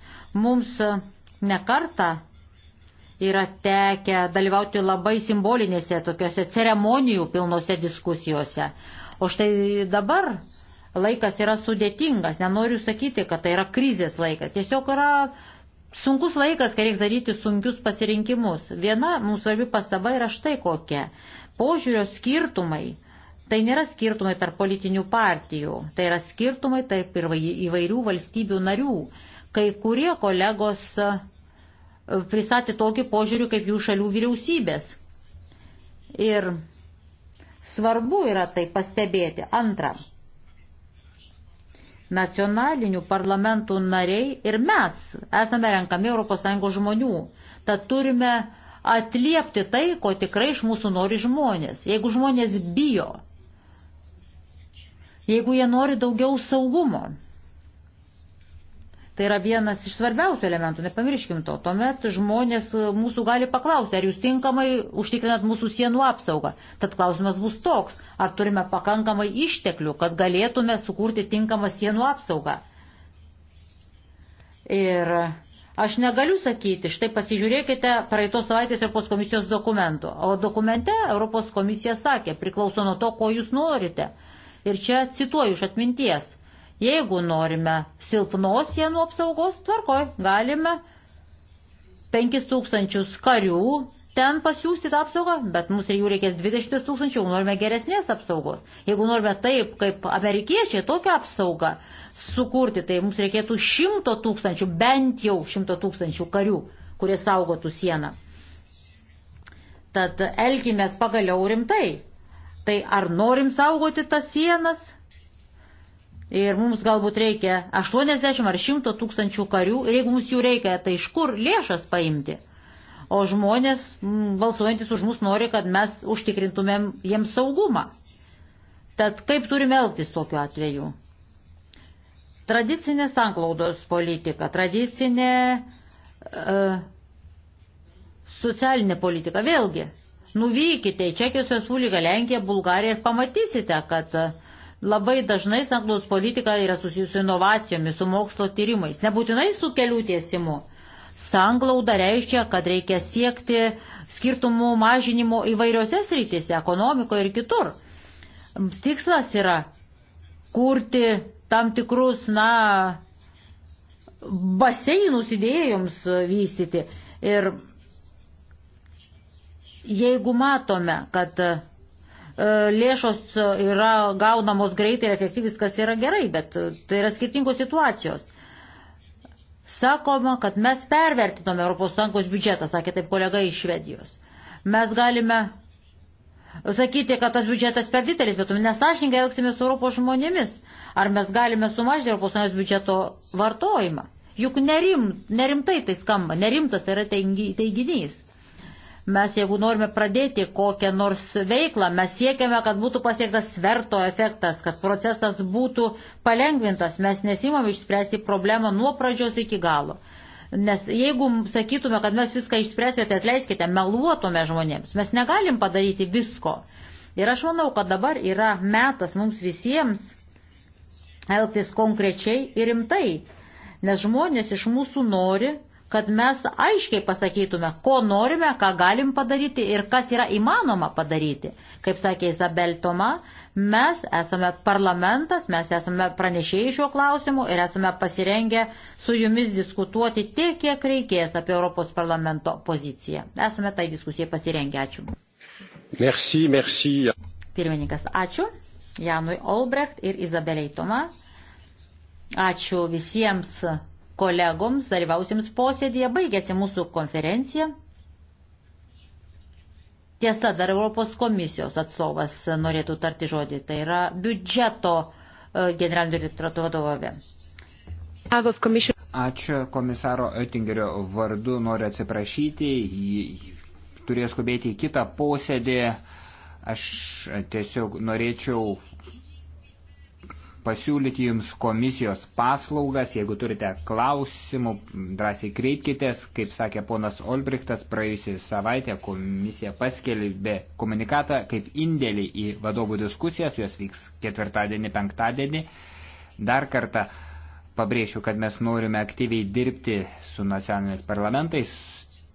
B: Mums nekarta yra tekę dalyvauti labai simbolinėse tokiuose ceremonijų pilnose diskusijose. O štai dabar laikas yra sudėtingas, nenoriu sakyti, kad tai yra krizės laikas, tiesiog yra sunkus laikas, kai reikia daryti sunkius pasirinkimus. Viena mūsų svarbi pastaba yra štai kokia. Požiūrio skirtumai. Tai nėra skirtumai tarp politinių partijų, tai yra skirtumai tarp įvairių valstybių narių. Kai kurie kolegos pristatė tokį požiūrį kaip jų šalių vyriausybės. Ir svarbu yra tai pastebėti. Antra, nacionalinių parlamentų nariai ir mes esame renkami ES žmonių. Tad turime atliepti tai, ko tikrai iš mūsų nori žmonės. Jeigu žmonės bijo, jeigu jie nori daugiau saugumo, Tai yra vienas iš svarbiausių elementų, nepamirškim to. Tuomet žmonės e, mūsų gali paklausti, ar jūs tinkamai užtikrinat mūsų sienų apsaugą. Tad klausimas bus toks, ar turime pakankamai išteklių, kad galėtume sukurti tinkamą sienų apsaugą. Ir aš negaliu sakyti, štai pasižiūrėkite praeitos savaitės Europos komisijos dokumento. O dokumente Europos komisija sakė, priklauso nuo to, ko jūs norite. Ir čia cituoju iš atminties Jeigu norime silpnos sienų apsaugos tvarkoj, galime 5000 karių ten pasiūsti tą apsaugą, bet mums ir jų reikės 20 tūkstančių, jeigu norime geresnės apsaugos. Jeigu norime taip, kaip amerikiečiai, tokią apsaugą sukurti, tai mums reikėtų 100 tūkstančių, bent jau 100 tūkstančių karių, kurie saugotų sieną. Tad elgimės pagaliau rimtai. Tai ar norim saugoti tas sienas, Ir mums galbūt reikia 80 ar 100 tūkstančių karių. Ir jeigu mums jų reikia, tai iš kur lėšas paimti? O žmonės balsuojantis už mus nori, kad mes užtikrintumėm jiems saugumą. Tad kaip turime elgtis tokiu atveju? Tradicinė sanklaudos politika, tradicinė uh, socialinė politika. Vėlgi, nuvykite į Čekijos Respubliką, Lenkiją, Bulgariją ir pamatysite, kad uh, Labai dažnai sanglaudos politika yra susijusi su inovacijomis, su mokslo tyrimais, nebūtinai su kelių tiesimu. Sanglauda reiškia, kad reikia siekti skirtumų mažinimo įvairiose srityse, ekonomikoje ir kitur. Tikslas yra kurti tam tikrus, na, baseinus idėjoms vystyti. Ir jeigu matome, kad E, lėšos yra gaunamos greitai ir efektyviai, viskas yra gerai, bet tai yra skirtingos situacijos. Sakoma, kad mes pervertinome ES biudžetą, sakė taip kolega iš Švedijos. Mes galime sakyti, kad tas biudžetas per didelis, bet nesažininkai elgsime su Europos žmonėmis. Ar mes galime sumažinti ES biudžeto vartojimą? Juk nerim, nerimtai tai skamba, nerimtas tai yra teiginys. Mes, jeigu norime pradėti kokią nors veiklą, mes siekiame, kad būtų pasiektas sverto efektas, kad procesas būtų palengvintas, mes nesimam išspręsti problemą nuo pradžios iki galo. Nes jeigu sakytume, kad mes viską išspręsime, tai atleiskite, meluotume žmonėms, mes negalim padaryti visko. Ir aš manau, kad dabar yra metas mums visiems elgtis konkrečiai ir rimtai, nes žmonės iš mūsų nori kad mes aiškiai pasakytume, ko norime, ką galim padaryti ir kas yra įmanoma padaryti. Kaip sakė Izabel Toma, mes esame parlamentas, mes esame pranešėjai šiuo klausimu ir esame pasirengę su jumis diskutuoti tiek, kiek reikės apie Europos parlamento poziciją. Esame tai diskusijai pasirengę. Ačiū.
A: Merci, merci.
B: Pirmininkas, ačiū. Janui Olbrecht ir Izabeliai Toma. Ačiū visiems kolegoms dalyvausiems posėdėje. Baigėsi mūsų konferencija. Tiesa, dar Europos komisijos atstovas norėtų tarti žodį. Tai yra biudžeto e, generalinio direktorato vadovovė.
A: Ačiū komisaro Oettingerio vardu, noriu atsiprašyti, turės skubėti į kitą posėdį. Aš tiesiog norėčiau pasiūlyti jums komisijos paslaugas. Jeigu turite klausimų, drąsiai kreipkitės. Kaip sakė ponas Olbrichtas, praėjusią savaitę komisija paskelbė komunikatą kaip indėlį į vadovų diskusijas. Jos vyks ketvirtadienį, penktadienį. Dar kartą pabrėšiu, kad mes norime aktyviai dirbti su nacionaliniais parlamentais,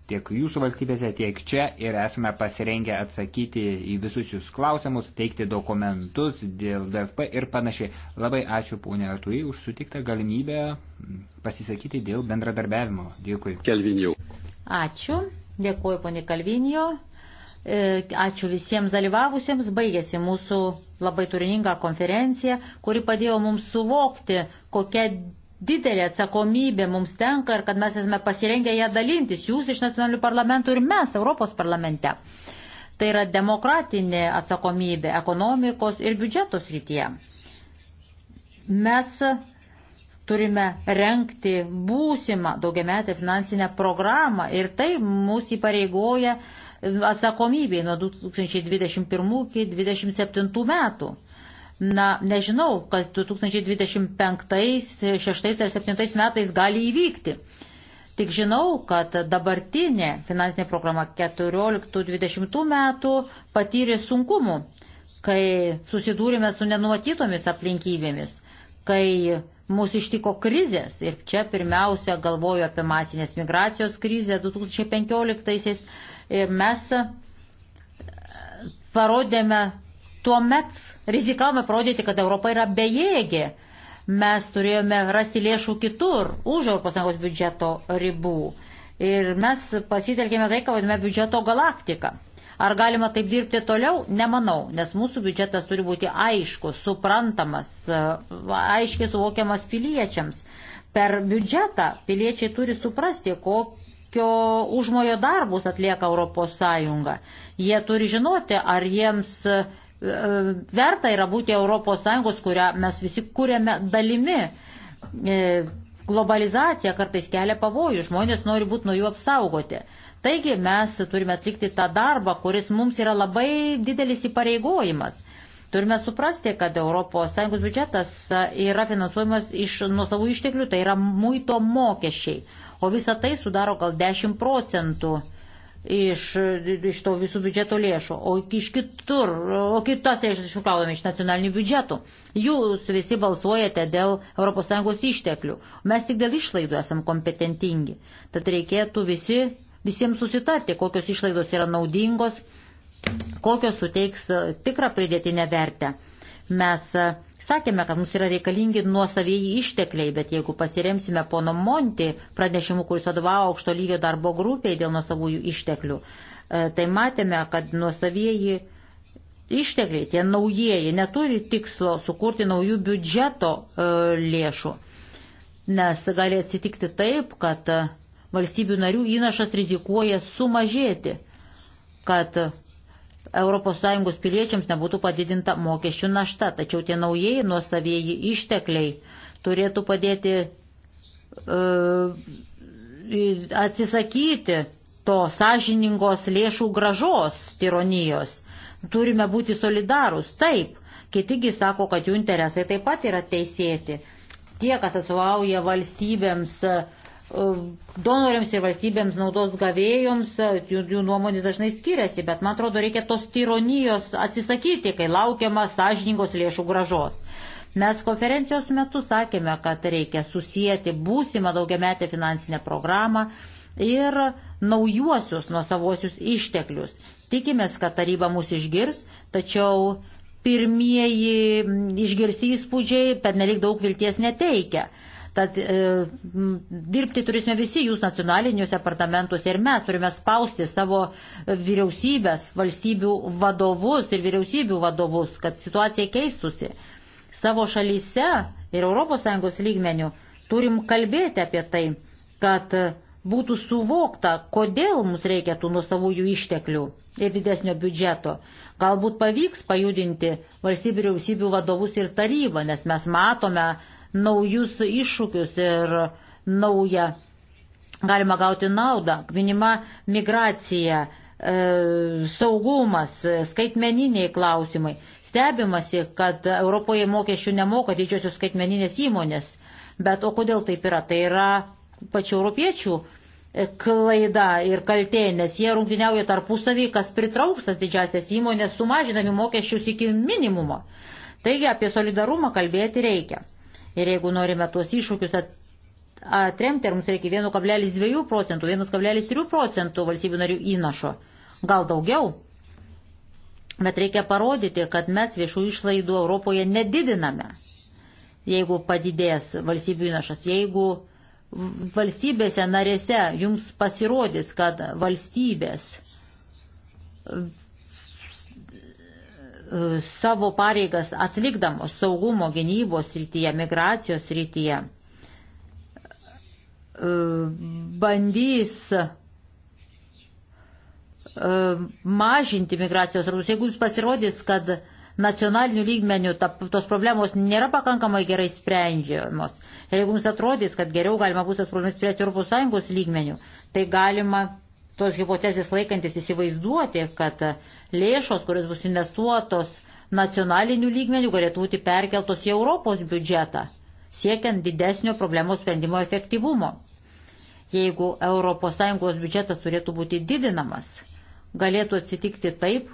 A: tiek jūsų valstybėse, tiek čia ir esame pasirengę atsakyti į visus jūs klausimus, teikti dokumentus dėl DFP ir panašiai. Labai ačiū ponė Artui už sutiktą galimybę pasisakyti dėl bendradarbiavimo. Dėkui. Kelvinijau.
B: Ačiū. Dėkuoju ponė Kalvinijo. E, ačiū visiems dalyvavusiems. Baigėsi mūsų labai turininga konferencija, kuri padėjo mums suvokti, kokia didelė atsakomybė mums tenka ir kad mes esame pasirengę ją dalintis, jūs iš nacionalinių parlamentų ir mes Europos parlamente. Tai yra demokratinė atsakomybė ekonomikos ir biudžeto srityje. Mes turime renkti būsimą daugiametę finansinę programą ir tai mūsų įpareigoja atsakomybė nuo 2021 iki 2027 metų. Na, nežinau, kas 2025, 2026 ar 2027 metais gali įvykti. Tik žinau, kad dabartinė finansinė programa 14-20 metų patyrė sunkumų, kai susidūrėme su nenumatytomis aplinkybėmis, kai mūsų ištiko krizės ir čia pirmiausia galvoju apie masinės migracijos krizę 2015-aisiais ir mes e, parodėme tuomet rizikavome parodyti, kad Europa yra bejėgė. Mes turėjome rasti lėšų kitur, už ES biudžeto ribų. Ir mes pasitelkėme tai, ką vadiname biudžeto galaktiką. Ar galima taip dirbti toliau? Nemanau, nes mūsų biudžetas turi būti aiškus, suprantamas, e, aiškiai suvokiamas piliečiams. Per biudžetą piliečiai turi suprasti, kokį kokio užmojo darbus atlieka ES. Jie turi žinoti, ar jiems E, verta yra būti ES, kurią mes visi kūrėme dalimi. E, globalizacija kartais kelia pavojų, žmonės nori būti nuo jų apsaugoti. Taigi mes turime atlikti tą darbą, kuris mums yra labai didelis įpareigojimas. Turime suprasti, kad ES biudžetas e, yra finansuojamas iš nuosavų išteklių, tai yra muito mokesčiai, o visa tai sudaro gal 10 procentų iš, iš to visų biudžeto lėšų, o iš kitur, o kitas lėšas iššukaujame iš nacionalinių biudžetų. Jūs visi balsuojate dėl ES išteklių, mes tik dėl išlaidų esam kompetentingi. Tad reikėtų visi, visiems susitarti, kokios išlaidos yra naudingos, kokios suteiks e, tikrą pridėtinę vertę. Mes e, Sakėme, kad mums yra reikalingi nuosavėjai ištekliai, bet jeigu pasiremsime pono Monti pranešimu, kuris vadovavo aukšto lygio darbo grupiai dėl nuosavųjų išteklių, e, tai matėme, kad nuosavėjai ištekliai, tie naujieji, neturi tikslo sukurti naujų biudžeto e, lėšų, nes gali atsitikti taip, kad valstybių narių įnašas rizikuoja sumažėti, kad ES piliečiams nebūtų padidinta mokesčių našta, tačiau tie naujieji nuosavieji ištekliai turėtų padėti uh, atsisakyti to sąžiningos lėšų gražos tironijos. Turime būti solidarūs, taip. Kitigi sako, kad jų interesai taip pat yra teisėti. Tie, kas atstovauja valstybėms uh, donoriams ir valstybėms naudos gavėjoms, jų, jų nuomonės dažnai skiriasi, bet man atrodo reikia tos tironijos atsisakyti, kai laukiama sąžiningos lėšų gražos. Mes konferencijos metu sakėme, kad reikia susijęti būsimą daugiametę finansinę programą ir naujuosius nuo savosius išteklius. Tikimės, kad taryba mūsų išgirs, tačiau pirmieji išgirsti įspūdžiai per nelik daug vilties neteikia. Tad e, dirbti turėsime visi jūs nacionaliniuose parlamentuose ir mes turime spausti savo vyriausybės, valstybių vadovus ir vyriausybių vadovus, kad situacija keistusi. Savo šalyse ir ES lygmenių turim kalbėti apie tai, kad būtų suvokta, kodėl mums reikia tų nusavųjų išteklių ir didesnio biudžeto. Galbūt pavyks pajudinti valstybių vyriausybių vadovus ir tarybą, nes mes matome, naujus iššūkius ir naują galima gauti naudą. Minima migracija, e, saugumas, skaitmeniniai klausimai. Stebimasi, kad Europoje mokesčių nemoka didžiosios skaitmeninės įmonės. Bet o kodėl taip yra? Tai yra pačių europiečių e, klaida ir kaltė, nes jie rungtyniauja tarpusavį, kas pritrauks tas didžiasias įmonės, sumažinami mokesčius iki minimumo. Taigi apie solidarumą kalbėti reikia. Ir jeigu norime tuos iššūkius atremti, ar mums reikia 1,2 procentų, 1,3 procentų valstybių narių įnašo, gal daugiau. Bet reikia parodyti, kad mes viešų išlaidų Europoje nedidiname, jeigu padidės valstybių įnašas, jeigu valstybėse narėse jums pasirodys, kad valstybės savo pareigas atlikdamos saugumo gynybos rytyje, migracijos rytyje, e, bandys e, mažinti migracijos rautus. Jeigu jūs pasirodys, kad nacionalinių lygmenių ta, tos problemos nėra pakankamai gerai sprendžiamos, ir jeigu jums atrodys, kad geriau galima bus tas problemas spręsti ES lygmenių, tai galima tos hipotezės laikantis įsivaizduoti, kad lėšos, kurios bus investuotos nacionalinių lygmenių, galėtų būti perkeltos į Europos biudžetą, siekiant didesnio problemos sprendimo efektyvumo. Jeigu ES biudžetas turėtų būti didinamas, galėtų atsitikti taip,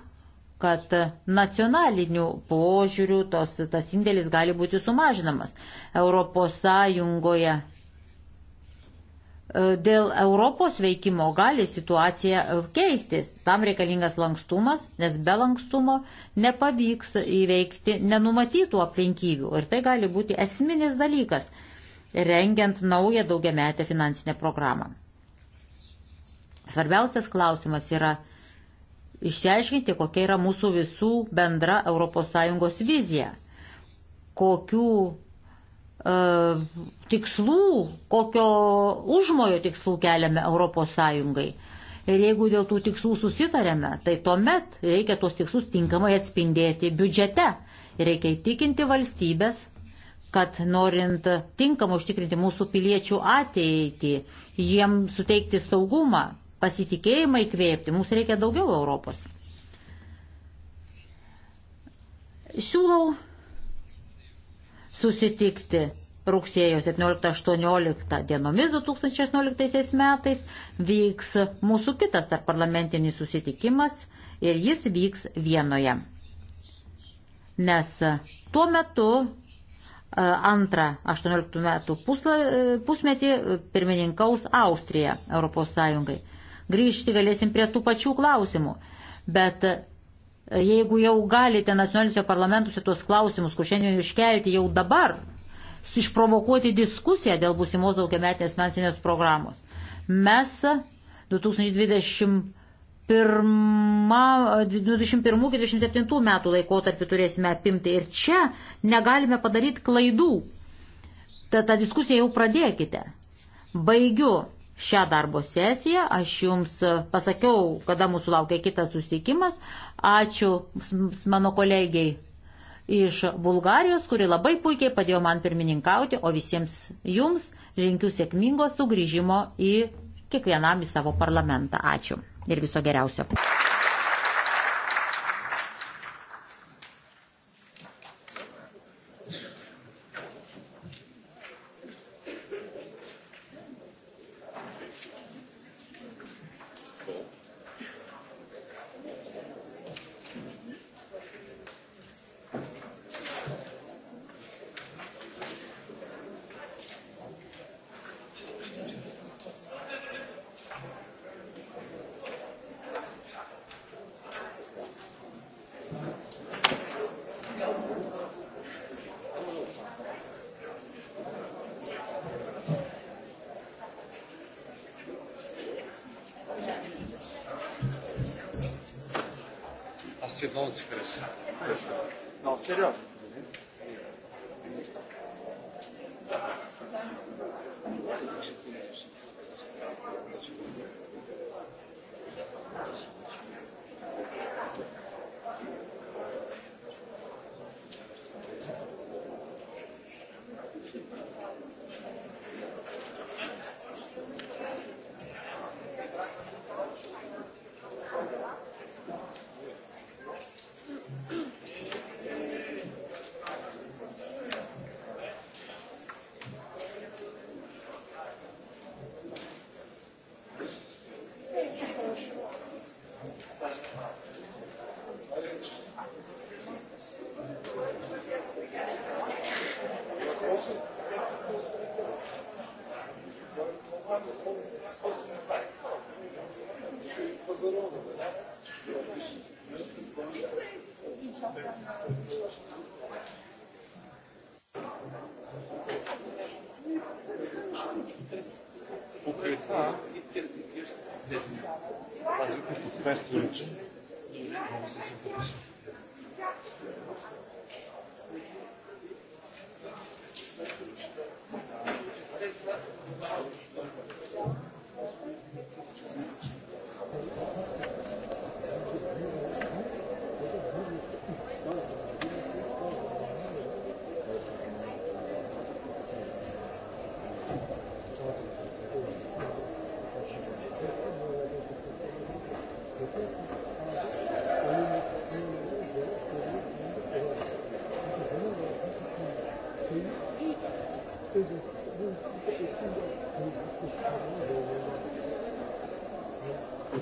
B: kad nacionalinių požiūrių tos, tas indėlis gali būti sumažinamas. ES E, dėl Europos veikimo gali situacija e, keistis. Tam reikalingas lankstumas, nes be lankstumo nepavyks įveikti nenumatytų aplinkybių. Ir tai gali būti esminis dalykas, rengiant naują daugiametę finansinę programą. Svarbiausias klausimas yra išsiaiškinti, kokia yra mūsų visų bendra ES vizija, kokių uh, tikslų, kokio užmojo tikslų keliame Europos Sąjungai. Ir jeigu dėl tų tikslų susitarėme, tai tuomet reikia tuos tikslus tinkamai atspindėti biudžete. Reikia įtikinti valstybės, kad norint tinkamai užtikrinti mūsų piliečių ateitį, jiems suteikti saugumą, pasitikėjimą įkvėpti, mums reikia daugiau Europos. Siūlau susitikti rugsėjo 17-18 dienomis 2018 metais vyks mūsų kitas tarp parlamentinis susitikimas ir jis vyks Vienoje. Nes tuo metu e, antrą 18 metų pusla, e, pusmetį pirmininkaus Austrija Europos Sąjungai. Grįžti galėsim prie tų pačių klausimų, bet e, jeigu jau galite nacionalinio parlamentus į tuos klausimus, kur šiandien iškelti jau dabar, išprovokuoti diskusiją dėl būsimos daugiametės finansinės programos. Mes 2021 2021-2027 metų laikotarpį turėsime apimti ir čia negalime padaryti klaidų. Tad tą diskusiją jau pradėkite. Baigiu šią darbo sesiją. Aš jums pasakiau, kada mūsų laukia kitas susitikimas. Ačiū mano kolegiai iš Bulgarijos, kuri labai puikiai padėjo man pirmininkauti, o visiems jums linkiu sėkmingo sugrįžimo į kiekvienam į savo parlamentą. Ačiū ir viso geriausio.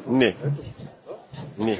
C: Не. Не.